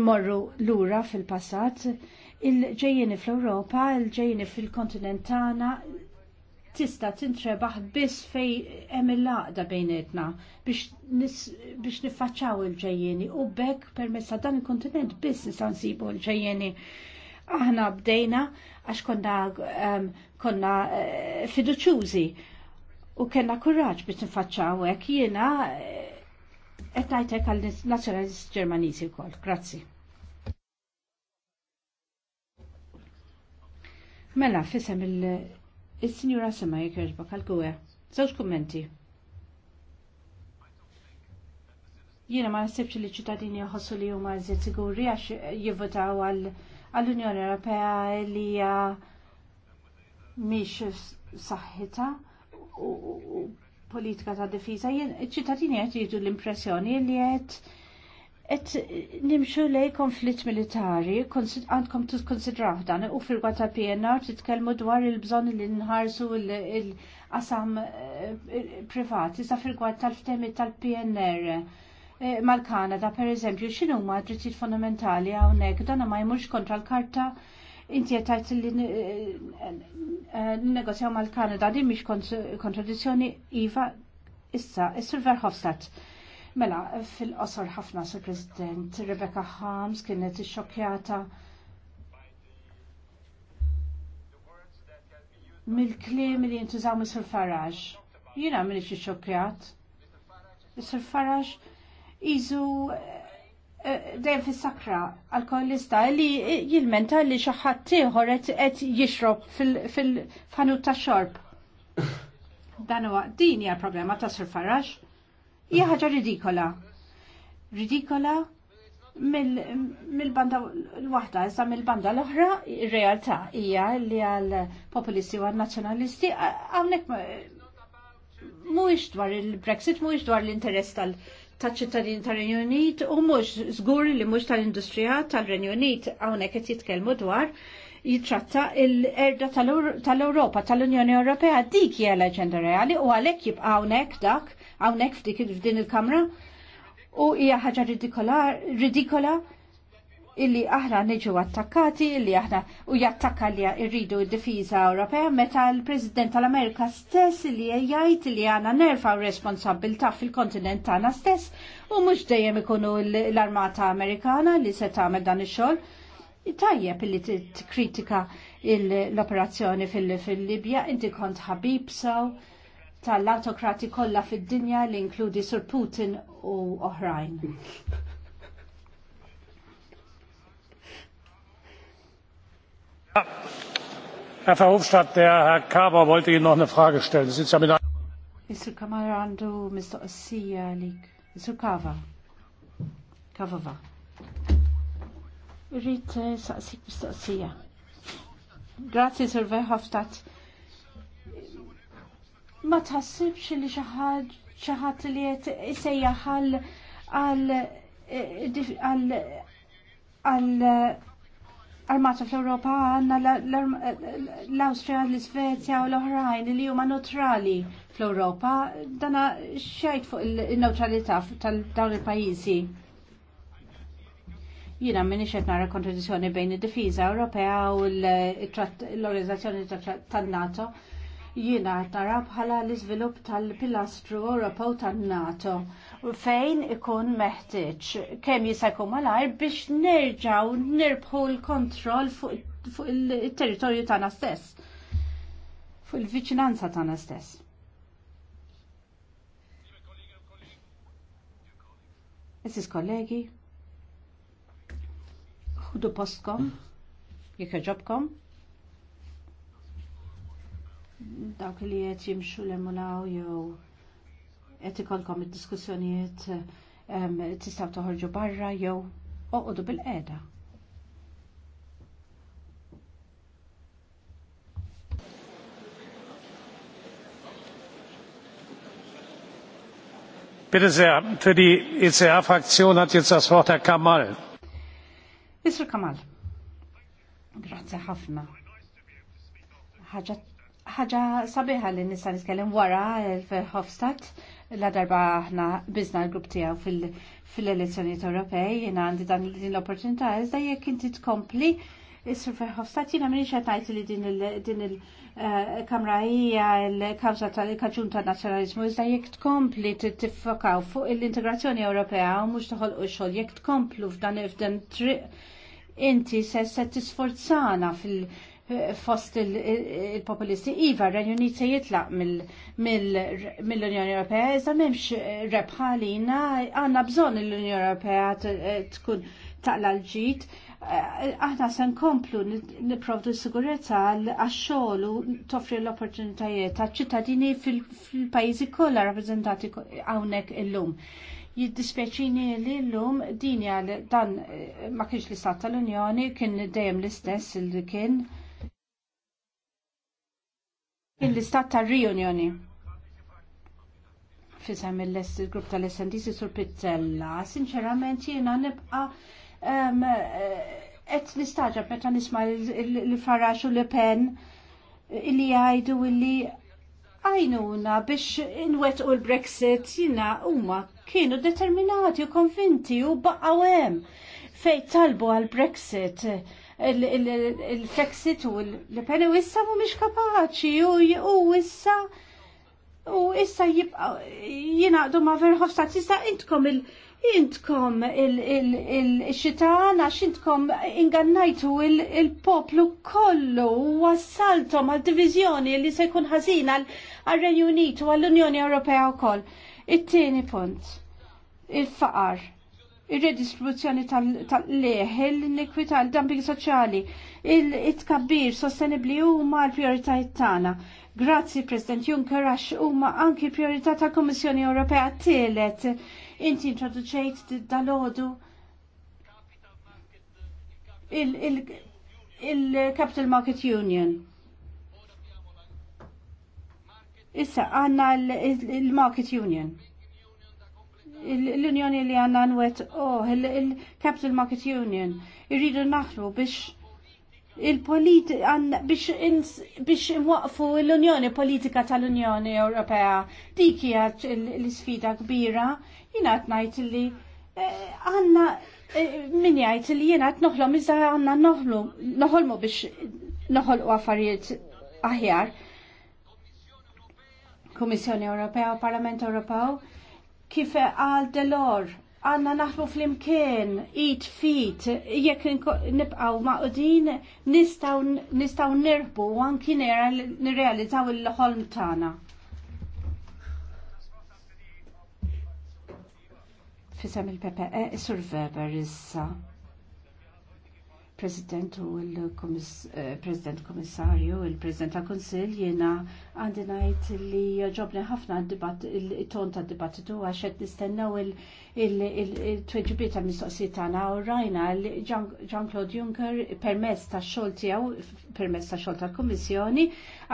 nmorru lura fil-passat il-ġejjeni fl-Ewropa, il-ġejjeni fil kontinentana tista' tintrebaħ biss fej hemm il-laqda bejnietna biex niffaċċaw il-ġejjeni u bekk permezz ta' dan il-kontinent biss nista' nsibu l-ġejjeni. Aħna bdejna għax konna ehm, konna eh, fiduċjużi u kellna kuraġġ biex niffaċċaw hekk jiena eh, qed ngħidlek għall-nazzjonalist Ġermaniżi wkoll. Grazzi. Mela, fisem il- Il-Sinjura Sema jekirġba kal-gwe. Zawx kummenti. Jiena ma nasibx li ċittadini jħossu li huma eżiet siguri għax jivvotaw għall-Unjoni Ewropea li hija mhix saħħita u politika ta' difiża. Ċittadini qed jieħdu l-impressjoni li qed et nimxu lej konflitt militari, għandkom t-konsidraħ dan, u fil ta' PNR t-tkelmu dwar il-bżon li nħarsu l qasam eh, privati, sa' fil tal-ftemi tal-PNR. Eh, Mal-Kanada, per eżempju, xinu ma' drittijiet fondamentali għawnek, dan ma' jmurx kontra l-karta inti jettajt li eh, negozjaw mal-Kanada, di mux kontradizzjoni Iva, issa, is l verħofsat. Mela, fil-qosor ħafna, Sir President, Rebecca Harms kienet xokjata mill-klim li jintużaw mis Sir Farage. Jina minni xie xokjat. Sir Farage jizu eh, eh, dejjem fis-sakra alkoholista li eh, jilmenta li xi ħadd tieħor qed jixrob fil-ħanut ta' xorb. Dan huwa din hija problema ta' Sir Farage. Hija ħaġa ridikola. Ridikola mill-banda l-waħda, issa mill-banda l-oħra, realtà hija li għal populisti u għal nazzjonalisti hawnhekk mhuwiex dwar il-Brexit, mhuwiex dwar l-interess tal- ta' ċittadin tal renju Unit u mhux żgur li mhux tal-industrija tal renju Unit hawnhekk qed jitkellmu dwar jitratta l-erda tal-Ewropa, tal-Unjoni Ewropea dik hija l-aġenda reali u għalhekk jibqa' hawnhekk dak hawnhekk f'dik f'din il-kamra u hija ħaġa ridikola illi aħna niġu attakkati, illi aħna u jattakka li irridu id difiza Ewropea meta l-President tal-Amerika stess illi jgħid illi għana nerfa u responsabilta fil-kontinent tagħna stess u mhux dejjem ikunu l-Armata Amerikana li se tagħmel dan ix-xogħol. Tajjeb illi tikkritika l-operazzjoni fil-Libja, inti kont ħabib saw tal-autokrati kollha fid-dinja li inkludi Sir Putin u oħrajn. Herr Verhofstadt, der Herr Kaber wollte Ihnen noch eine Frage stellen. Sie sind ja mit Mr. Kamara Mr. Ossia, għalik. Mr. Kava. Kava Kavava. Rrit Mr. Eh, Ossia. Grazie, Sir Verhofstadt ma tħassibx li xi ħadd li qed isejjaħ għal armata fl-Europa għanna l-Austria, l-Svezja u l-oħrajn li huma neutrali fl-Europa, dana xejt fuq il-neutralità tal-dawn il-pajjiżi. Jina minni xed nara kontradizzjoni bejn id-difiża Ewropea u l-Organizzazzjoni tan-NATO jiena tara bħala l-iżvilupp tal-pilastru Ewropew tan-NATO fejn ikun meħtieġ kemm jista' jkun malajr biex nerġgħu nirbħu l-kontroll fuq il-territorju tagħna stess, fuq il-viċinanza tagħna stess. Eżis kollegi, ħudu postkom, jekk ġobkom dawk li qed jimxu l-emulaw jew qed ikolkom id-diskussjonijiet tistgħu toħorġu barra jew oqgħodu bil-qiegħda. Bitte sehr, für die eca fraktion hat jetzt das Wort Herr Kamal. Mr. Kamal, grazie Hafna. Hajat ħaġa sabiħa li nista' nitkellem wara l-Verhofstadt la darba aħna bizna l-grupp tiegħu fil-elezzjonijiet Ewropej jiena għandi dan din l-opportunità iżda jekk inti tkompli Is-Sur Verhofstadt jiena m'iniex qed ngħid li din il-din il-Kamra eh, hija l-kawża tal-kaġun tan-nazzjonaliżmu iżda jekk tkompli tiffokaw fuq l-integrazzjoni Ewropea u mhux toħolqu xogħol jekk tkomplu f'dan f'dan triq inti se se tisforzana fil- fost il-populisti. Iva, r-Renjoni se jitlaq mill-Unjoni Ewropea, iżda memx eh, rebħalina, għanna bżon l-Unjoni Ewropea eh, tkun taqla l-ġit. Eh, aħna se nkomplu niprovdu sigurezza għax-xogħol toffri l-opportunitajiet ta' ċittadini fil-pajjiżi kollha rappreżentati hawnhekk illum jiddispjaċini li l-lum dinja dan ma kienx l-istat tal-Unjoni kien dejjem l-istess il-kien Il-listat ta' riunjoni. Fisem il-grupp tal-SNDC sur Pizzella, sinċerament jiena nibqa eh, et nistaġa meta nisma l-Farax u l-Pen illi jgħidu illi għajnuna biex inwet u l-Brexit jina huma kienu determinati u konvinti u baqgħu hemm fej talbu għal-Brexit il flexitu u l-Pena u issa mhumiex kapaċi u issa u issa jinaqdu ma' Verhofstadt issa intkom il- intkom il-xitan għax intkom ingannajtu il-poplu kollu u wassaltom għal divizjoni li se jkun ħażin għal Renju Unitu għall-Unjoni Ewropea wkoll. It-tieni punt, il-faqar ir-redistribuzzjoni tal-leħel, l-inikwità, l-dumping soċjali, il-tkabbir sostenibli huma l prioritajt tagħna. Grazzi President Juncker għax huma anki priorità tal-Kummissjoni Ewropea t-telet. Inti introduċejt dal-għodu il-Capital Market Union. Issa għanna il-Market Union l-Unjoni li għanna nwet, oh, il-Capital Market Union, irridu naħlu biex il-politi biex biex waqfu l-Unjoni Politika tal-Unjoni Ewropea. Dik hija l-sfida kbira, jina ngħid li eh, għanna eh, min jgħid li jina għat noħlom iżda għandna noħlu noħolmu biex noħolqu affarijiet aħjar. Kummissjoni Ewropea u Parlament Ewropew kif għal Delor għanna naħlu fl-imkien, eat fit, jekk nibqaw maqdin nistaw, nistaw nirbu għanki nirrealizzaw il-ħolm tana. Fisem il-PPE, eh, Sur Weber issa. President u il-President eh, Komissarju, il-President ta' Konsil jena għandi ngħid li ġobni ħafna il-ton ta' dibattitu għax qed nistennew il tweġbiet ta' mistoqsijiet tagħna u rajna li Jean-Claude Juncker permess tax xogħol tiegħu permess tax xogħol tal-Kummissjoni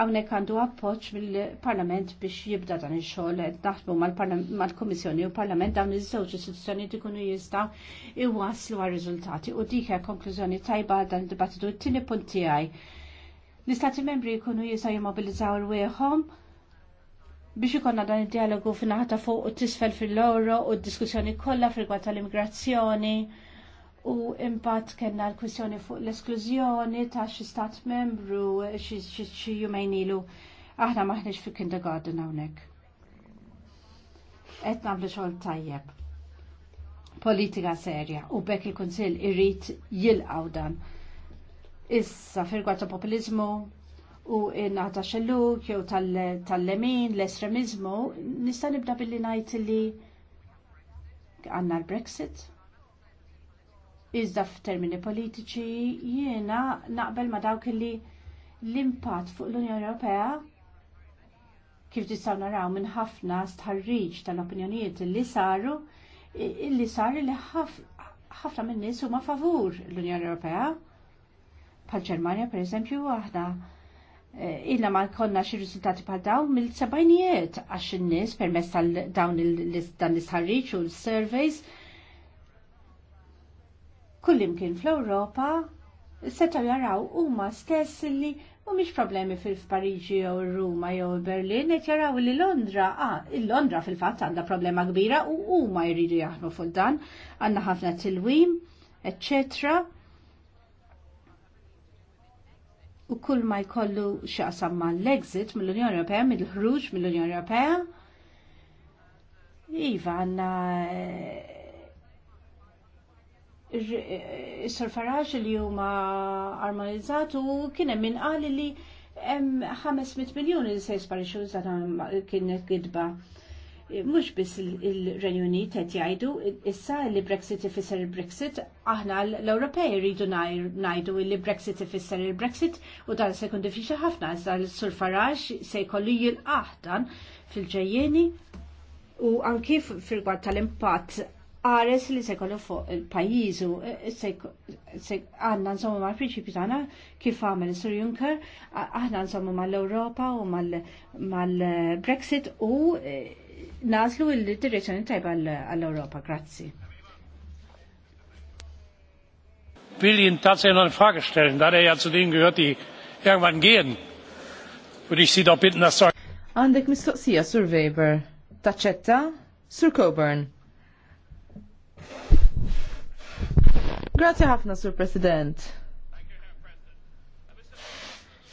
hawnhekk għandu appoġġ mill-Parlament biex jibda dan ix-xogħol qed naħdmu mal-Kummissjoni u Parlament dawn iż-żewġ istituzzjonijiet ikunu jista' iwasslu għar-riżultati u dik hija konklużjoni tajba dan id-dibattitu t-tieni punt tiegħi L-Istati membri jkunu jisaj jimmobilizaw l-wieħom biex ikonna dan id-dialogu finaħta fuq u tisfel fil-loro u d-diskussjoni kollha fil tal-immigrazzjoni u impatt kena l-kwissjoni fuq l-esklużjoni ta' xi stat membru xi jumejn ilu. Aħna maħniex fi kindergarten hawnhekk. Qed nagħmlu xogħol tajjeb politika serja u bekk il-Kunsill irrid jilqaw dan. Issa firgwa ta' populizmu u inna ta' xelluk jew tal-lemin, l-estremizmu, nista' nibda billi ngħid li għandna l-Brexit. Iżda f'termini politiċi jiena naqbel ma' dawk li l-impatt fuq l-Unjoni Ewropea kif tistgħu naraw minn ħafna stħarriġ tal-opinjonijiet li saru illi sar li ħafna minn nies huma favur l-Unjoni Ewropea Pal-Ġermanja, per eżempju, aħna eh, illa ma konna xi riżultati bħal dawn mill-sebajnijiet għax in-nies permezz tal dawn dan l-isħarriġ u l-surveys kullimkien fl-Ewropa setaw jaraw huma stess li mhumiex problemi fil-Pariġi jew Ruma jew Berlin qed jaraw li Londra ah, il-Londra fil-fatt għandha problema kbira u huma jridu jaħdmu fuq dan għandna ħafna tilwim, eccetera. u kull ma jkollu xaqsam ma l-exit mill-Unjoni Ewropea, mill-ħruġ mill-Unjoni Ewropea. Iva, għanna eh, eh, il Faraġ li huma armonizzatu kienem minn qali li 500 miljoni li se jisparixu kienet gidba mux biss il-Renju Unit qed jgħidu issa li Brexit ifisser il-Brexit, aħna l-Ewropej rridu ngħidu li Brexit ifisser il-Brexit u dan se jkun diffiċli ħafna iżda l-Sur Farage se jkollu jilqaħ dan fil-ġejjeni u anki fil-gwad tal-impatt għares li se jkollu fuq il-pajjiżu għandna nżommu mal-prinċipju tagħna kif għamel Sur Juncker, aħna ma' mal-Ewropa u mal-Brexit u eh, naslu il-direzzjoni tajba għall-Europa. Grazzi. will Ihnen tatsächlich noch eine Frage stellen, da der ja zu denen gehört, die irgendwann gehen. Würde ich Sie doch bitten, das zu... Għandek mistoqsija, Sir Weber. Taċċetta, Sir Coburn. Grazie ħafna, Sir President.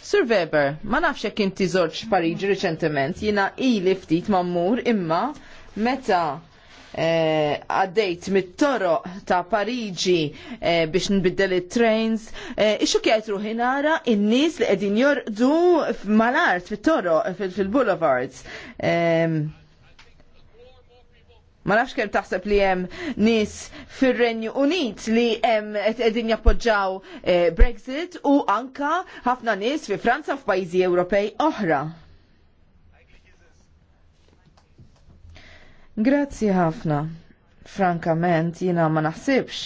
Sir Weber, ma nafx jekk inti żorġ Pariġi riċentement, jiena ili ftit mammur imma meta eh, għaddejt mit-toro ta' Pariġi eh, biex nbiddel it-trains, e, eh, ixxukjajt ruħi nara in-nies li qegħdin jorqdu mal-art fit-toro fil-boulevards. Fil ehm, Ma nafx kem taħseb li hemm nies fir-Renju Unit li hemm qegħdin jappoġġaw eh, Brexit u anka ħafna nies fi Franza f'pajjiżi Ewropej oħra. Grazzi ħafna. Frankament jiena ma naħsibx.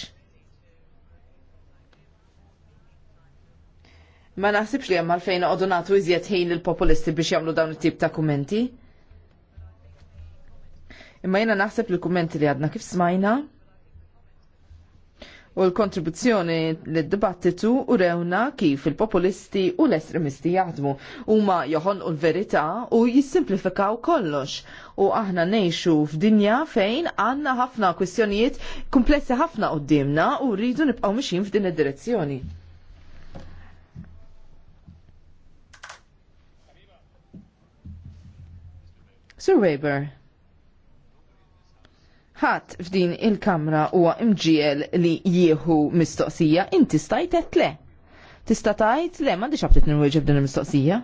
Ma naħsibx li hemm għalfejn għodu nagħtu iżjed ħin lill populisti biex jagħmlu dawn it-tip ta' kumenti. Imma jena naħseb il kummenti li għadna kif smajna u l-kontribuzzjoni li d dibattitu u rewna kif il-populisti u l-estremisti jaħdmu huma joħon u l-verità u jissimplifikaw kollox u aħna nejxu f'dinja fejn għanna ħafna kwistjonijiet komplessi ħafna d-dimna u rridu nibqgħu mixin f'din id-direzzjoni. Sir Weber ħadd f'din il-kamra huwa imġiel li jieħu mistoqsija, inti stajt qed le. Tista' tajt le m'għandix ħabtit nwieġeb din il-mistoqsija.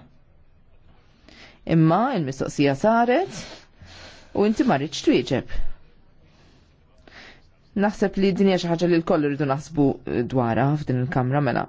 Imma il-mistoqsija saret u inti ma rridx twieġeb. Naħseb li dinja xi ħaġa li l kollu rridu naħsbu dwarha f'din il-kamra mela.